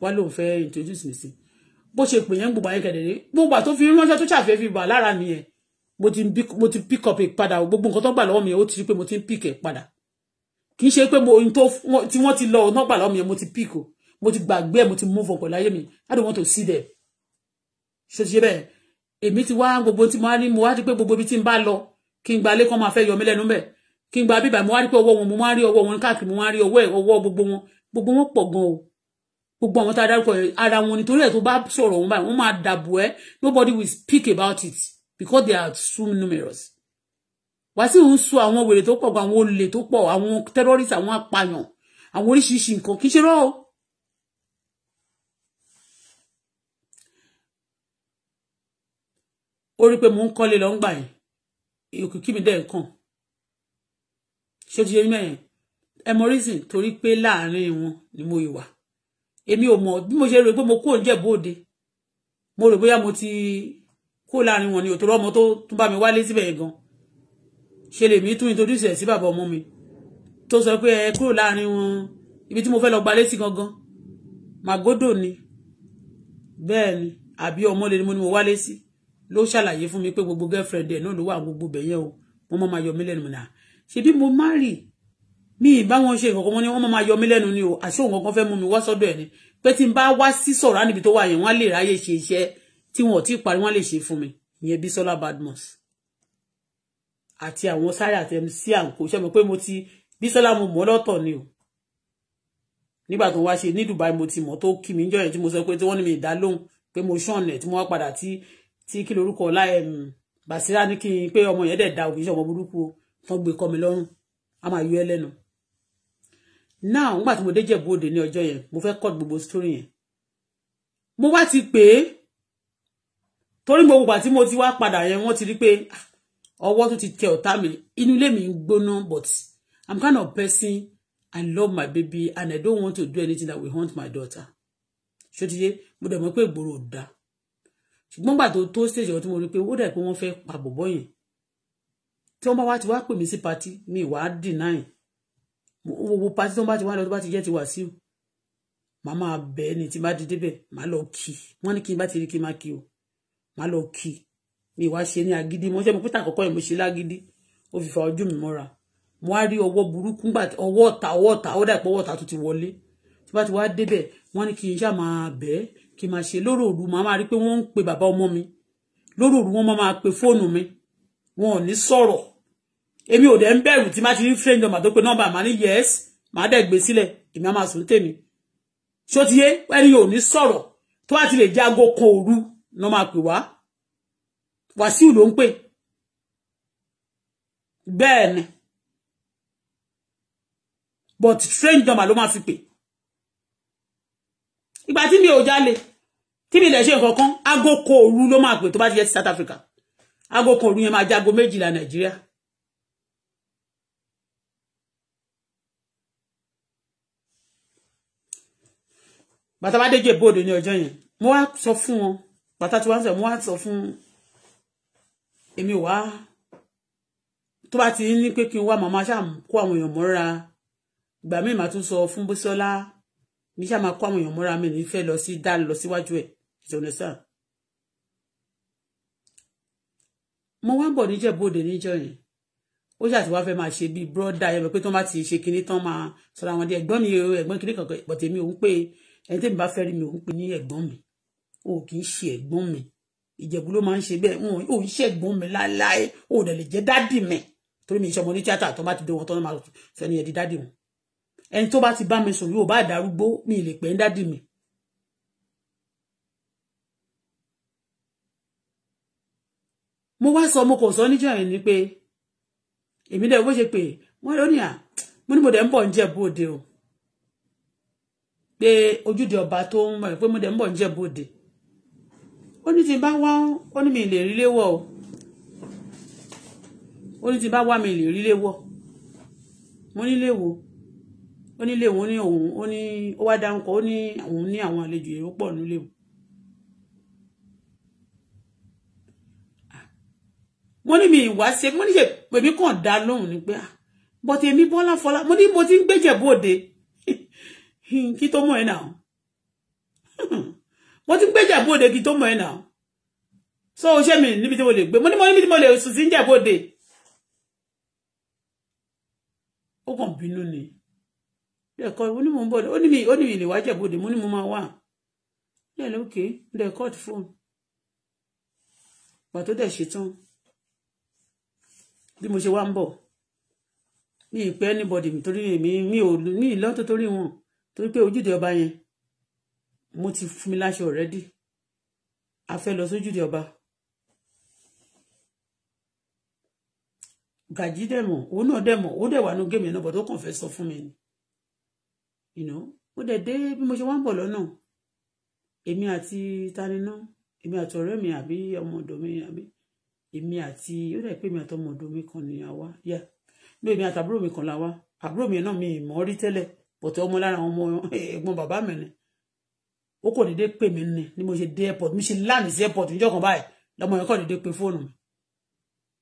wá lóun fẹ́ introduce mi sí bó ṣe pè yẹn gbogbo ayé kẹ̀dẹ̀dẹ̀ gbogbo àtó fi ránṣẹ́ tó ṣàfẹ́ fi bà lára nìyẹn mo ti pick up padà gbogbo nǹkan tó gbà lọ́wọ́ mi ó ti rí pé mo ti ń pick ẹ̀ padà kì í ṣe pé mo tí wọ́n ti lọ ọ̀nà gbà lọ́wọ́ mi mo ti pick o mo ti gbàgbé ẹ̀ mo ti move on pẹ̀lú ayé mi i don't want to see them ṣe ṣe bẹ́ẹ̀ èmi ti wá gbogbo tí mo wá ní mo wá rí pé gbogbo ibi tí n bá lọ kí n gba ilé kan máa fẹ́ yọ mí lẹ́nu bẹ́ẹ̀ kí n gba bíbà mo wá rí pé ọwọ́ wọn mo wá rí ọwọ́ wọn káàkiri mo wá rí ọwọ́ ẹ̀ ọwọ́ gbogbo wọn gbogbo wọn pọ̀ gan o gbogbo àwọn tá a dárúkọ ara wọn nítorí ẹ̀ tó bá sọ̀rọ̀ wọn báyìí wọ́n máa dàbò ẹ́ nobody will speak about it because they are so numerous wàásù ń sọ àwọn wèrè tó pọ̀ àwọn olè tó pọ̀ àwọn terrorists àwọn apààyàn àwọn oríṣiríṣi nǹkan kì í ṣe rọ́ọ̀ ó rí pé mò ń kọ́lé lọ ń gbà yẹn òkìkí mi dẹ̀ ń kàn ṣé o ti ṣe mẹ́rin ẹ mọ reason torí pé láàrin wọn ni mo ìwà èmi ò mọ bí mo ṣe rò pé mo kó oúnjẹ bóde mo rò bóyá mo ti kó láàrin wọn ni òtò ọmọ tó tún bá mi wálé síbẹ̀ gan ṣe lèmi tún introduce ẹ̀ sí bàbá ọmọ mi tó sọ pé ẹ kúrò láàrin wọn ibi tí mo fẹ́ lọ gbalé sí gangan màgódò ni bẹ́ẹ̀ ni àbí ọmọ lè ni mo ní mo wálé sí. Si ló ṣàlàyé fún mi pé gbogbo girlfriend ẹ̀ náà ló wà gbogbo bẹ̀yẹn o wọ́n máa yọ mí lẹ́nu mi náà ṣe bí mo má rì mí bá wọn ṣe nǹkan kan wọn ni wọ́n máa yọ mí lẹ́nu ni o àṣé òun kankan fẹ́ mú mi wá sọ́dọ̀ ẹ̀ ni pé tí n bá wá sí sọ̀rọ̀ níbi tó wà yẹn wọ́n lè ráyè ṣe iṣẹ́ tí wọn ò tí ì parí wọ́n lè ṣe fún mi ìyẹn Bísọ́lá Badmus àti àwọn sáré àti àǹkó ṣe mọ̀ pé mo ti Bísọ́lá mo mọ̀ lọ́tọ̀ ni o nígbà tó wá ṣe ní Dubai mo ti mọ̀ tó kí mi jọyìn tí mo sọ pé tí wọ́n ní mi ìdá pé mo ṣọ̀nà tí mo wá padà tí tí kí lorúkọ ọlá Basira ní kí n pé ọmọ yẹn dẹ̀ da òbí ṣọmọ burúkú tán gbé kọ́ mi lọ́rùn a máa yọ ẹ lẹ́nu now nígbà tí mo dé Jẹ̀bú Òde ní ọjọ́ yẹn mo fẹ́ cut gbogbo story yẹn mo wá ti pè é torí gbogbo ìgbà tí mo ti wá padà yẹn wọ́n ti rí pé ah, ọwọ́ tó ti tẹ ọ̀tá mi inú ilé mi ń gbóná but I'm kind of person I love my baby and I don't want to do anything that will haunt my daughter ṣé ti yé mo dẹ̀ mọ̀ pé ìgboro ò dáa ṣùgbọ́n gbà tó tó stage ọ̀tún mo rí pé ó dẹ̀ pé wọ́n fẹ́ pa bọ̀bọ́ yẹn tí wọ́n bá wá ti wá pè mí sí party mi wá deny gbogbo party tí wọ́n bá ti wá lọ tó bá ti jẹ́ ti Wàsíù màá máa bẹ ẹni tí bá ti débẹ̀ màá lọ kí wọ́n ní kí n bá ti rí kí n má kí o màá lọ kí mi wá ṣe ní agídí mo ṣe mo pété àkọ́kọ́ yẹn mo ṣe lágídí ó fi fa ojú mi mọ́ra mo wá rí ọwọ́ burúkú gbà ọwọ́ ọ̀tá ọwọ́ ọ̀tá ó dà pé ọwọ́ ọ̀tá tó ti wọlé tí bá ti wá débẹ̀ wọ́n ní kí n ṣáà máa bẹ́ẹ̀ kì máa ṣe lóru òru màá máa rí pé wọ́n ń pe bàbá ọmọ mi lóru òru wọ́n máa máa pe fóònù mi wọn ò ní sọ̀rọ̀ èmi ò dẹ̀ ń bẹ̀rù tí má ti rí friend ọmọ tó pe nọ́mbà màá ní yes màá dẹ̀ gbé sílẹ̀ èmi á máa sùn tèmi ṣó ti yé ẹni ò ní sọ̀rọ̀ tó bá ti lè jẹ́ aago kan òru ló máa pè wá wàsíù ló ń pè bẹ́ẹ̀ ni but strange number ló máa fi pè ìgbà tí mi ò jalè tí mi lè ṣe nǹkan kan aago kọ òru ló máa pè tó bá ti jẹ́ ti South Africa aago kọ òru yẹn máa ago méjìlá Nàìjíríà. bàtà bá déjì èbóòdò ní ọjọ́ yẹn mo wá sọ fún wọn bàtà tí wọ́n sọ mo wá sọ fún èmi wá tó bá ti ní pé kí n wá màmá ṣáà kó àwọn èèyàn mọ́ra ìgbà míì màá tún sọ fún Bísọ́lá mi ṣáà máa kó àwọn èèyàn mọ́ra mi ní fẹ́ lọ sí dá lọ síwájú ẹ̀ You understand? mo wá ń bọ̀ níjẹ̀bọ́dé níjọ́ yẹn ó ṣàti wá fẹ́ máa ṣe bíi brọ́dà yẹn pé tó má ti ṣe kinní tán máa sọ̀rọ̀ àwọn ẹ̀gbọ́n mi ẹ̀gbọ́n kinní kankan ìpọ̀tẹ̀ mi òun pé ẹni tẹ́mi bá fẹ́ rí mi òun pé ní ẹ̀gbọ́n mi o kì í ṣe ẹ̀gbọ́n mi ìjẹ̀bú ló máa ń ṣe bẹ́ẹ̀ wọn ò ń ṣe ẹ̀gbọ́n mi láláé o ò dẹ̀ lè jẹ́ dádì mi torí mi ìṣọmọ ní tíátà tó bá ti dé wọn tó máa sọ ẹni ẹ̀ di dádì mi ẹni tó bá ti bá mi sùn yóò bá dàrúgbó mi ì lè pẹ́ ń dádì mi mo wá sọ mo kò sọ níjọ́ yẹn ni pé èmi dẹ̀ bó ṣe pé wọ́n ló ní à mo ní mo dẹ̀ ń bọ̀ ń jẹ̀bú òde o pé ojúde ọba tó ń mọ̀ pé mo dẹ̀ ń bọ̀ ń jẹ̀bú òde ó ní tí n bá wá ó ní mi lè rí léwọ̀ o ó ní tí n bá wá mi lè rí léwọ̀ mo ní léwo ó ní léwo ó ní òun ó ní ó wá dáhùn kọ ó ní òun ní àwọn àlejò èrò pọ̀ níléwu mo ní mi ìwá ṣe mo ní ṣe pèmí kàn dá lóhùn ni pé ah but èmi Bọ́lá Fọlá mo ní mo ti ń gbéjẹ̀ bóde kí tó mọ̀ ẹ́ náà mo ti ń gbéjẹ̀ bóde kí tó mọ̀ ẹ́ náà so ṣé mi níbi tí mo lè gbé mo ní mo níbi tí mo lè sùn sí ń jẹ̀ bóde ó kàn bínú ni ẹ̀kọ́ ó ní mo ń bọ̀dọ̀ mi ó mi lè wá jẹ̀ bóde mo ní mo máa wà ní ẹ̀ lókè ń court phone pàtó dẹ̀ ṣetán bí mo ṣe wá ń bọ̀ mi ì pẹ́ anybody torí èmi mi ò mi ì lọ́tọ̀ torí wọn torí pé ojúde ọba yẹn mo ti fún mi láṣẹ already a fẹ́ lọ sójúde ọba gàjí dẹ̀mọ̀ òun náà dẹ̀mọ̀ ó dẹ̀ wà ní géèmì náà bọ̀ tó kàn fẹ́ sọ fún mi ni you ó dẹ̀ dé bí mo ṣe wá ń bọ̀ lọ́nà èmi àti taniná èmi àti ọ̀rẹ́ mi àbí ọmọ ọ̀dọ̀ mi àbí èmi àti ó dẹ̀ pé mi àtọmọ ọ̀dọ̀ mi kan ni àwa yà ló èmi àtàbúrò mi kan la wa àbúrò mi náà mi mọ̀ rí tẹ́lẹ̀ bọ̀tẹ́ ọmọ lára àwọn ọmọ ẹ̀gbọ́n bàbá mi ni ó kò dédé pè mí ni ni mo ṣe dé airport mi ṣe láàmì sí airport níjọ́ kan báyìí lọmọ yẹn kò dédé pe fóònù mi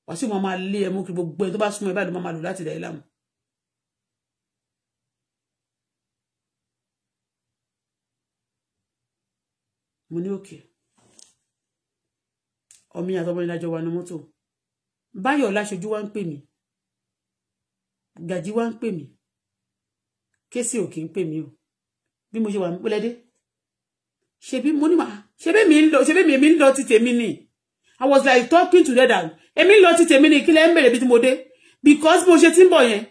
wàásù mo máa lé ẹmú kí gbogbo ẹni tó bá súnmọ́ ẹ báyìí ló máa lò láti dà í mo ní òkè ọmọ yẹn àtọmọ ìlàjọ wa ní mọ́tò báyọ̀ láṣojú wa ń pè mí gàjí wa ń pè mí késì òkè ń pè mí o bí mo ṣe wà ń pẹ́lẹ́dé ṣebí mo ní ma ṣebí mi ń lọ ṣebí mi èmi ń lọ ti tèmi ni I was like talking to them èmi ń lọ ti tèmi ni kílẹ̀ ń bèrè bí mo dé because mo ṣe ti ń bọ̀ yẹn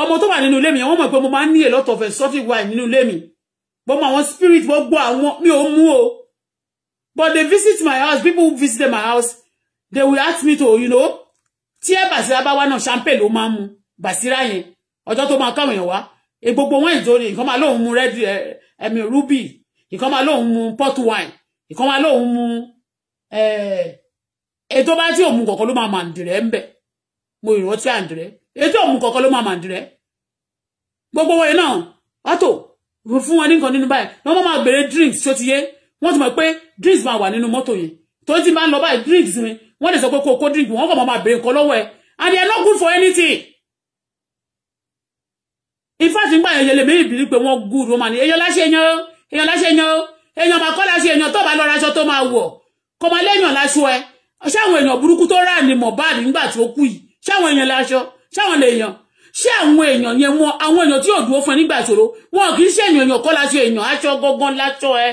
ọmọ tó wà nínú ilé mi wọ́n mọ̀ pé mo máa ń ní èlò tọ̀fẹ̀ sọ́fì wà nínú ilé mi gbọ́mọ àwọn spirit wọ́n gbọ́ àwọn mi ò mú o. But they visit my house. People who visit my house, they will ask me to, you know, tear ẹ Basira bá wá náà champagne ló máa ń mu. Basira yẹn. Ọjọ́ tó máa káwọn èèyàn wá. E gbogbo wọn ìjọrin. Ìkan máa lóun mu red ẹ̀mí eh, ruby. Ìkan máa lóun mu port wine. Ìkan máa lóun mu eh, ètò bá ba òun kọ̀ọ̀kan ló máa màndìrẹ́ ń bẹ̀. Mo ìrántí àǹdìrẹ́. Ètò òun kọ̀ọ̀kan ló máa màndìrẹ́. Gbogbo wọn yẹn náà, wátò, fún wọn ní nǹkan nínú báyìí. Wọ́n máa bèrè drinks tó ti yé wọ́n ti mọ̀ pé drinks máa wà nínú mọ́tò yẹn tó ti máa lọ báyìí drinks mi wọ́n lè sọ pé kó kó drink wọ́n kàn máa bèrè nǹkan lọ́wọ́ ẹ̀ and they are not good for anything. in fact nígbà yẹn lè méjì bìrì pé wọ́n good wọ́n máa ní èèyàn láṣẹ yan o èèyàn láṣẹ yan o èèyàn máa kọ́ láṣẹ yan tó bá lọ raṣọ tó máa wọ̀ kọ́ máa lẹ́yàn láṣọ ẹ ṣé àwọn èèyàn burúkú tó rà ní Mohbad nígbà tó kú yìí ṣé àwọn èèyàn láṣọ ṣé àwọn èèyàn ṣé àwọn èèyàn yẹn wọn àwọn èèyàn tí yóò dúró fún ẹ nígbà ìṣòro wọn kì í ṣe èèyàn kọ́ láṣọ èèyàn aṣọ gangan láṣọ ẹ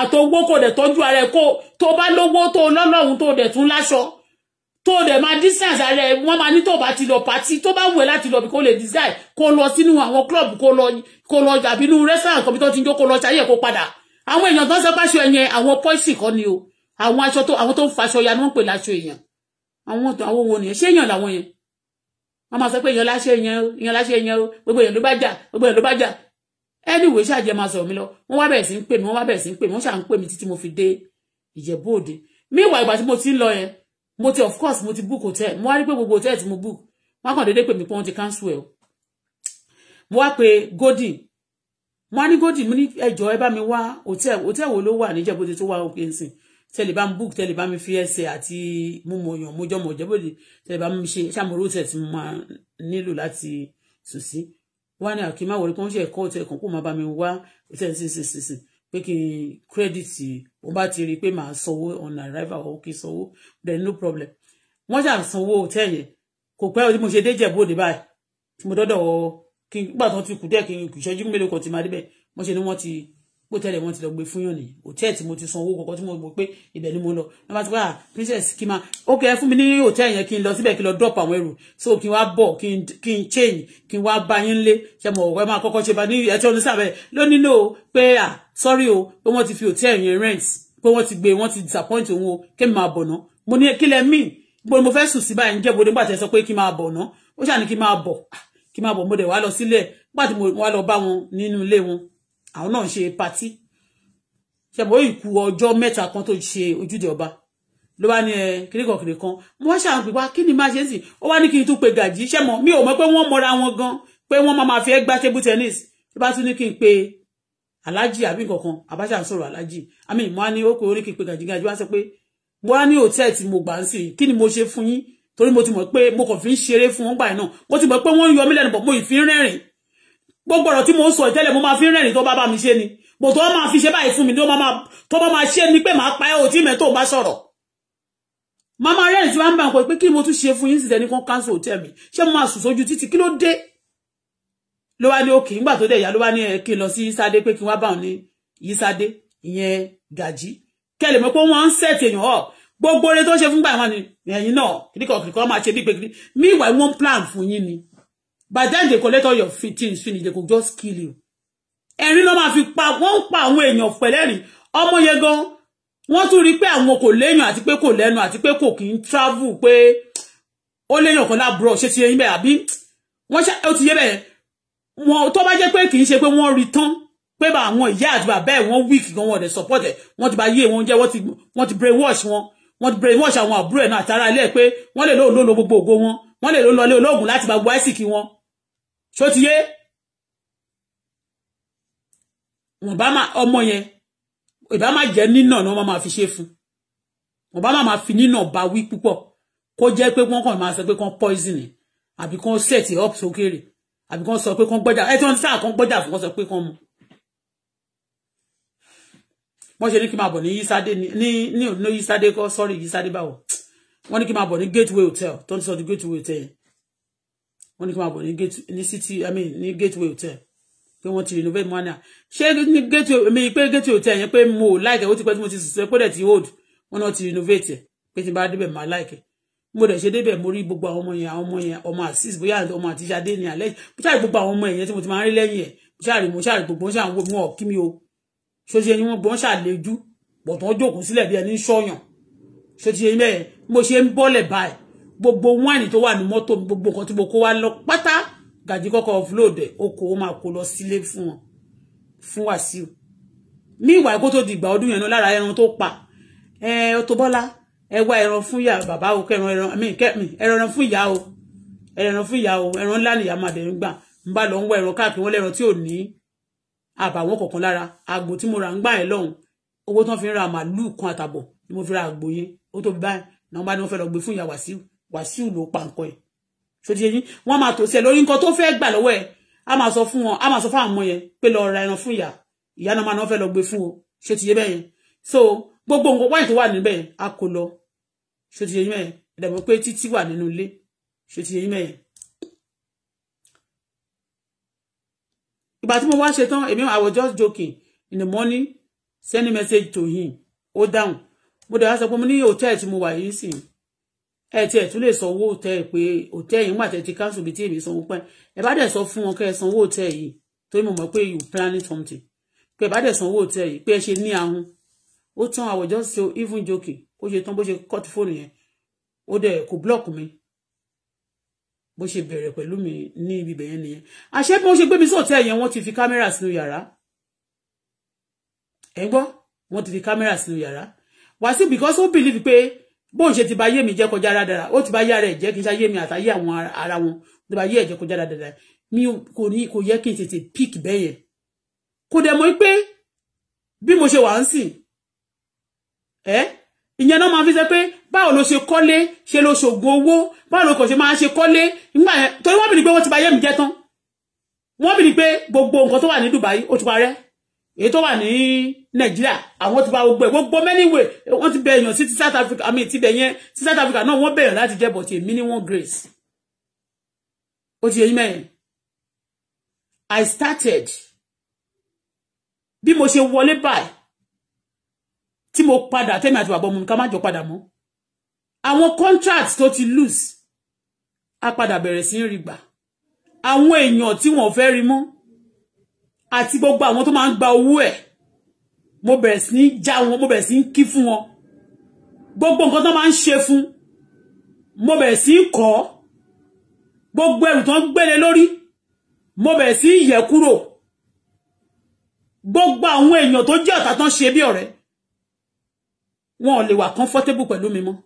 àtowó kò dẹ̀ tọ́jú ara ẹ̀ kó tó bá lówó tó lọ́lọ́run tó dẹ̀ tún láṣọ tó dẹ̀ máa distance ara ẹ̀ wọ́n máa ní tó bá ti lọ pàtí tó bá wù ẹ́ láti lọ bí kò lè design kó lọ sínú àwọn club kó lọ kó lọ àbí inú restaurant kan bí tó ti ń jó kó lọ ṣayé kó padà àwọn èèyàn tó ń sẹpá aṣọ ẹ̀yẹn àwọn pọ́ìsì kan ni o àwọn aṣọ tó àwọn tó ń faṣọ ya ni wọ́n pè láṣọ èèyàn àwọn àwọn wo nìyẹn ṣé èèyàn làwọn yẹn wọ́n máa sọ pé èèyàn láṣẹ yẹn o èèyàn láṣẹ yẹn o gbogbo èèyàn ló bá jà gbogbo èèyàn ló bá jà anyway ṣáàjẹ máa sọ̀rọ̀ mi lọ wọ́n wá bẹ̀rẹ̀ sí ń pè mí wọ́n wá bẹ̀rẹ̀ sí ń pè mí wọ́n ṣà ń pè mí títí mo fi dé Ìjẹ̀bú Òde meanwhile ìgbà tí mo ti ń lọ yẹn mo ti of course mo ti book hotel mo wá rí pé gbogbo hotel tí mo book wọ́n kàn déédéé pè mí pé wọ́n ti cancel ẹ̀ o mo wá pe Golden mo wá ní Golden mo ní ẹjọ́ ẹ bá mi wá hotel hotel wo ló wà ní Ìjẹ̀bú Òde tó wà òkè nsìn tẹlẹ bá mi book tẹlẹ bá mi fi ẹsẹ àti mímọ èèyàn mojọmọ Ìjẹ̀bú Òde tẹlẹ bá mi ṣe ṣàmúrò hotel tí mo máa nílò láti sùn sí wá ní àkí má wọlé kó ń ṣe ẹ̀kọ́ òtẹ́ kan kó máa bá mi wá òtẹ́ sínsìnsìn pé kí n kírẹ́dìtì ó bá ti rí i pé màá sanwó on arrival ó kì í sanwó then no problem wọ́n ṣà sanwó òtẹ́ yẹn kò pẹ́ bí mo ṣe dé jẹ̀bú òde báyìí tí mo dọ́dọ̀ kí n gbà tán ti kù dẹ́ kí n kì í ṣẹ́jú mélòó kan ti máa débẹ̀ wọ́n ṣe ni wọ́n ti pòtẹ́lẹ̀ wọn ti lọ gbé fún yàn ní hòtẹ́ẹ̀ tí mo ti san owó kọ̀ọ̀kan tí mo mọ̀ pé ibẹ̀ ni mo lọ ní wọ́n ti princess kí n máa ok ẹ fún mi ní hòtẹ́ẹ̀ yẹn kí n lọ síbẹ̀ kí n lọ drop àwọn ẹrù so kí n wá bọ̀ kí n change kí n wá bá yín lé ṣe mọ̀ ọ̀rẹ́ máa kọ́kọ́ ṣe bá ní ẹ̀tọ́ ní sábẹ̀ lónìí lò pé ah sorry o pé wọ́n ti fi hòtẹ́ẹ̀ yẹn rent pé wọ́n ti gbé wọ́n ti disappoint òun o kémi máa bọ̀ ná mo ní kí lẹ mí bó mo fẹ́ sùn sí báyìí ń jẹ́ bóde nígbà tí ẹ sọ pé àwọn náà ń ṣe patí ṣẹ̀bọ̀ ìkú ọjọ́ mẹ́ta kan tó ṣe ojúde ọba ló bá ní ẹ kíríkan kíríkan mo wá ṣàwọn pípa kí ni máa ṣe sí ó wá ní kí n tún pe gàjí ṣẹ́ mọ̀ mi ò mọ̀ pé wọ́n mọra wọn gan pé wọ́n máa fi ẹ́ gbá table tennis ló bá tún ní kí n pe aláàjì àbí nǹkankan abáṣà ń sọ̀rọ̀ aláàjì àmì mo á ní ó kò ní kí n pe gàjí gàjí wá sọ pé mo á ní hòtẹ́ẹ̀ tí mo gbà ń sìn kí ni mo ṣe fún yín torí mo ti mọ̀ pé mo kàn fi ń ṣeré fún wọn gbà náà mo ti mọ̀ pé wọ́n ń yọ mí lẹ́nu bọ̀ mo ì fi ń rẹ́rìn gbogbo ọ̀rọ̀ tí mo ń sọ ìtẹ́lẹ̀ mo máa fi rẹ́rìn tó bá bá mi ṣe ni bò tó máa fi ṣe báyìí fún mi tó bá máa ṣe ni pé màá pa ẹ́ òtí mẹ́ tó bá sọ̀rọ̀ màmá rẹ́rìn tí wọ́n ń bá pé kí mo tún ṣe fún yín sísẹ́ ní kan cancel hotel mi ṣé mo máa sùn sójú títí kí ló dé ló wá ní òkè ńgbà tó dẹ̀ ìyá ló wá ní kí n lọ sí yísádé pé kí wọ́n bá òun ní yísádé ìyẹn gàjí kẹlẹ̀ mọ́ pé wọ́n ń set èèyàn up gbogbo ore tó ṣe fúngbà wọn ni ẹ̀yin náà kìdíkọ̀kìdíkọ̀ máa ṣe bí gbègbè mí ìwà wọn plan fún yín ni by then they collect all your things finish they could just kill you ẹ̀rín ló máa fi pa wọ́n ń pa àwọn your pẹ̀lẹ́rìn ọmọ yẹn gan go, want to pé àwọn kò léèyàn àti pé kò lẹ́nu àti pé kò kì travel pé ó léèyàn kan lábúrò ṣé ti yẹn bẹ́ẹ̀ àbí wọ́n ṣe ó ti yẹ bẹ́ẹ̀ wọn tó bá jẹ́ pé return. í ṣe pé yard, rí tán pé week. àwọn ìyá àti bàbá ẹ̀ wọ́n weak gan wọn ò dẹ̀ support ẹ̀ wọ́n ti bá yé wọn jẹ́ wọ́n ti brainwash wọn wọ́n ti brainwash àwọn àbúrò ẹ̀ náà àtàrà ilé ẹ̀ pé wọ́n lè lóòlóòlò gbogbo ògo wọn wọ́n lè lóòlọ́lé olóògùn láti bá gbọ́ àìsíkì wọn ṣó ye, yé wọn bá máa ọmọ yẹn ìbá máa jẹ nínà ni wọn máa fi ṣe fún wọn bá máa fi nínà bá wí púpọ̀ kó jẹ́ pé wọn kàn máa sọ pé kàn poison àbí kàn set up sókèrè àbí kàn sọ pé kàn gbọ́jà ẹ tí wọn sáà kàn gbọ́jà fún kàn sọ pé kàn mu wọ́n ṣe ní kí n máa bọ̀ ní yísádé ní ní yísádé kọ́ sọ́rí yísádé báwo wọ́n ní kí n máa bọ̀ gateway hotel tó ń sọ gateway hotel wọ́n ní kí n máa bọ̀ ní gate ní city i mean ní gateway hotel pé wọ́n ti renovate mọ́nà ṣé ní gateway mi pé gateway hotel yẹn pé mo like ẹ̀ ó ti pẹ́ tí mo ti sùn pé dẹ̀ ti hold wọ́n náà ti renovate ẹ̀ pé tí n bá débẹ̀ máa like ẹ̀ mo dẹ̀ ṣe débẹ̀ mo rí gbogbo àwọn ọmọ yẹn àwọn ọmọ yẹn ọmọ àṣìṣ bóyá ọmọ àti ṣadé ni àlẹ́ mo ṣàrí gbogbo àwọn ọmọ yẹn tí mo ti máa ń rí lẹ́yìn ẹ̀ mo ṣàrí mo ṣàrí gbogbo wọn ṣàrí wọn kí mi o ṣoṣe ni wọn gbọ́n ṣàlejò bọ̀tán jókòó sílẹ̀ bí ẹni ń ṣọ̀yàn ṣoṣe mẹ́ẹ̀ gbogbo wáìnì tó wà ní mọ́tò gbogbo nǹkan tí mo kó wá lọ pátá gàjí kọ́kọ́ offload ẹ̀ ó kó o máa kó lọ sílé fún wọn fún Wàsíù ní ìwà ẹ̀kọ́ tó dìgbà ọdún yẹn lára ẹran tó pa ẹ Auto Bola ẹ wá ẹran fún ìyá bàbá o kẹran ẹran mi kẹmi ẹran fún ìyá o ẹran fún ìyá o ẹran ńlá nìyá máa dẹ̀rín gbà ń bá lọ ń wá ẹran káàkiri wọn lẹ́ran tí ò ní àbàwọ́n kọ̀ọ̀kan lára àgbò tí mo rà ń gbà ẹ̀ lọ́hùn owó tán fi ń ra màálù kan àtàbọ̀ ni mo fi ra àgbò yẹn ó tó báyìí náà bá ní wọ́n fẹ́ lọ gbé fún ìyá Wàsíù Wàsíù ló pa nǹkan ẹ̀ ṣòtí ṣe yín wọ́n máa tò sí ẹ lórí nǹkan tó fẹ́ gbà lọ́wọ́ ẹ̀ a máa sọ fún wọn a máa sọ fún àwọn ọmọ yẹn pé lọ ra ẹran fún ìyá ìyá náà máa náà fẹ́ lọ gbé fún o ṣòtí yé bẹ́ẹ̀ yẹn so gbogbo nǹkan wáyé tó wà níbẹ̀ a kò lọ ṣòtí yé yín bẹ́ẹ̀ ìdàgbọ́ pé títí wà nínú ilé ṣòtí yé yín bẹ́ẹ̀ ìgbà tí mo wá ṣe tán èmi I was just joking in the morning sending message to him ó dáhùn mo dẹ̀ wá sọ pé mo ní hòtẹ́ẹ̀lì tí mo wà yìí sìn ẹ tiẹ̀ tún lè sanwó hòtẹ́ẹ̀lì pé hòtẹ́ẹ̀lì yìí wà tẹ́ ti káńsù bíi tí èmi sanwó pẹ́ ẹ bá dẹ̀ sọ fún wọn kẹ́ ẹ sanwó hòtẹ́ẹ̀lì yìí torí mo mọ̀ pé you planning something pé ẹ bá dẹ̀ sanwó hòtẹ́ẹ̀lì yìí pé ẹ ṣe ní ahun ó tán àwọ̀ just so even joking ó ṣe tán bó ṣe cut fóònù yẹn ó dẹ̀ kò block mi bó ṣe bẹ̀rẹ̀ pẹ̀lú mi ní ibi bẹ̀yẹn nìyẹn àṣẹ bí wọ́n ṣe gbé mi sóòtẹ́ yẹn wọ́n ti fi kámẹ́rà sínú yàrá ẹ̀ ń gbọ́ wọ́n ti fi kámẹ́rà sínú yàrá Wàsíù because ó believe pé bóun ṣe ti ba yé mi jẹ́ kọjá dáradára ó ti ba yé ara ẹ̀ jẹ́ kí n ṣayé mi àtàyé àwọn ara wọn ti ba yé ẹ̀ jẹ́ kọjá dáradára mi kò ní kò yẹ kí n tètè pick bẹ́ẹ̀ yẹn kò dẹ̀ mọ̀ pé bí mo ṣe wà ń sìn ẹ́ ìyẹn náà máa fi ṣe pé báwo ló ṣe kọ́lé ṣe ló ṣògùn owó báwo ló kàn ṣe máa ṣe kọ́lé nígbà yẹn torí wọ́n bìrì pé wọ́n ti ba yé mi jẹ́ tán wọ́n bìrì pé gbogbo nǹkan tó wà ní Dubai ó ti parẹ́ èyí tó wà ní nàìjíríà àwọn ti bá gbogbo ẹ gbogbo mẹ́niwè wọ́n ti bẹ èèyàn sí ti south africa àmì ti bẹ yẹn sí south africa náà wọ́n bẹ̀rẹ̀ láti jẹ́ bọ̀tì èmi ní wọ́n grace ó ti yẹ yín mẹ́rin i started bí mo ṣe wọlé báyìí tí mo padà tẹ́mi àti bàbá ọmọ mi ká má jọ padà mọ́ àwọn contract tó ti lose a padà bẹ̀rẹ̀ sí í rí gbà àwọn èèyàn tí wọ́n fẹ́ rí mọ́ àti gbogbo àwọn tó máa ń gba owó ẹ̀ mo bẹ̀rẹ̀ sí ní já wọn mo bẹ̀rẹ̀ sí ní kí fún wọn gbogbo nǹkan tó máa ń ṣe fún mo bẹ̀rẹ̀ sí ní kọ́ gbogbo ẹrù tó ń gbélé lórí mo bẹ̀rẹ̀ sí ní kúrò gbogbo àwọn èèyàn tó jẹ́ ọ̀tá tán ṣe bí ọ̀rẹ́ wọn ò lè wà comfortable pẹ̀lú mi mọ́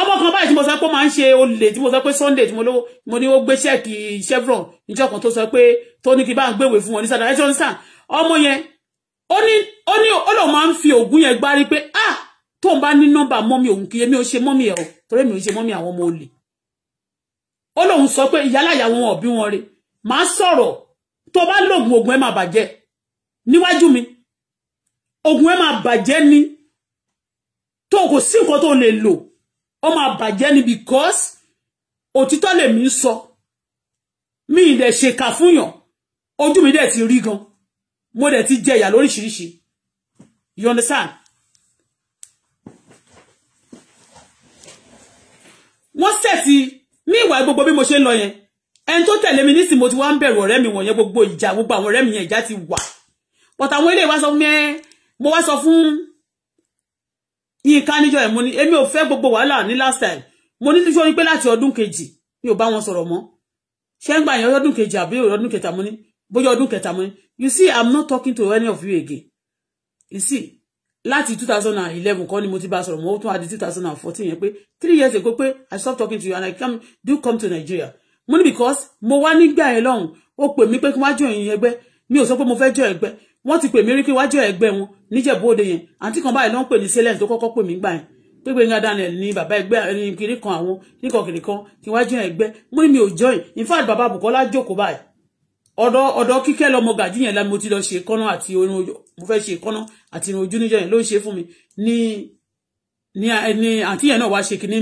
ọmọ kan báyìí tí mo sọ pé ó máa ń ṣe olè tí mo sọ pé Sunday tí mo lówó mo ní ó gbé ṣẹ́ẹ̀kì Chevron níjọ́ kan tó sọ pé tó ní kí bá ń gbèwé fún wọn ní sàdáyé tó ń sàn ọmọ yẹn ó ní ó ní ó lọ máa ń fi òògùn yẹn gbárí pé ah tóun bá ní nọ́mbà mọ́mí òun kì í mi ò ṣe mọ́mí ẹ̀ o torí mi ò ṣe mọ́mí àwọn ọmọ olè ó lóun sọ pé ìyálàyà wọn ọ̀bí wọn rè máa sọ̀rọ̀ tó bá lògùn ògùn ẹ máa bàjẹ́ níwájú mi ògùn ẹ máa bàjẹ́ ni tó kò sí nǹkan tó lè lò ó máa bàjẹ́ ni because òtítọ́ lèmi ń sọ mi ìdẹ̀ ṣèkà fúnyàn ojú mi de ti rí gan mo de ti jẹ ìyà lóríṣiríṣi you understand wọ́n sẹ̀tì ní ìwà gbogbo bí mo ṣe ń lọ yẹn ẹni tó tẹ̀lé mi nísìn mo ti wá ń bẹ̀rù ọ̀rẹ́ mi wọ̀nyẹn gbogbo ìjà gbogbo àwọn ọ̀rẹ́ mi yẹn ìjà ti wà but àwọn ilé ìwà sọ fún eh, mo wá sọ fún yín ká níjọ ẹ̀ mo ní èmi ò fẹ́ gbogbo wàhálà ní last time mo ní níṣó ni pé láti ọdún kejì mi ò bá wọn sọ̀rọ̀ mọ́ ṣé ń gbà yẹn ọdún kejì àbí ọdún kẹta mo ní bóyá ọdún kẹta mo ní you see i'm not talking to any of you again you see láti two thousand and eleven kọ́ ni mo ti bá sọ̀rọ̀ mọ́ ó tún adi two thousand and fourteen yẹn pé three years ago pé i stop talking to you and i come do come to nigeria mo ní because mo wá nígbà yẹn lọ́hùn ó pè mí pé kí n wá join ẹgbẹ́ mi ò sọ pé mo fẹ́ join ẹgbẹ́ wọ́n ti pè mí rí kí wájú ẹgbẹ́ wọn níjẹ̀bú òde yẹn àǹtí kan báyìí ló ń pè ní silence tó kọ́kọ́ pè mí gbà yẹn pé Gbénga Daniel ní bàbá ẹgbẹ́ ẹni kiri kan àwọn níkan kiri kan kí wájú ẹgbẹ́ mo ní mi ò join in fact bàbá Bùkọ́lá jókòó báyìí ọ̀dọ̀ ọ̀dọ̀ kíkẹ́ lọmọ gàdí yẹn la mo ti lọ ṣe kọ́nà àti irun ojú mo fẹ́ ṣe kọ́nà àti irun ojú níjọ́ yẹn ló ń ṣe fún mi ní ní ẹni àǹtí yẹn náà wá ṣe kinní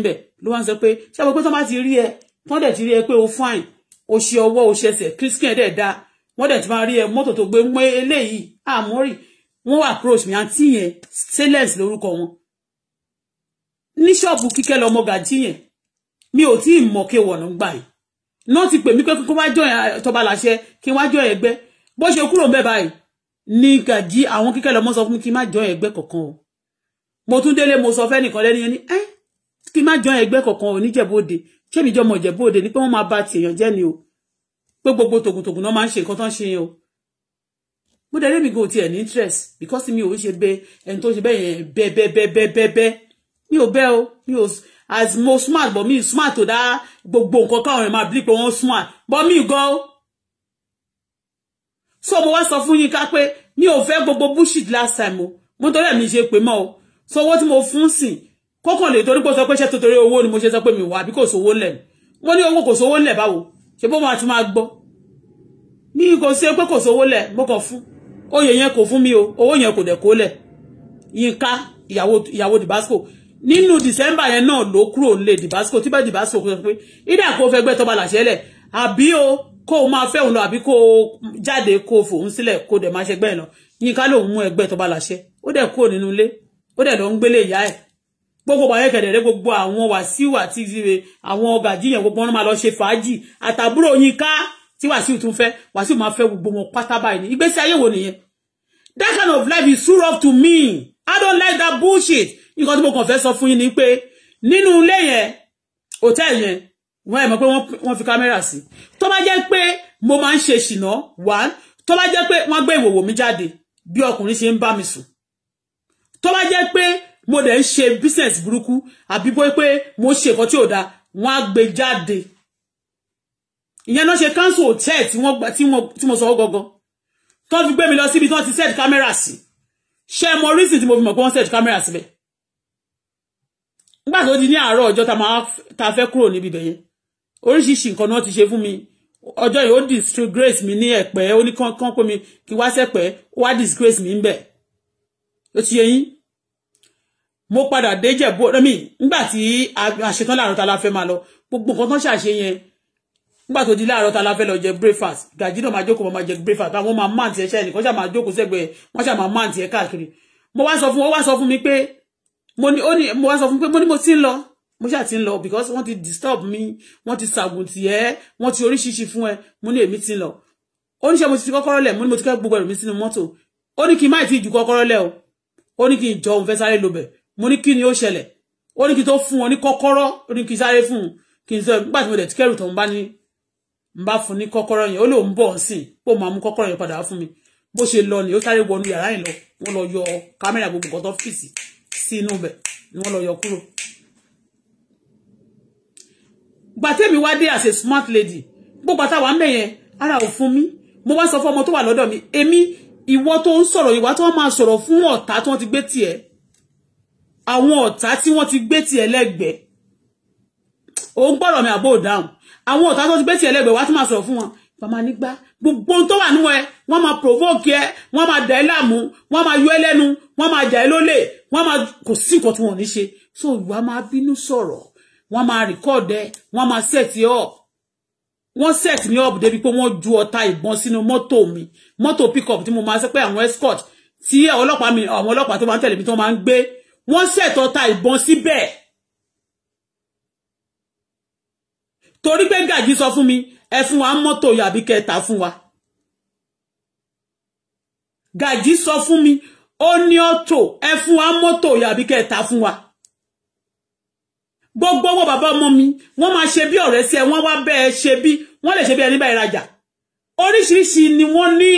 bẹ̀ wọ́n dẹ̀ ti máa rí ẹ mọ́tò tó gbé mọ́ eléyìí àmórì wọ́n wà approach mi àǹtí yẹn stainless lórúkọ wọn ní ṣọ́ọ̀bù kíkẹ́ lọ́mọ gàjí yẹn mi ò tí ì mọ̀ kí wọ̀nà gbà yìí náà ti pè mí pé kó wá jọyìn tọba làṣẹ kí wá jọyìn ẹgbẹ́ bó ṣe kúrò mẹ́ẹ̀ báyìí ní gàjí àwọn kíkẹ́ lọ́mọ sọ fún mi kí n má jọyìn ẹgbẹ́ kankan o mo tún délé mo sọ fẹ́nìkan lẹ́ni yẹn ni ẹ́ kí n má jọyìn ẹgbẹ́ kankan o níjẹ̀bóde ṣé mi jọmọ ìjẹ̀bóde ni pé wọ́n máa ba tèèyàn pé gbogbo tògùntògùn náà máa ń ṣe nǹkan tó ń ṣe yẹn o mo dẹ̀ lémi gan tiẹ̀ ní interest because mi ò ṣe bẹ ẹni tó ṣe bẹ́ẹ̀ yẹn bẹ́ẹ̀ bẹ́ẹ̀ bẹ́ẹ̀ bẹ́ẹ̀ bẹ́ẹ̀ mi ò bẹ́ẹ̀ o mi ò as mo smart but mi smart to da gbogbo nǹkan káwọn yẹn máa bleep pé smart but mi gan o so mo wá sọ fún yín ká pé mi ò fẹ́ gbogbo bullshit last time o mo torí ẹ̀mí ṣe pé mọ́ o so owó tí mo fún sìn kókàn lè torí pé sọ pé ṣé torí owó ni mo ṣe sọ pé mi wà àbí kò sówó lẹ̀ mo ní owó kò sówó lẹ̀ báwo ṣe bó máa tún máa gbọ́ mi kò ṣe pé kò sówó lẹ̀ mo kàn fún oyè yẹn kò fún mi o owó yẹn kò dẹ̀ kó lẹ̀ Yínká ìyàwó ìyàwó Dibasco nínú December yẹn náà ló kúrò lé Dibasco tí bá Dibasco kò sọ pé ìdá kó fẹ́ gbẹ́ tọ́ba làṣẹ lẹ̀ àbí o kó o máa fẹ́ òun lọ àbí kó o jáde kó o fòun sílẹ̀ kó o dẹ̀ máa ṣẹgbẹ́ ẹ̀ lọ Yínká lòun mú ẹgbẹ́ tọ́ba làṣẹ ó dẹ̀ kúrò nínú ilé ó dẹ̀ lọ ń gbélé ìyá ẹ̀ gbogbo bàyẹ̀ kẹ̀dẹ̀rẹ́ gbogbo àwọn wàsíù àti ìrè àwọn ọgà jíyàn gbogbo wọn máa lọ ṣe fàájì àtàbúrò yín ká tí wàsíù tún fẹ́ wàsíù máa fẹ́ gbogbo wọn pátá báyìí ní ìgbésí ayé wo nìyẹn that kind of life is too rough to me i don't like that bullshit nǹkan tí mo kàn fẹ́ sọ fún yín ni pé nínú ilé yẹn hòtẹ́ẹ̀lì yẹn wọ́n ẹ̀ mọ̀ pé wọ́n fi kámẹ́rà sí tó bá jẹ́ pé mo máa ń ṣe ṣìnà one tó bá jẹ́ pé wọ́n gbé ìwòwò mi jáde bí ọkùnrin ṣe ń bá mi sùn tó bá mo dẹ̀ ń business burúkú àbí bó pé mo ṣe nǹkan tí ò da wọ́n á gbé jáde ìyẹn náà ṣe council hotel tí wọ́n gba tí mo sanwó gangan tó fi gbé mi lọ síbi tí wọ́n ti set camera sí ṣé mo reason tí mo fi mọ̀ pé wọ́n set camera síbẹ̀ nígbà tó di ní àárọ̀ ọjọ́ ta fẹ́ kúrò níbi ibẹ̀ yẹn oríṣiríṣi nǹkan náà ti ṣe fún mi ọjọ́ yìí ó disgrace mi ní ẹ̀pẹ́ ó ní kán pé mi kí wá sẹ́pẹ́ ó wá disgrace mi ń bẹ̀ ti yẹ mo padà dé jẹ̀bú ọ̀dọ́mì nígbà tí àṣetán láàárọ̀ ta la fẹ́ máa lọ gbogbo nǹkan tán ṣàṣe yẹn nígbà tó di láàárọ̀ ta la fẹ́ lọ jẹ breakfast gàjí náà máa jókòó máa jẹ breakfast àwọn máa máa tiẹ̀ ṣẹ́yìn nìkan ṣáà máa jókòó sẹ́gbẹ̀ẹ́ wọ́n ṣáà máa máa tiẹ̀ káàkiri mo wá sọ fún mo wá sọ fún mi pé mo ní mo wá sọ fún pé mo ní mo ti ń lọ mo ṣáà ti ń lọ because wọ́n ti disturb me. wọ́n ti ṣàgùntì ẹ́ wọ́n ti oríṣiríṣi fún ẹ mo ní èmi ti ń lọ oníṣẹ́ mo ti fi kọ́kọ́rọ́ lẹ̀ mo ní mo ti kẹ́ gbogbo ẹ̀rù mi sínú mo ní kí ni ó ṣẹlẹ̀ ó ní kí tó fún wọn ní kọ́kọ́rọ́ ó ní kí sáré fún un kí n sọ nígbà tí mo dẹ̀ ti kẹ́rù tó ń bá ní ń bá fún ní kọ́kọ́rọ́ yẹn ó lóun bọ̀ sí i pé máa mú kọ́kọ́rọ́ yẹn padà fún mi bó ṣe lọ ni ó sáré wọnú yàrá yẹn lọ wọ́n lọ yọ kámẹ́rà gbogbo nǹkan tó fìsì sí inú bẹ̀ ni wọ́n lọ yọ kúrò. gbàtẹ́mi wá dé as a smart lady gbogbo àtàwọn àmì yẹn ara ò fún mi mo wá sọ fún ọmọ tó wà lọ́dọ̀ mi èmi ìwọ tó ń sọ̀rọ̀ ìwà tí wọ́n máa sọ̀rọ̀ fún ọ̀tá tí wọ́n ti gbé tiẹ̀ àwọn ọ̀tá tí wọ́n ti gbé ti ẹlẹ́gbẹ̀ẹ́ ò ń gbọ́dọ̀ mi àbò dáhùn àwọn ọ̀tá tó ti gbé ti ẹlẹ́gbẹ̀ẹ́ wá tún máa sọ fún wọn bàmá nígbà gbogbo tó wà nínú ẹ wọ́n máa provoke ẹ wọ́n máa dà ẹ́ láàmú wọ́n máa yọ ẹ́ lẹ́nu wọ́n máa jà ẹ́ lólè wọ́n máa kò sí nǹkan tí wọ́n ní ṣe so ìwà máa bínú sọ̀rọ̀ wọ́n máa record ẹ wọ́n máa set ẹ up wọ́n set me up débi pé wọ́n ju ọta ìbọn sínú mọ́tò mi mọ́tò pickup tí mo máa sọ pé àwọn escort tí ọlọ́pàá mi àwọn ọlọ́pàá tó máa ń tẹ̀lé mi tó máa ń gbé wọ́n ṣètọ́ta ìbọn síbẹ̀ torí pé gàjí sọ fún mi ẹ fún wa mọ́tò yìí àbí kẹta fún wa gàjí sọ fún mi ó ní ọ̀tò ẹ fún wa mọ́tò àbí kẹta fún wa gbogbo owó bàbá ọmọ mi wọ́n máa ṣe bí ọ̀rẹ́ sí ẹ wọ́n wá bẹ́ẹ̀ ṣe bí wọ́n lè ṣe bí ẹni báyìí rajà oríṣiríṣi ni wọ́n ní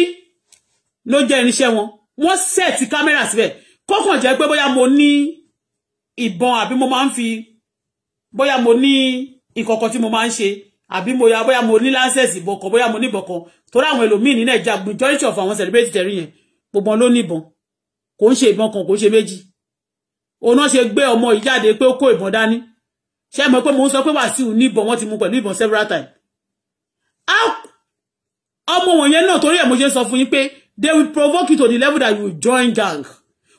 ló jẹ́ irinṣẹ́ wọn wọ́n sẹ́ẹ̀tì kámẹ́rà síbẹ̀ kókàn jẹ́ pé bóyá mo ní ìbọn àbí mo máa ń fi bóyá mo ní ìkọ̀kọ̀ tí mo máa ń ṣe àbí mo ya bóyá mo ní láńsẹ̀sì ìbọ̀kan bóyá mo ní ìbọ̀kan torí àwọn ẹlòmíì ní nàìjíríà majority of àwọn celebrate tẹ̀rí yẹn gbogbo ló ní ìbọn kò ń ṣe ìbọn kan kò ń ṣe méjì òun náà ṣe gbé ọmọ yìí jáde pé ó kó ìbọn dání ṣé mọ̀ pé mo ń sọ pé wàsíù ní ìbọn wọn ti mú pẹ̀lú ìbọn several times ọmọ wọ̀nyẹn náà torí ẹ̀ mo ṣe sọ fún yín pé they will provoke you to the level that you join gang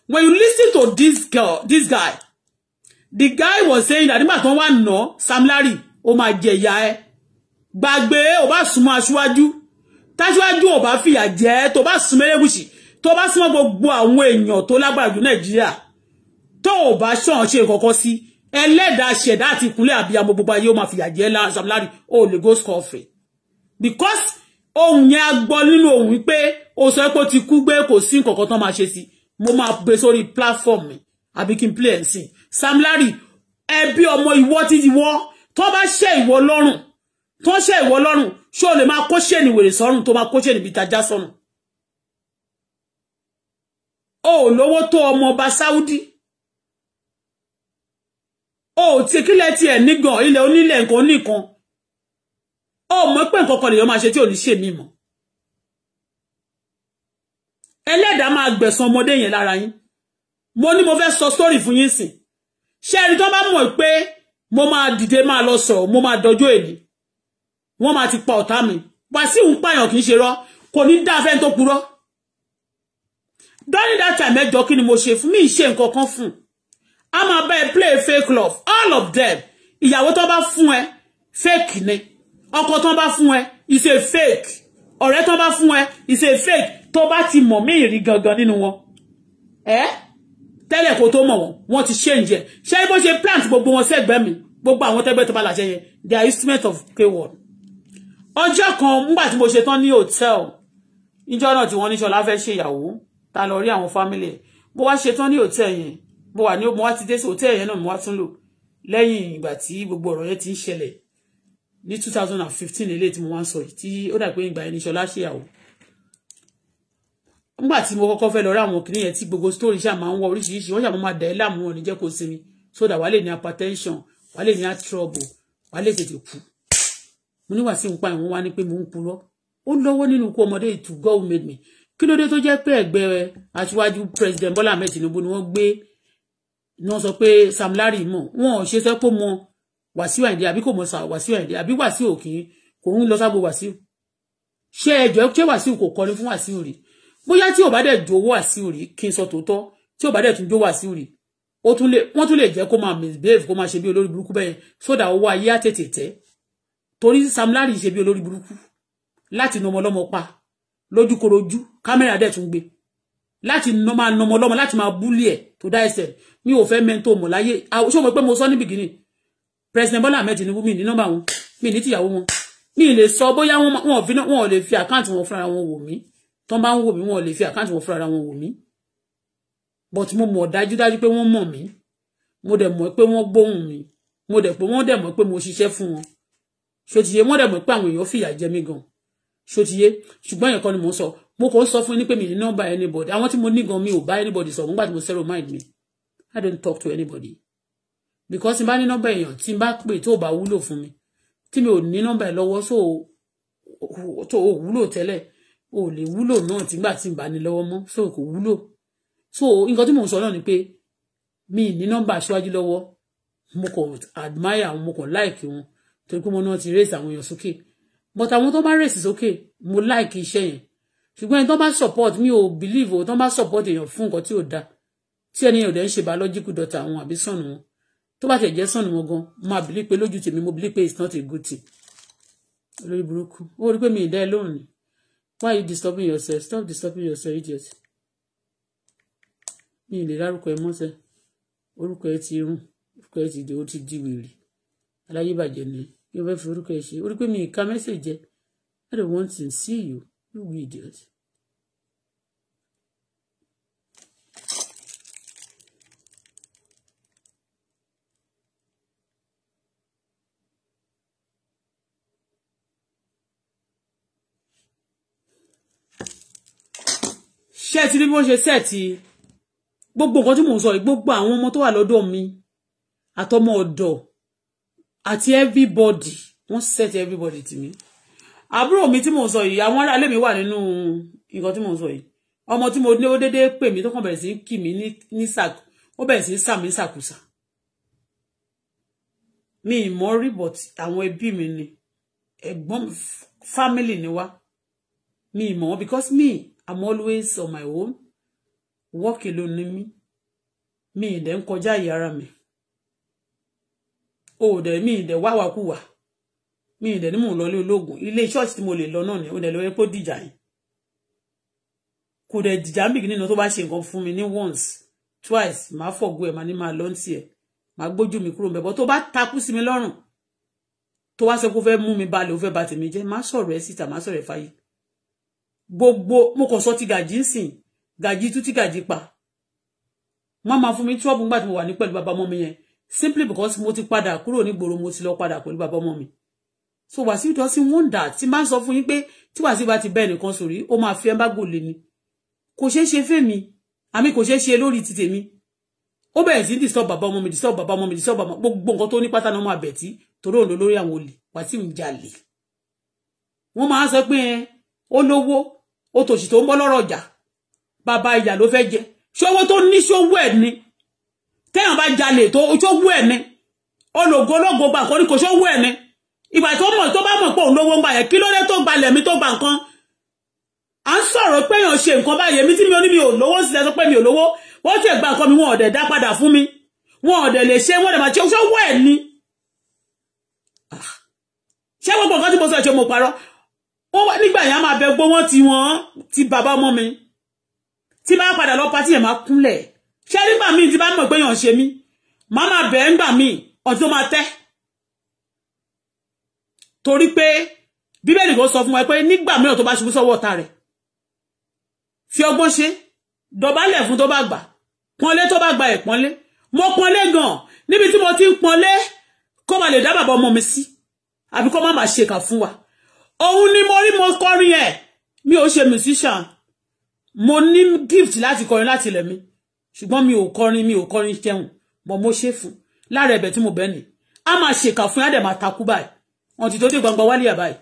when you listen to this girl this guy the guy was saying that nígbà tó wà nà Sam Larry ó máa jẹ ìyá ẹ gbàgbé ò bá súnmọ́ aṣíwájú táṣíwájú ò bá fìyà jẹ tó bá súnmọ́ Elégùṣì tó bá súnmọ́ gbogbo àwọn èèyàn tó lágbára jù Nàìjíríà tó ò bá ṣàn ṣe kọ̀kọ́ sí ẹlẹ́dàá ṣẹ̀dá àti ìkúnlẹ̀ àbíyamọ gbogbo ayé ó máa fìyà jẹ Sam Larry ó lè go score free because ohun yẹn a gbọ́ nínú ohun wípé o sọ pé ó ti kú gbé kò sí nǹkan kan tán máa ṣe sí i mo máa gbé sórí platform mi àbí kí n play ẹ̀ sí Sam Larry ẹbí ọmọ ìwọ ti wọ́ tó bá ṣe ìwọ lọ́rùn tó ṣe ìwọ lọ́rùn ṣé o lè máa kó ṣèlè wèrè sọ́rùn tó máa kó ṣèlè bíi tajá sọ́rùn o ò lówó tó ọmọ Saudi o ò tí kílẹ̀ tiẹ̀ nígan ilẹ̀ onílẹ̀ nǹkan oníkan o mọ̀ pé nǹkan kan lèèyàn máa ṣe tí ò ní ṣèmí mọ́ ẹlẹ́dàá máa gbẹ̀san ọmọdé yẹn lára yín mo ní mo fẹ́ sọ story fún yín sìn ṣé ẹni tó bá mọ̀ pé mo máa dìde máa lọ sọ̀rọ̀ mo máa dọjọ́ èmi wọ́n máa ti pa ọ̀tá mi Wàsíù ń pààyàn kì í ṣe rọ́ kò ní dá afẹ́ tó purọ́ during that time kí ni mo ṣe fún mi ṣe nǹkan kan fún a máa bá play fake love all of them ìyàwó tó bá fún ẹ fake ni ọkọ tó bá fún ẹ is a fake ọ̀rẹ́ tó bá fún ẹ is a fake tó bá ti mọ̀ mí ìrí gangan nínú wọn ẹ́ tẹ́lẹ̀ kó tó mọ̀ wọn wọ́n ti change ẹ̀ ṣé bó ṣe plant gbogbo wọn sẹ́gbẹ̀ẹ́ mi gbogbo àwọn tẹ́gbẹ́ tó bá làṣẹ yẹn they are instrument of k1 ọjọ́ kan nígbà tí mo ṣe tán ní hòtẹ́ẹ̀l níjọ́ náà tí wọ́n ní Ṣọlá fẹ́ ṣe ìyàwó ta lọ rí àwọn fámílì ẹ̀ mo wá ṣe tán ní hòtẹ́ẹ̀l yẹn mo wà ní mo wá ti dé sí hòtẹ́ẹ̀l yẹn náà mo wá tún lò lẹ́yìn ìgbà tí gbogbo ọ̀rọ̀ yẹn ti ń ṣẹlẹ̀ ní 2015 eléyìí tí mo wá ń sọ yìí tí ó dà ìgbà yẹn ní Ṣọlá ṣèyàwó nígbà tí mo kọ́kọ́ fẹ́ lọ rí àwọn kìnìyàn tí gbogbo story ṣáà máa ń wọ oríṣiríṣi wọ́n ṣáà máa dà ẹ́ láàmú wọn ní jẹ́ kó sinmi so that wàá lè ní hypertension wàá lè ní trouble wàá lè tètè kú mo níwà sí nǹkan àwọn wa ni pé mo ń purọ́ ó lọ́wọ́ nínú ikú ọmọdé ìtù God made me kí ló dé tó jẹ́ pé ẹ̀gbẹ́ president Bọ́lá Ahmed Tinubu ni wọ́n gbé ni wọ́n sọ pé Sam Larry mọ̀ wọn ò ṣe sẹ́pọ̀ mọ Wàsíù Àyìndé àbí kò mọ Wàsíù Àyìndé àbí Wàsíù òkè kò ń lọ sábò Wàsíù ṣé ẹjọ́ ṣé Wàsíù kò kọrin fún Wàsíù rèé bóyá tí ò bá dẹ̀ jówó Wasiu rí kí n sọ tòótọ́ tí ò bá dẹ̀ tún jówó Wasiu rí ó tún lè wọ́n tún lè jẹ́ kó máa misbehave kó máa ṣe bí olórí burúkú bẹ́ẹ̀ sódà owó ayé àtètè tẹ́ torí Sam Larry ṣe bí olórí burúkú láti nà ọmọlọ́mọ pa lójúkorojú kámẹ́rà dẹ̀ tún gbé láti nà máa nà ọmọlọ́mọ láti máa búlì ẹ̀ tó dá ẹsẹ̀ mi ò fẹ́ mẹ́ńtò mọ̀ láyé ṣé o mọ̀ pé mo sọ ní bìgínì president Bola Ahmed Tinubu mi ní nọ́mbà wọn mi ní tìyàwó wọn mi lè sọ bóyá wọn ò lè fi àkáǹtì wọn fúnra wọn wò mí tán bá ń wò mí wọn ò lè fi àkáǹtì wọn fúnra wọn wò mí but mo mọ̀ dájúdájú pé wọ́n mọ̀ mí mo dẹ̀ mọ̀ pé wọ́n gbóhùn mi mo dẹ̀ pé wọ́n dẹ̀ mọ̀ pé mo ṣiṣẹ́ fún wọn ṣòtìyé wọ́n dẹ̀ mọ̀ pé àwọn èèyàn fìyà jẹ mí gan ṣòtìyé ṣùgbọ́n èèyàn kan ni mò ń sọ mo kò ń sọ fún yín pé mi ní nọ́mbà anybody àwọn tí mo ní gan mi ò bá anybody sọ nígbà tí mo zero mind mi I don't talk to anybody because tí n bá ní nọ́mbà èèyàn tí n bá pè tó bá wúlò fún mi tí mi ò ní nọ́mbà ẹ̀ lọ́wọ́ so tó wúlò tẹ́lẹ̀ ò lè wúlò náà tìgbà tí n bá ní lọ́wọ́ mọ́ so kò wúlò so nǹkan tí mò ń sọ náà ni pé mi ní nọ́mbà aṣáájú lọ́wọ́ mo kàn admire àwọn mo kàn like wọn torí pé mo náà ti raise àwọn èèyàn sókè but àwọn tó bá raise sókè mo like iṣẹ́ yẹn ṣùgbọ́n ẹni tó bá support mi ò believe o tó bá support èèyàn fún nǹkan tí ò da tí ẹni ò dẹ̀ ń ṣe biological daughter àwọn àbí sọ̀nù wọn tó bá tẹ̀ jẹ́ sọ̀nù wọn gan máa believe pé lójú tèmi mo believe pé it's not a good thing olórí burúkú ó rí pé mi ì dá ẹ lóhùn ni why you disturbing yourself stop disturbing yourself idiot mi ò lè dárúkọ ẹ mọ́sẹ̀ orúkọ ẹ ti rùn orúkọ ẹ ti di ó ti di wèrè aláyébàjẹ́ ni yóò fẹ́ fi orúkọ ẹ ṣe orí pé mi ì ka mẹ́sẹ̀ I don't want to see you you idiot. ṣé ẹ ti rí bí wọ́n ṣe sẹ́ẹ̀tì gbogbo nǹkan tí mò ń sọ yìí gbogbo àwọn ọmọ tó wà lọ́dọ̀ mi àtọmọ ọ̀dọ̀ àti everybody wọ́n set everybody tì mí àbúrò mi tí mò ń sọ yìí àwọn aráalé mi wà nínú nǹkan tí mò ń sọ yìí ọmọ tí mo ní ó dédé pè mí tó kàn bẹ̀rẹ̀ sí kì mí ní sàkó ó bẹ̀rẹ̀ sí sàmí sàkúsà mi ìmọ̀ rí but àwọn ẹbí mi ni ẹ̀gbọ́n family ni wá mi ìmọ̀ because me i'm always on my own work alone ni mí mi ì dẹ̀ ń kọjá ìyá ara mi o ò dẹ̀ mi ì dẹ̀ wáwàkúwà mi ì dẹ̀ ní mò ń lọ ilé ológun ilé ṣọ́ọ̀ṣì tí mo lè lọ náà ni o dẹ̀ lọ́wọ́ pé ó dìjà yìí kò dẹ̀ dìjà ń bìkì nínú tó bá ṣe nǹkan mi ní once twice màá fọ̀gù ẹ̀ màá Ma máa lọ́ntì ẹ̀ màá gbójú mi kúrò mẹ́bọ̀ tó bá takú sí mi lọ́rùn tó wá sọ pé ó fẹ́ mi balẹ̀ ó fẹ́ bà tèmi jẹ́ má sọ̀rọ̀ ẹ síta má sọ̀rọ̀ ẹ fáyé gbogbo mo kàn sọ ti gàjí ń sìn gàjí tú ti gàjí pa wọn máa fún mi trouble nígbà tí mo wà ní pẹ̀lú bàbá ọmọ mi yẹn simply because mo ti padà kúrò nígboro mo ti lọ padà pẹ̀lú bàbá ọmọ mi so Wàsíù tó sì wọ́ndà tí máa ń sọ fún yín pé tí Wàsíù bá ti bẹ́ẹ̀ nìkan sòrí ó máa fi ẹ́ bá gòlè ni kò ṣeé ṣe fẹ́mi àmì kò ṣeé ṣe lórí ti tèmi ó bẹ̀rẹ̀ sí disturb bàbá ọmọ mi disturb bàbá ọmọ mi disturb bàbá gbogbo nǹkan tó ní pátá náà máa bẹ̀ tí torí òun lórí àwọn olè Wàsíù ń jalè wọ́n máa ń sọ pé ó lówó o tòṣì tó ń bọ́ lọ́rọ̀ ọjà bàbá ìyà ló fẹ́ jẹ ṣówó tó ní ṣówó ẹ̀ ni téèyàn bá jalè tó ṣówó ẹ̀ ni ológo ológo gbà kọ́ ní kò ṣówó ẹ̀ ni ìgbà tó mọ̀ tó bá mọ̀ pé òun lówó ń gbà yẹn kí ló dé tó gbalẹ̀ mi tó gba nǹkan à ń sọ̀rọ̀ pé èèyàn ṣe nǹkan báyìí èmi tí mi ò ní mi ò lówó sílẹ̀ sọ pé mi ò o wọ́n ti ẹ̀gbà nǹkan mi wọn ọ̀dẹ̀ dá padà fún mi wọn ọ̀dẹ̀ lè ṣe wọ́n dẹ̀ máa ṣe ṣówó ẹ̀ ni ah. ṣé gbogbo nǹkan tí mo sọ ìṣe mo parọ́ ó wá nígbà yẹn a máa bẹ gbówó tí wọ́n ti bàbá ọmọ mi tí bá padà lọ pátí yẹn máa kúnlẹ̀ ṣé nígbà míì tí bá mọ̀ pé yàn ṣe mí màá máa bẹ̀ ẹ́ nígbà míì ọ̀tí tó máa tẹ́ torí pé bíbélì kò sọ fún wa pé nígbà mìíràn tó bá ṣubú sọ́wọ́ ọ̀tá rẹ̀ fi ọgbọ́n ṣe dọ̀bálẹ̀ fún tó bá gbà pọ́nlé tó bá gba ẹ̀ pọ́nlé mo pọ́nlé gan níbi tí mo ti ń pọ́nlé kó má lè dá bàbá ọmọ mi sí àbí kó má má ṣèkà fún wa òun ni mo rí mo kọrin ẹ̀ mi ò ṣe musician mo ní gift láti kọrin láti ilẹ̀ mi ṣùgbọ́n mi ò kọrin mi ò kọrin jẹun mọ̀ mo ṣe fún lára ẹ̀bẹ̀ tí mo bẹ̀ ni a máa ṣèkà fún yàdẹ̀ máa takú báyìí wọn ti tó dé gbangba wálé àbáyìí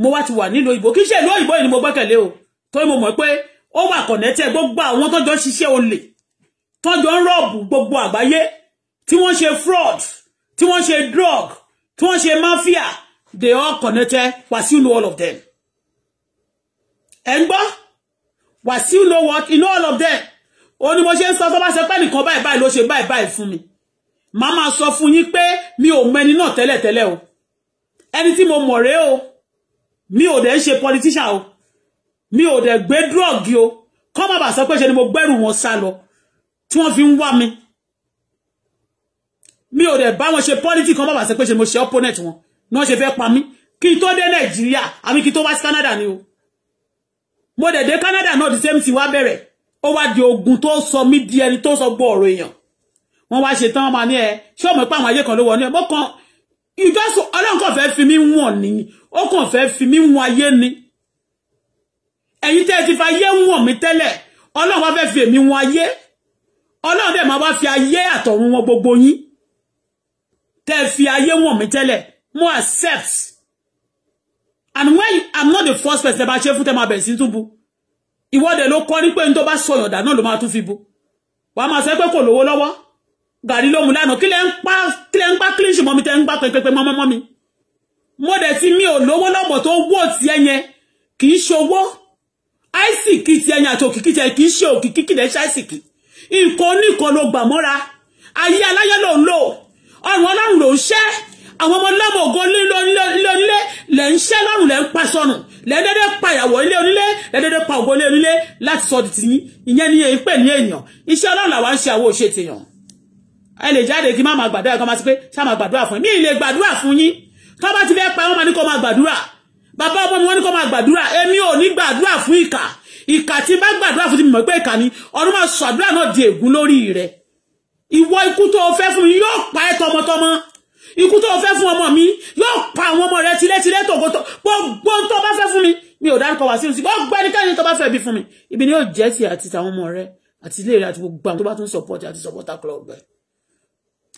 mo wá ti wà nílùú òyìnbó kí ṣe ìlú òyìnbó yìí ni mo gbẹ́kẹ̀lé o torí mo mọ̀ pé ó wà kọ̀nẹ́tẹ̀ gbogbo àwọn tọ́jọ́ ṣiṣẹ́ olè tọ́jọ́ ń rọ̀bù gbogbo àgbáyé tí wọ́n ṣe fraud tí wọ́n ṣe drug tí wọ́n ṣe mafia they all connected Was you know all of them was you know what you know all of them ó ní mo ṣe ń sọ tó bá ṣe pé nìkan báyìí báyìí ló ṣe báyìí báyìí fún mi màá máa sọ fún yín pé mi ò mọ ẹni náà tẹ́lẹ̀tẹ́lẹ̀ o ẹni tí mo mọ̀ o mi ò dẹ̀ ń politician o mi ò dẹ̀ gbé drọ́ọ̀gì o Come bàbà sọ pé ni mo gbẹ́rù wọn sá lọ tí wọ́n fi ń wá mi mi ò dẹ̀ bá wọn ṣe politics kọ́ bàbà sọ pé ni mo she opponent wọn Non je fẹ́ pa mí kí n tó dé nàìjíríà àbí kí n canada ni o mo dẹ̀ dé canada náà the same thing wá bẹ̀rẹ̀ ó wá di ogun tó sọ mí di ẹni tó sọ gbọ́ ọ̀rọ̀ èèyàn wọ́n wá ṣe tán máa ní ẹ ṣé ọmọ ìpá àwọn ayé kan ló wọ ní ẹ mo kàn ìjọsọ ọlọ́run kàn fẹ́ fi mí wọ̀n ni ó kàn fẹ́ fi mí wọ̀n ayé ni ẹ̀yin tẹ́ ẹ ti fa ayé wọ̀n mi tẹ́lẹ̀ ọlọ́run wá fẹ́ fi èmi wọ̀n ayé ọlọ́run dẹ̀ máa wá fi ayé àtọ̀run wọn gbogbo yín tẹ́ ẹ fi ayé wọ̀n mi tẹ́lẹ̀ mo accept and when you, i'm not the first person bá ṣe fún tẹ́ máa bẹ̀rẹ̀ sí tún bu ìwọ dẹ̀ ló kọ́ ní pé ní tó bá sọyàn dà náà ló máa tún fi bu wàá máa sọ pé kò lówó lọ́wọ́ gàrí ló mu lánàá kí lẹ́ ń pa kí lẹ́ ń pa clean ṣùgbọ́n mi tẹ́ ń gbá pẹpẹpẹ mọ́mọ́mọ́ mi mo dẹ̀ ti mi ò lówó lọ́mọ tó wò tí ẹ yẹn kì í ṣowó àìsìkì tí ẹ yẹn àti òkìkí tí ẹ kì í ṣe òkìkí kì í dẹ̀ ṣàìsìkì nǹkan oníkan ló gbà mọ́ra ayé aláyọ̀ ló ń lò ọ̀run ọlọ́run ló ń ṣẹ́ àwọn ọmọ lọ́mọ ògo nílé onílé lẹ́ ń ṣẹ́ lọ́rùn lẹ́ ń pa sọnù lẹ́ ń dédé pa ìyàwó ilé onílé lẹ́ ń dédé pa ògo ilé onílé láti sọ ti yín ìyẹn ni èyí pè ní èèyàn iṣẹ́ ọlọ́run làwa ń ṣe àwọn òṣè tèèyàn ẹ lè jáde kí má máa gbàdúrà kan máa ti pé ṣá máa gbàdúrà fún yín mi ì lè gbàdúrà fún yín tó bá ti fẹ́ pa wọ́n máa ní kó máa gbàdúrà bàbá ọmọ mi wọ́n ní kó máa ikú tó fẹ́ fún ọmọ mi yóò pa àwọn ọmọ rẹ tilétilé tòkótó gbogbo tó bá fẹ́ fún mi mi ò dárúkọ wá sí òsì gbogbo ẹnikẹ́ni tó bá fẹ́ bí fún mi ibi ni yóò jẹ́ ti àti tàwọn ọmọ rẹ àti ilé rẹ àti gbogbo àwọn tó bá tún support àti supporter club rẹ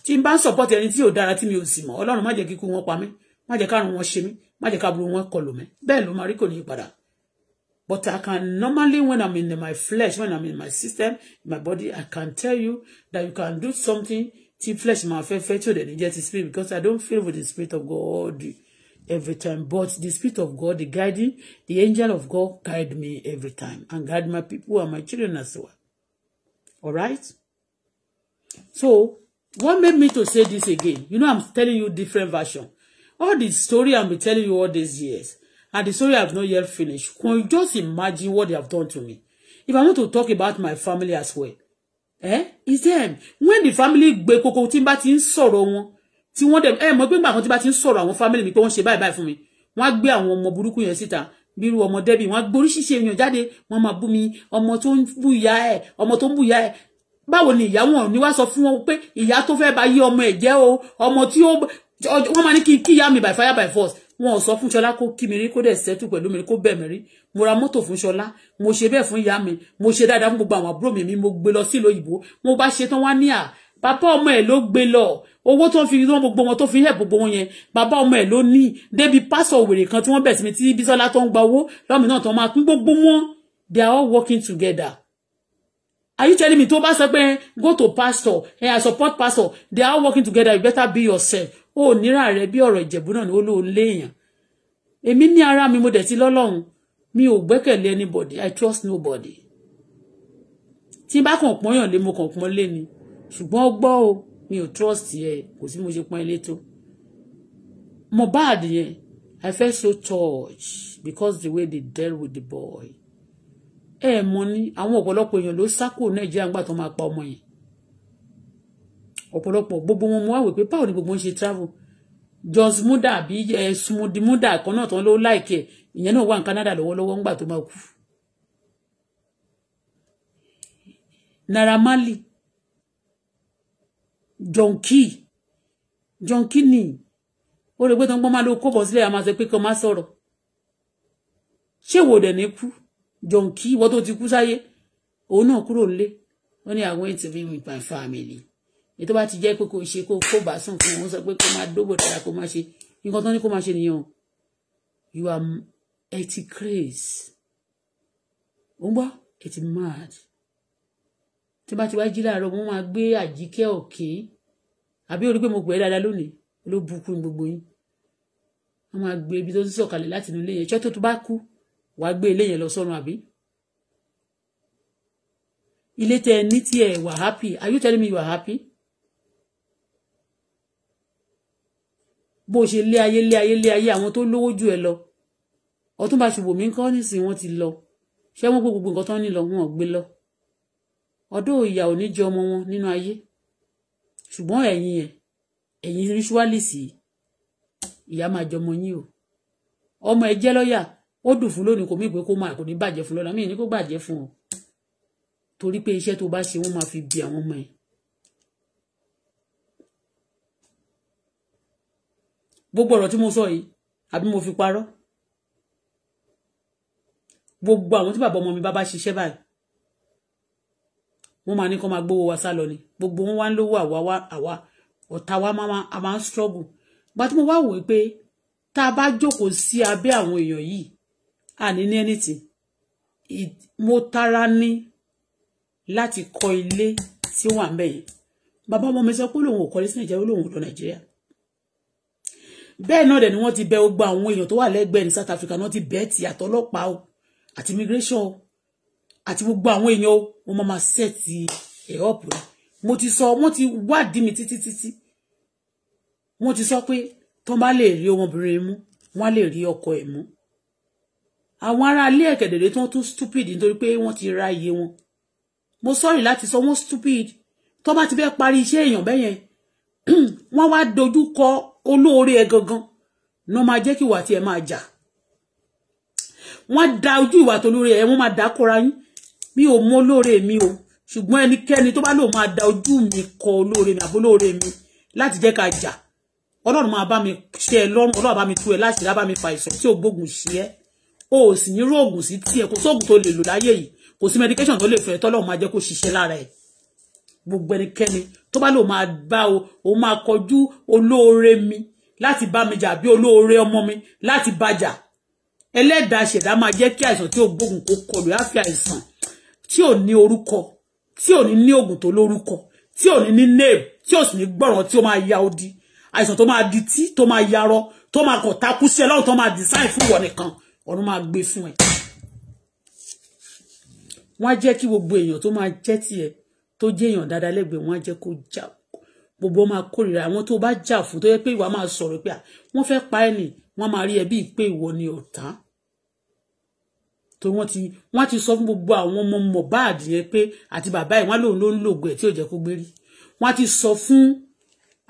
tí n bá ń support ẹni tí ò dára tí mi ò sì mọ̀ ọlọ́run má jẹ́ kíkú wọn pa mí má jẹ́ kárùn wọn ṣe mí má jẹ́ káàbùrú wọn kọlù mí bẹ́ẹ̀ ló máa rí kò ní í padà But I can normally, when I'm in my flesh, when I'm in my system, in my body, I can tell you that you can do something tí flesh máa fẹ́ fẹ́ tí ò dẹ̀ ní jẹ́ ti spirit because I don't feel with the spirit of God every time but the spirit of God the guiding the angel of God guide me every time and guide my people and my children as well alright so what made me to say this again you know I'm telling you different version all the story I'm been telling you all these years and the story I've not yet finished can you just imagine what they have done to me if I want to talk about my family as well eh is them when the family gbé koko tí n bá ti ń sọ̀rọ̀ wọn tí wọ́n dem eh mọ̀ pé ngba kan tí bá ti ń sọ̀rọ̀ family mi pé wọ́n ṣe bye bye fún mi wọ́n á gbé àwọn ọmọ burúkú yẹn síta bírú debi wọ́n á gbé oríṣiríṣi èèyàn jáde wọ́n máa bú mi ọmọ tó ń bú ìyá ẹ̀ ọmọ tó ń bú ìyá ẹ̀ báwo ni ìyá wọn ní wá sọ fún wọn pé ìyá tó fẹ́ bá yí ọmọ ẹ̀ jẹ́ o ọmọ tí ó wọ́n máa ní kí n kíyà mi by fire by force wọn ò sọ fún Ṣọlá kó kí mi rí kó dẹ̀ mi rí kó mi rí mo ra mọ́tò fún ṣọlá mo ṣe bẹ́ẹ̀ fún ìyá mi mo ṣe dáadáa fún gbogbo àwọn àbúrò mi mi mo gbé lọ sí ìlú mo bá ṣe tán wá ní à bàbá ọmọ ẹ ló gbé lọ owó tó fi wọn gbogbo wọn tó fi hẹ gbogbo wọn yẹn bàbá ọmọ ẹ ló ní débi pásọ wèrè kan tí wọ́n bẹ̀ sí mi tí bísọ́lá tó gba owó lọ́mìn náà tó máa pín gbogbo wọn they are all working together are you telling me to bá sọ pé go to pastor and i support pastor they are working together you better be yourself ó nira rẹ bí oro ìjẹ̀bú náà ni ó lóo léèyàn èmi ni ara mi mo dẹ̀ ti lọ́lọ́run mi ò gbẹ́kẹ̀lé anybody i trust nobody tí bá kàn pọ́nyàn lé mo kàn pọ́n lé ni ṣùgbọ́n ó gbọ́ o mi ò trust ẹ kò sí mo ṣe pọ́n ilé tó Mohbad yẹn i felt so touched because the way they dealt with the boy ẹ ẹ mọ̀ ni àwọn ọ̀pọ̀lọpọ̀ èèyàn ló sá kúrò nàìjíríà ńgbà tó máa pa ọmọ yẹn ọ̀pọ̀lọpọ̀ gbogbo wọn mo wá wò pé báwo ni gbogbo wọn ṣe travel John Smuda àbí Smudi Muda kan náà tán ló láìkẹ́ ìyẹn náà wà ní Canada lọ́wọ́lọ́wọ́ ńgbà tó máa kú. Naramali, Marley John Key John Key ni ó lè gbé tán gbọ́n máa ló kó bọ̀ sílẹ̀ àmọ́ pé kí wọ́n máa sọ̀rọ̀ ṣé wò dẹ̀ ní kú John ìwọ́n tó ti kú sáyé òun náà kúrò nílé wọ́n ní I went to be with my family èyí tó bá ti jẹ́ pé kò ṣe kó kó bá sùn fún wọn sọ pé kó máa dóbò dára kó máa ṣe nǹkan tó ní kó máa ṣe nìyẹn you are eti craze ó ń gbọ́ eti mad tí bá ti wá jí láàárọ̀ mo máa gbé àjíkẹ́ òkè àbí orí pé mo pè dáadáa lónìí ló bukún gbogbo yín wọ́n máa gbé ibi tó ti sọ̀kalẹ̀ láti inú ilé yẹn ṣé tó tó bá kú wàá gbé ilé yẹn lọ sọ́run àbí ilé tẹ ní tí wà happy are you telling me you are happy bó ṣe lé ayé lé ayé lé ayé àwọn tó lówó jù ẹ lọ Ọ̀túnba Ṣòwòmí nǹkan nísìn wọ́n ti lọ ṣé wọ́n gbé gbogbo nǹkan tán ní lọ wọn ò gbé lọ ọdún ìyà ò ní jẹ ọmọ wọn nínú ayé ṣùgbọ́n ẹ̀yin ẹ̀ ẹ̀yin ritualisi ìyá máa jọmọ yín o ọmọ ẹ jẹ́ lọ́yà ó dùn fún lónìí kò mí pé kó máa kò ní bàjẹ́ fún lọ́la mí ní kó bàjẹ́ fún ọ torí pé iṣẹ́ tó bá ṣe wọ́n máa fi bí àwọn ọmọ ẹ̀ gbogbo ọ̀rọ̀ tí mo sọ yìí àbí mo fi parọ́ gbogbo àwọn tí bàbá ọmọ mi bá bá ṣiṣẹ́ báyìí wọ́n máa ní kó máa gbówó wa sá lọ ni gbogbo wọn wá ń lówó àwa wá àwa ọ̀tá wa máa a máa ń struggle gba tí mo wá wò ó pé tá a bá jókòó sí abẹ́ àwọn èèyàn yìí àní ní anything mo tara ní láti kọ́ ilé tí wà ń bẹ̀yẹn bàbá ọmọ mi sọ pé lòun ò kọ́lé sí nàìjíríà ó lòun ò lọ nàìjíríà bẹ́ẹ̀ náà dẹ̀ ni wọ́n ti bẹ gbogbo àwọn èèyàn tó wà lẹ́gbẹ̀ẹ́ ní South Africa náà ti bẹ́ẹ̀ ti àtọlọ́pàá o àti immigration o àti gbogbo àwọn èèyàn o wọ́n máa ma sẹ́ẹ̀tì ẹ̀ ọ̀pù rẹ̀ mo ti sọ wọ́n ti wádìí mi títí títí wọ́n ti sọ pé tó bá lè rí ọmọbìnrin mú wọ́n á lè rí ọkọ ẹ̀ mú àwọn ará ilé ẹ̀kẹ̀dẹ̀dẹ̀ tó tún stupid nítorí pé wọ́n ti ra iye wọn mo sọ̀rì láti sọ wọ́n stupid tó bá ti fẹ́ parí iṣẹ́ èèyàn bẹ́yẹn wọ́n wá dojú kọ olóore ẹ gangan ló máa jẹ́ kí ìwà tí ẹ máa jà wọ́n da ojú ìwà tó lóore ẹ wọ́n máa dá kọra yín mi ò mọ olóore mi o ṣùgbọ́n ẹnikẹ́ni tó bá lò máa da ojú mi kọ olóore mi àbólóore mi láti jẹ́ ká jà ọlọ́run máa bá mi ṣe ẹ lọ́rùn ọlọ́run bá mi tú ẹ láti rí bá mi fa ìsọ̀ tí ò gbógun ṣe ẹ́ o ò sì ní róògùn sí tiẹ̀ kò sóògùn tó lè lò láyé yìí kò sí medication tó lè fẹ́ tọ́lọ́run máa jẹ́ kó ṣiṣẹ́ lára ẹ̀ gbogbo ẹnikẹ́ni tó bá lòun máa bá o òun máa kọjú olóore mi láti bá mi jà bí olóore ọmọ mi láti bá jà ẹlẹ́dàá ṣẹ̀dá máa jẹ́ kí àìsàn tí ò gbógun kó kọlù láfi àìsàn tí ò ní orúkọ tí ò ní ní oògùn tó lórúkọ tí ò ní ní name tí ò sì ní gbọ̀ràn tí ó máa ya odi àìsàn tó máa di tí tó máa yarọ tó máa kọ̀ takú sí ẹlọ́run tó máa design fún ìwọ nìkan ọ̀run máa gbé fún ẹ wọ́n á jẹ́ kí gbogbo èèyàn tó máa jẹ́ tiẹ̀ tó jẹ́ èèyàn dáadáa lẹ́gbẹ̀ẹ́ wọn á jẹ́ kó jà gbogbo ọmọ akórìíra àwọn tó bá jà fún tó yẹ pé ìwà máa sọ̀rọ̀ pé wọ́n fẹ́ pa ẹ́ nì wọ́n máa rí ẹbí pé ìwọ ni ọ̀tá tó wọ́n ti wọ́n ti sọ fún gbogbo àwọn ọmọ Mohbad yẹn pé àti bàbá ẹ̀ wọ́n lòun ló ń lògùn ẹ̀ tí ò jẹ́ kó gbérí wọ́n ti sọ fún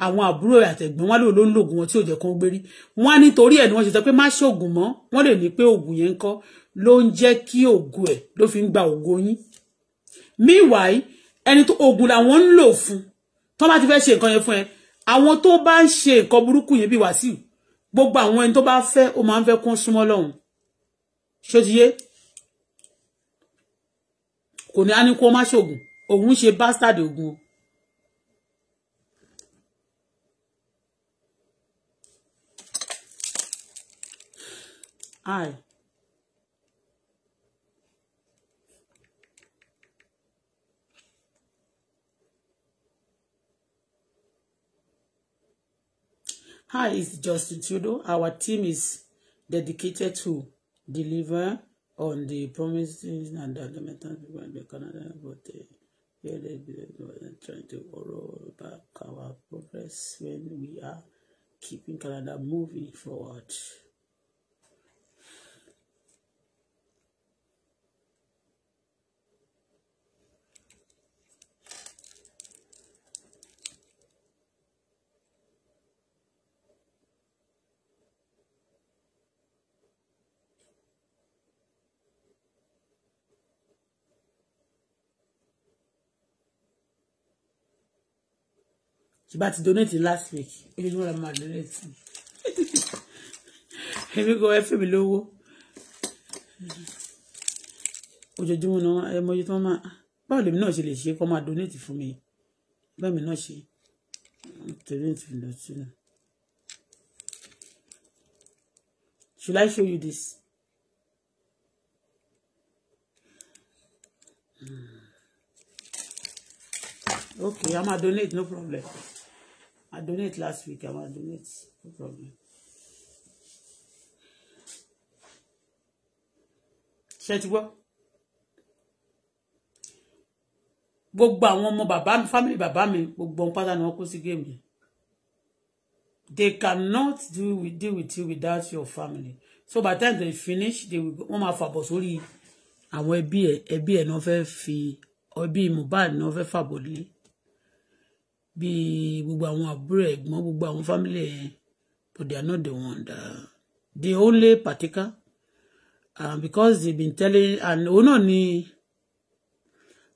àwọn àbúrò àtẹ̀gbọ́n wọ́n lòun ló ń lògùn wọn tí ò jẹ́ kó gbérí wọ́n á nítorí ẹ̀ ni wọ́n ṣe sọ pé má ṣoògùn mọ́ wọ́n lè ní pé oògùn yẹn ń kọ́ ló ń jẹ́ kí oògùn ẹ̀ ló fi ń gba oògùn yín meanwhile ẹni tó oògùn làwọn ń lò fún tó bá ti fẹ́ ṣe nǹkan yẹn fún ẹ àwọn tó bá ń ṣe nǹkan burúkú yẹn bí Wàsíù gbogbo àwọn ẹni tó bá fẹ́ ó máa ń fẹ́ kún súnmọ́ lọ́hùn ṣó ti yé kò ní á ní kó má ṣoògùn òun ń ṣe bastard oògùn o Aye. Hi, it's Justin Trudeau. Our team is dedicated to deliver on the promises and the we agreements to Canada, but here uh, they are trying to roll back our progress when we are keeping Canada moving forward. tí bá ti donate last week ojoojúmọ́ la máa donate èmi kò ẹ fún mi lówó ojoojúmọ́ náà ẹ mọ ojú tí wọ́n máa báwo lèmi náà ṣe lè ṣe kó máa donate me. mi báwo náà she. donate fún mi lọ́tún náà. Should I show you this? Hmm. Okay, I'm gonna donate, no problem. I donate last week. I'm will donate. No problem. Ṣé ti gbọ́? Gbogbo àwọn ọmọ bàbá mi, family bàbá mi, gbogbo ọmọ pátá ni wọ́n kó sí géèmù yìí. They cannot do with, deal with you without your family. So by the time they finish, they will wọ́n máa fàbọ̀ sórí àwọn ẹbí ẹ̀ ẹbí ẹ̀ náà fẹ́ fi ẹbí Mohbad náà fẹ́ bíi gbogbo àwọn àbúrò ẹ̀gbọ́n gbogbo àwọn fámìlì yẹn but they are not the one that the only particular uh, because they been telling and òun náà ni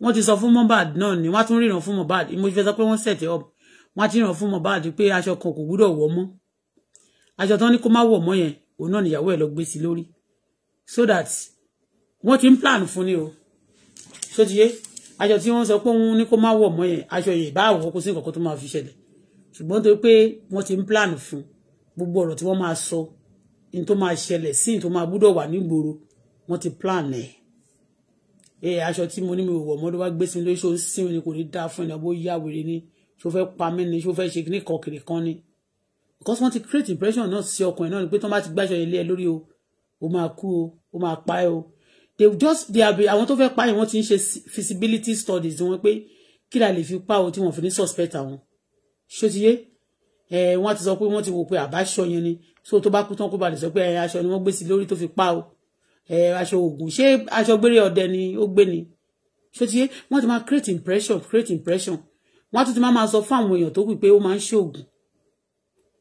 wọ́n ti sọ fún Mohbad náà ni wọ́n tún ríran fún Mohbad mo fẹ́ sọ pé wọ́n set up wọ́n ti ràn fún Mohbad pé aṣọ kan kò gbúdọ̀ wọ̀ mọ́ aṣọ tán ní kó má wọ̀ mọ́ yẹn òun náà nìyàwó ẹ̀ lọ gbé sí lórí so that wọ́n ti ń plan fún ni o ṣó ti yé aṣọ tí wọ́n sọ pé òun ní kó má wọ̀ mọ́ yẹn aṣọ yẹn bá wọ̀ kó sí nǹkan tó máa fi ṣẹlẹ̀ ṣùgbọ́n tó pé wọ́n ti ń plan fún gbogbo ọ̀rọ̀ tí wọ́n máa sọ ní tó máa ṣẹlẹ̀ sí ní tó máa gbúdọ̀ wà nígboro wọ́n ti plan ẹ̀ ẹ aṣọ tí mo ní mi ò wọ̀ mọ́ ló wá gbé sí mi lórí ṣó sí mi ni kò ní dáa fún ìnáwó yá wèrè ni ṣó fẹ́ pa mí ni ṣó fẹ́ ṣe ní kọkiri kan ni because wọ́n ti create impression náà sí ọkùnrin náà ni pé tó bá ti gbáṣọ ilé ẹ lórí o ó máa kú o ó máa pa ẹ o they just they have àwọn tó fẹ́ pa ìwọ́n ti ń ṣe feasibility studies wọn pé kí la lè fi pa o tí wọ́n fi ní suspect àwọn ṣótiyé ẹ wọ́n ti sọ pé wọ́n ti wò pé àbáṣọ yẹn ni so tó bá kú tán kó ba lè sọ pé aṣọ ni wọ́n gbé sí lórí tó fi pa o ẹ aṣọ oògùn ṣé aṣọ gbére ọdẹ ni ó gbé ni ṣótiyé wọ́n ti máa create impression create impression wọ́n tún ti máa sọ fún àwọn èèyàn tó kù pé ó máa ń ṣoògùn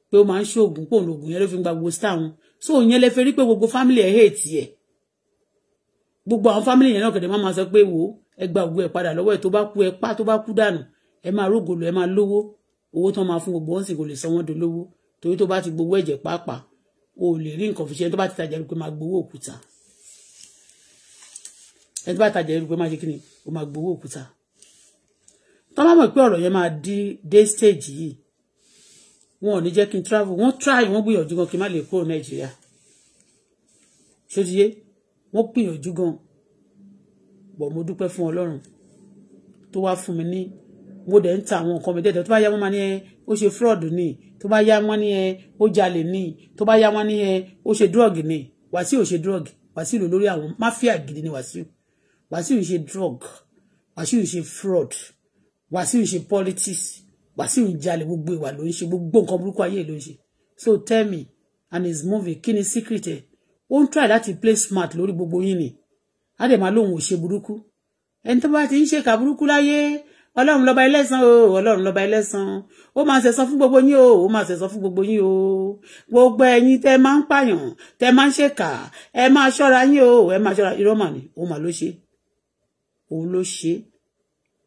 pé ó máa ń ṣoògùn pòun lògùn yẹn ló fi ń gba gbogbo star wọn so òun yẹn lè fẹ́ rí pé gbogbo family ẹ̀ hate yẹ̀ gbogbo àwọn fámìlì yẹn náà kẹ̀dẹ̀ máa ma sọ pé wò ẹ gba ògbó ẹ padà lọ́wọ́ ẹ tó bá kú ẹ pa tó bá kú dànù ẹ máa rógòlò ẹ máa lówó owó tán máa fún gbogbo wọn sì kò lè san wọn dolówó torí tó bá ti gbowó ẹ̀jẹ̀ pàápàá o lè rí nǹkan fi ṣe ẹni tó bá ti tajà rúpẹ́ máa gbowó òkúta ẹni tó bá tajà rúpẹ́ máa ṣe kí o máa gbowó òkúta tọ́ bá mọ̀ pé ọ̀rọ̀ yẹn máa dí dé stage yìí wọn ò ní jẹ́ kí n travel wọ́n try wọ́n gbìyànjú gan kí n má lè kúrò Nàìjíríà ṣó ti yé wọ́n gbìyànjú gan bọ̀ mo dúpẹ́ fún ọlọ́run tó wá fún mi ní mo dẹ̀ ń ta àwọn nǹkan mi dẹ́dẹ̀ tó bá yá wọ́n máa ní ẹ ó ṣe fraud ni tó bá yá wọ́n ní ẹ ó jalè ni tó bá yá wọ́n ní ẹ ó ṣe drug ni Wàsíù ò ṣe drug Wàsíù lò lórí àwọn máfíà gidi ni Wàsíù Wàsíù ń ṣe drug Wàsíù ń ṣe fraud Wàsíù ń ṣe politics Wàsíù ń jalè gbogbo ìwà ló ń ṣe gbogbo nǹkan burúkú ayé ló ń ṣe so tell me and his movie kí ni secret ẹ̀ ó ń try láti play smart lórí gbogbo yín ni á dẹ̀ máa lóun ò ṣe burúkú ẹni tó bá ti ń ṣèkà burúkú láyé ọlọ́run lọ́ba ẹlẹ́san o ọlọ́run lọ́ba ẹlẹ́san ó máa ṣẹ̀san fún gbogbo yín o ó máa ṣẹ̀san fún gbogbo yín o gbogbo ẹ̀yin tẹ́ máa ń pààyàn tẹ́ máa ń ṣèkà ẹ máa ṣọ́ra yín o ẹ máa ṣọ́ra irọ́ màní òun mà ló ṣe òun ló ṣe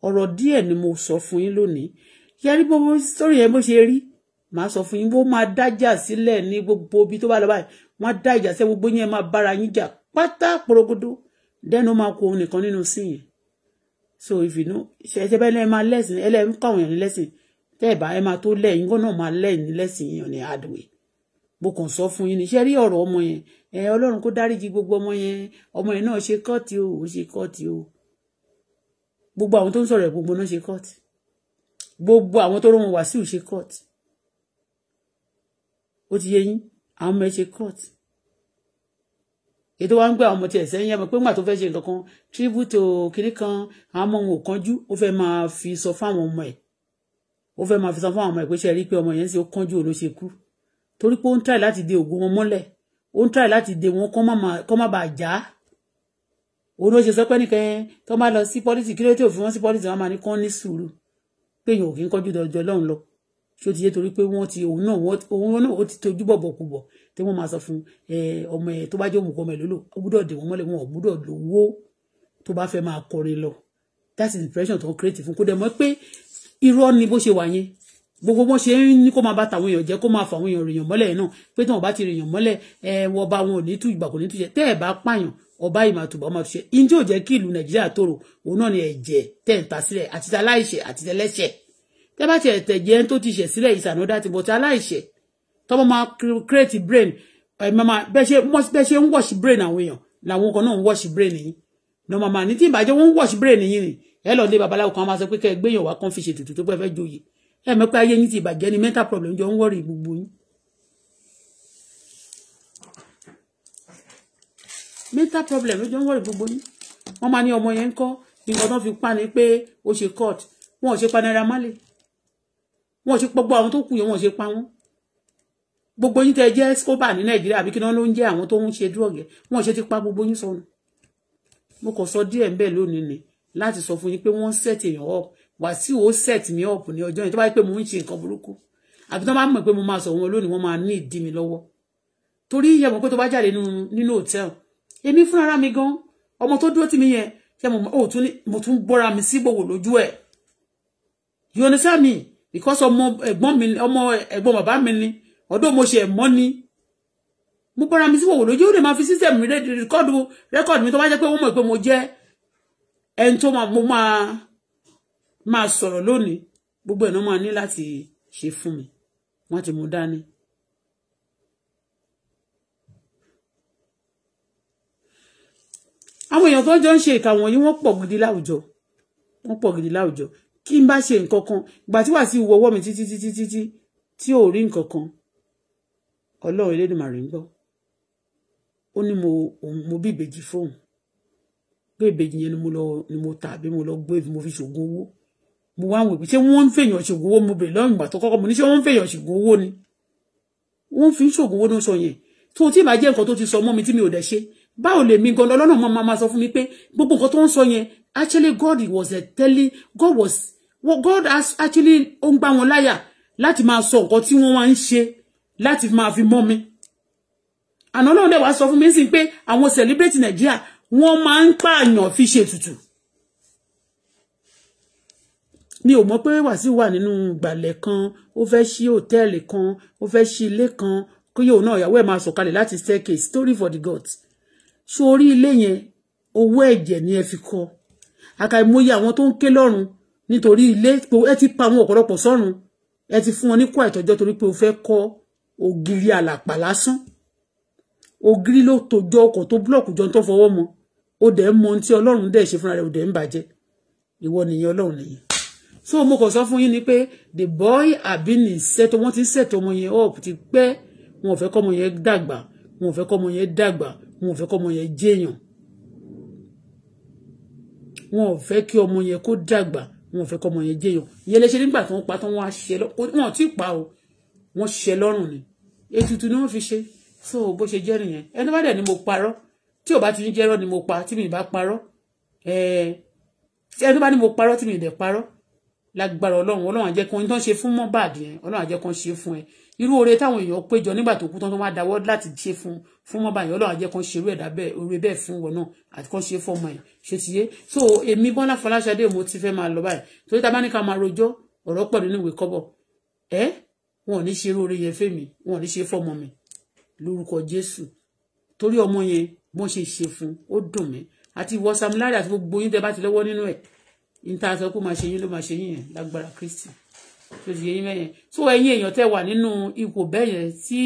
ọ̀rọ̀ díẹ̀ ni mo sọ fún yín lónìí yẹrí gbogbo sórí yẹn bó ṣe rí màá sọ fún yín bó máa dájà sílẹ̀ ní gbogbo ibi tó bá lọ báyìí wọ́n á dá ìjà sẹ́ gbogbo yẹn máa bára yín jà pátá porogodo dẹ́nu máa kó òun nìkan nínú sí yẹn so if you know ṣẹṣẹ bẹ́ẹ̀ lẹ́ẹ̀ máa lẹ́sìn ẹ lẹ́ẹ̀ ń kọ́ àwọn èèyàn lẹ́sìn tẹ́ ẹ̀ bá ẹ máa tó lẹ́yìn gbọ́n náà máa lẹ́yìn lẹ́sìn yẹn ní adùn mo kàn sọ fún yín ní ṣe rí ọ̀rọ̀ ọmọ yẹn ẹ ọlọ́run kó dáríji gbogbo ọmọ yẹn ọmọ yẹn náà ṣe kọ́ọ̀tì o ò ṣe kọ́ọ̀tì o gbogbo àwọn tó ń sọ̀rọ̀ ẹ̀ gbogbo náà ṣe kọ́ọ̀tì gbogbo àwọn tó rán wọn wá ṣe kọ́ọ̀tì ó ti yé yín àwọn ọmọ ẹ ṣe court ètò wa ń gbé àwọn ọmọ tiẹ̀ sẹ́yìn ẹ̀mọ́ pé ńgbà tó fẹ́ ṣe nǹkan kan tribute kìnnì kan àwọn ọmọ òun ò kánjú ó fẹ́ máa fi sọ fáwọn ọmọ ẹ̀ ó fẹ́ máa fi sọ fáwọn ọmọ ẹ̀ pé ṣe rí pé ọmọ yẹn ṣe ó kánjú ò ló ṣe kú torí pé ó ń tàì láti de ògùn wọn mọ́lẹ̀ ó ń tàì láti de wọn kọ́ má bàa já òun ló ṣe sọ pé nìkan tó bá lọ sí pọ́lítì kí ló tí òfin wọn sí pọ́lítì wọn máa ní kán ní sùúrù pé èèyàn ò kí ń kánjú tí ó ti yé torí pé wọ́n ti òun náà òun náà ó ti tojú bọ̀bọ̀ kú bọ̀ tí wọ́n máa sọ fún ọmọ ẹ̀ tó bá jẹ́ òmùkọ́ ọmọ ẹ̀ lólò ó dè wọ́n mọ́lẹ̀ wọn ò lówó tó bá fẹ́ máa kọrin lọ that is impression tó ń create fún kó dẹ̀ mọ́ pé irọ́ ni bó ṣe wà yẹn gbogbo bó ṣe ń ní kó máa bá tàwọn èèyàn jẹ kó máa fàwọn èèyàn rèèyàn mọ́lẹ̀ náà pé tí wọn bá ti rèèyàn mọ́lẹ̀ ẹ wọn ọba wọn ò ní tú ọmọ àtúnṣe ìjì ò kí ìlú nàìjíríà tòrò òun náà ni ẹ̀jẹ̀ tẹ̀ ń ta sílẹ̀ àti tẹ̀láìṣẹ̀ àti tẹ́ bá ti ẹ̀tẹ̀ jẹ́ ẹni tó ti ṣẹ̀ sílẹ̀ ìsànúdá ti bọ̀tí aláìṣẹ̀ tọ́mọ máa create brain ẹ̀mọ́mà bẹ́ẹ̀ ṣe ń wash brain àwọn èèyàn làwọn kan náà ń wash brain yìí lọ́mọ máa ní tí ìbàjẹ́ wọ́n ń wash brain yìí ni ẹ lọ́ọ́ lé babaláwo kan máa sọ pé kẹ́ ẹ gbéyàn wá kan fi ṣètò tó pẹ́ fẹ́ joyè ẹ mọ̀ pé ayé yín ti ìbàjẹ́ ni mental problem jọ ń wọ́rì gbogbo yín. mental problem ló jọ ń wọ́rì gbogbo yín wọ́n máa ní ọmọ yẹn ń kọ́ nǹkan tó fi pa ni pé ó ṣe court wọn ò ṣe pa Naira Marley wọn ṣe gbogbo àwọn tó kù yẹn wọn ṣe pa wọn gbogbo yín tẹ jẹ scopa ní nàìjíríà àbí kí náà ló ń jẹ àwọn tó ń ṣe dúrọgẹ wọn ṣe ti pa gbogbo yín sọnù mo kàn sọ díẹ̀ ńbẹ̀ lónìí ni láti sọ fún yín pé wọ́n set èèyàn up Wàsíù ó set mi up ní ọjọ́ yẹn tó bá yẹ pé mo ń ṣe nǹkan burúkú àbí tó bá mọ̀ pé mo máa sọ wọn lónìí wọ́n máa ní ìdí mi lọ́wọ́ torí yẹ mọ̀ pé tó bá jáde nínú hòtẹ́ẹ̀lì èmi fúnra mi gan ọmọ tó dúró tì mí yẹn yẹ mo tún bọ́ra mi síbòwò lójú ẹ̀ you because ọmọ ẹ̀gbọ́n mi ọmọ ẹ̀gbọ́n bàbá mi ni ọ̀dọ̀ mo ṣe ẹ̀mọ́ ni mo bára mi síwòwò lójú ó lè máa fi system mi rẹ́kọ̀dù rẹ́kọ̀dù mi tó bá jẹ́ pé wọ́n mọ̀ pé mo jẹ́ ẹni tó mo máa máa sọ̀rọ̀ lónìí gbogbo ẹ̀ náà máa ní láti ṣe fún mi wọ́n ti mú dání. àwọn èèyàn tó jọ ń ṣe ìka wọ̀nyí wọ́n pọ̀ gidi láwùjọ wọ́n pọ̀ gidi láwùjọ kí n bá ṣe nǹkan kan ìgbà tí wàá sí wo ọwọ́ mi títí títí títí tí ò rí nǹkan kan ọlọ́run elédùnmarè ń gbọ́ ó ní mo mo bí ìbejì fóun pé ìbejì yẹn ni mo lọ ni mo tà bí mo lọ gbé mo fi ṣògùn owó mo wá wò pé ṣé wọ́n ń fèèyàn ṣògùn owó mo bèrè lọ́rùn ìgbà tó kọ́kọ́ mo ní ṣé wọ́n ń fèèyàn ṣògùn owó ni wọ́n fi ń ṣògùn owó ló ń sọ yẹn tó tí màá jẹ́ nǹkan tó ti sọ mọ́ mi tí mi ò dẹ̀ ṣe báwo lèmi gan ọlọ́run máa máa sọ fún mi pé gbogbo nǹkan tó ń sọ yẹn actually God was uh, telling God was well, God has actually ó ń gbá wọn láyà láti máa sọ nǹkan tí wọ́n wá ń ṣe láti máa fi mọ́ mi àná Ọlọ́run dẹ̀ wá sọ fún mi sí pé àwọn celebrate Nigeria wọ́n máa ń pààyàn fi ṣe ètùtù mi ò mọ̀ pé Wàsíù wà nínú gbàlẹ̀ kan ó fẹ́ ṣí hòtẹ́ẹ̀lì kan ó fẹ́ ṣí ilé kan kó yóò náà ìyàwó ẹ̀ máa sọ̀kalẹ̀ láti staircase story for the gods so orí ilé yẹn owó ẹ̀jẹ̀ ni ẹ fi kọ́ àkàìmọye àwọn tó ń ké lọ́rùn nítorí ilé ẹ ti pa àwọn ọ̀pọ̀lọpọ̀ sọ́run ẹ ti fún wọn ní kó àìtọ́jọ́ torí pé o fẹ́ kọ́ ògiri àlàpà lásán ògiri ló tòjọ ọkọ̀ tó búlọ̀kù jọ tó fọwọ́ mọ o dẹ̀ ń mọ ohun tí ọlọ́run dẹ̀ ṣe fúnra rẹ̀ o dẹ̀ ń bàjẹ́ ìwọ nìyẹn ọlọ́run nìyẹn so mo kàn sọ fún yín ni pé the boy abini ṣètò wọn ti ṣètò ọmọ yẹn up ti pẹ́ wọn ò fẹ́ kọ́ ọmọ yẹn dàgbà wọn ò fẹ́ kọ́ ọmọ yẹn dàgbà wọn ò fẹ́ kọ́ ọmọ yẹn jẹ́yàn wọn ò fẹ́ kí ọmọ yẹn kó dàgbà wọn ò fẹ́ kí ọmọ yẹn jẹyàn ìyẹn lè ṣe nígbà tí wọ́n pa tán wọ́n á ṣe lọ́rùn wọn ò tí pa o wọ́n ṣe lọ́rùn ni ètùtù ni wọ́n fi ṣe so bó ṣe jẹ́ nìyẹn ẹni bá dẹ̀ ni mo parọ́ tí ò bá ti ń jẹ́rọ́ ni mo pa tí mi bá parọ́ ẹni bá ní mo parọ́ tí mi dẹ̀ parọ́ lágbára ọlọ́run ọlọ́run àjẹkùn ní tó ń ṣe fún Mohbad yẹn ọlọ́run àjẹkùn ṣe fún ẹ irú oore táwọn èèyàn péjọ nígbà tó kú tán tó wá dáwọ́ láti ṣe fún fún mọ́ba yẹn ọlọ́run àjẹ́ kan ṣerú ẹ̀dá bẹ́ẹ̀ oore bẹ́ẹ̀ fún wọn náà àti kan ṣe fọmọ yẹn ṣe ti yé so èmi Bọ́lá Fọláṣadé mo ti fẹ́ máa lọ báyìí torí ta bá ní ká máa rojọ́ ọ̀rọ̀ pọ̀ nínú ìwé kọ́bọ̀ ẹ́ wọn ò ní ṣe irú oore yẹn fèmí wọn ò ní ṣe fọmọ mi lórúkọ Jésù torí ọmọ yẹn bó ṣe ṣe fún ó dùn mí àti ìwọ Sam Larry àti gbogbo yín tẹ bá ti lọ́wọ́ nínú ẹ̀ ní ta sọ pé máa ṣe yín ṣòṣì yẹn mẹ́yẹn tó ẹ̀yin èèyàn tẹ́ wà nínú ipò bẹ́ẹ̀ yẹn tí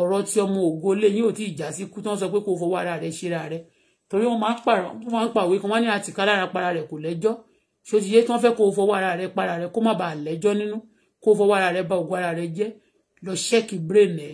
ọ̀rọ̀ tí ọmọ ògo lé yín ò tí ì já sí kú tán sọ pé kó fọwọ́ ara rẹ̀ ṣera rẹ̀ torí wọ́n máa ń pàwé kan wọ́n ní àtìká lára para rẹ̀ kò lẹ́jọ́ ṣòṣì yẹn tí wọ́n fẹ́ kó fọwọ́ ara rẹ̀ para rẹ̀ kó má bàa lẹ́jọ́ nínú kó fọwọ́ ara rẹ̀ ba ògo ara rẹ̀ jẹ́ lọ ṣẹ́ẹ̀kì brain ẹ̀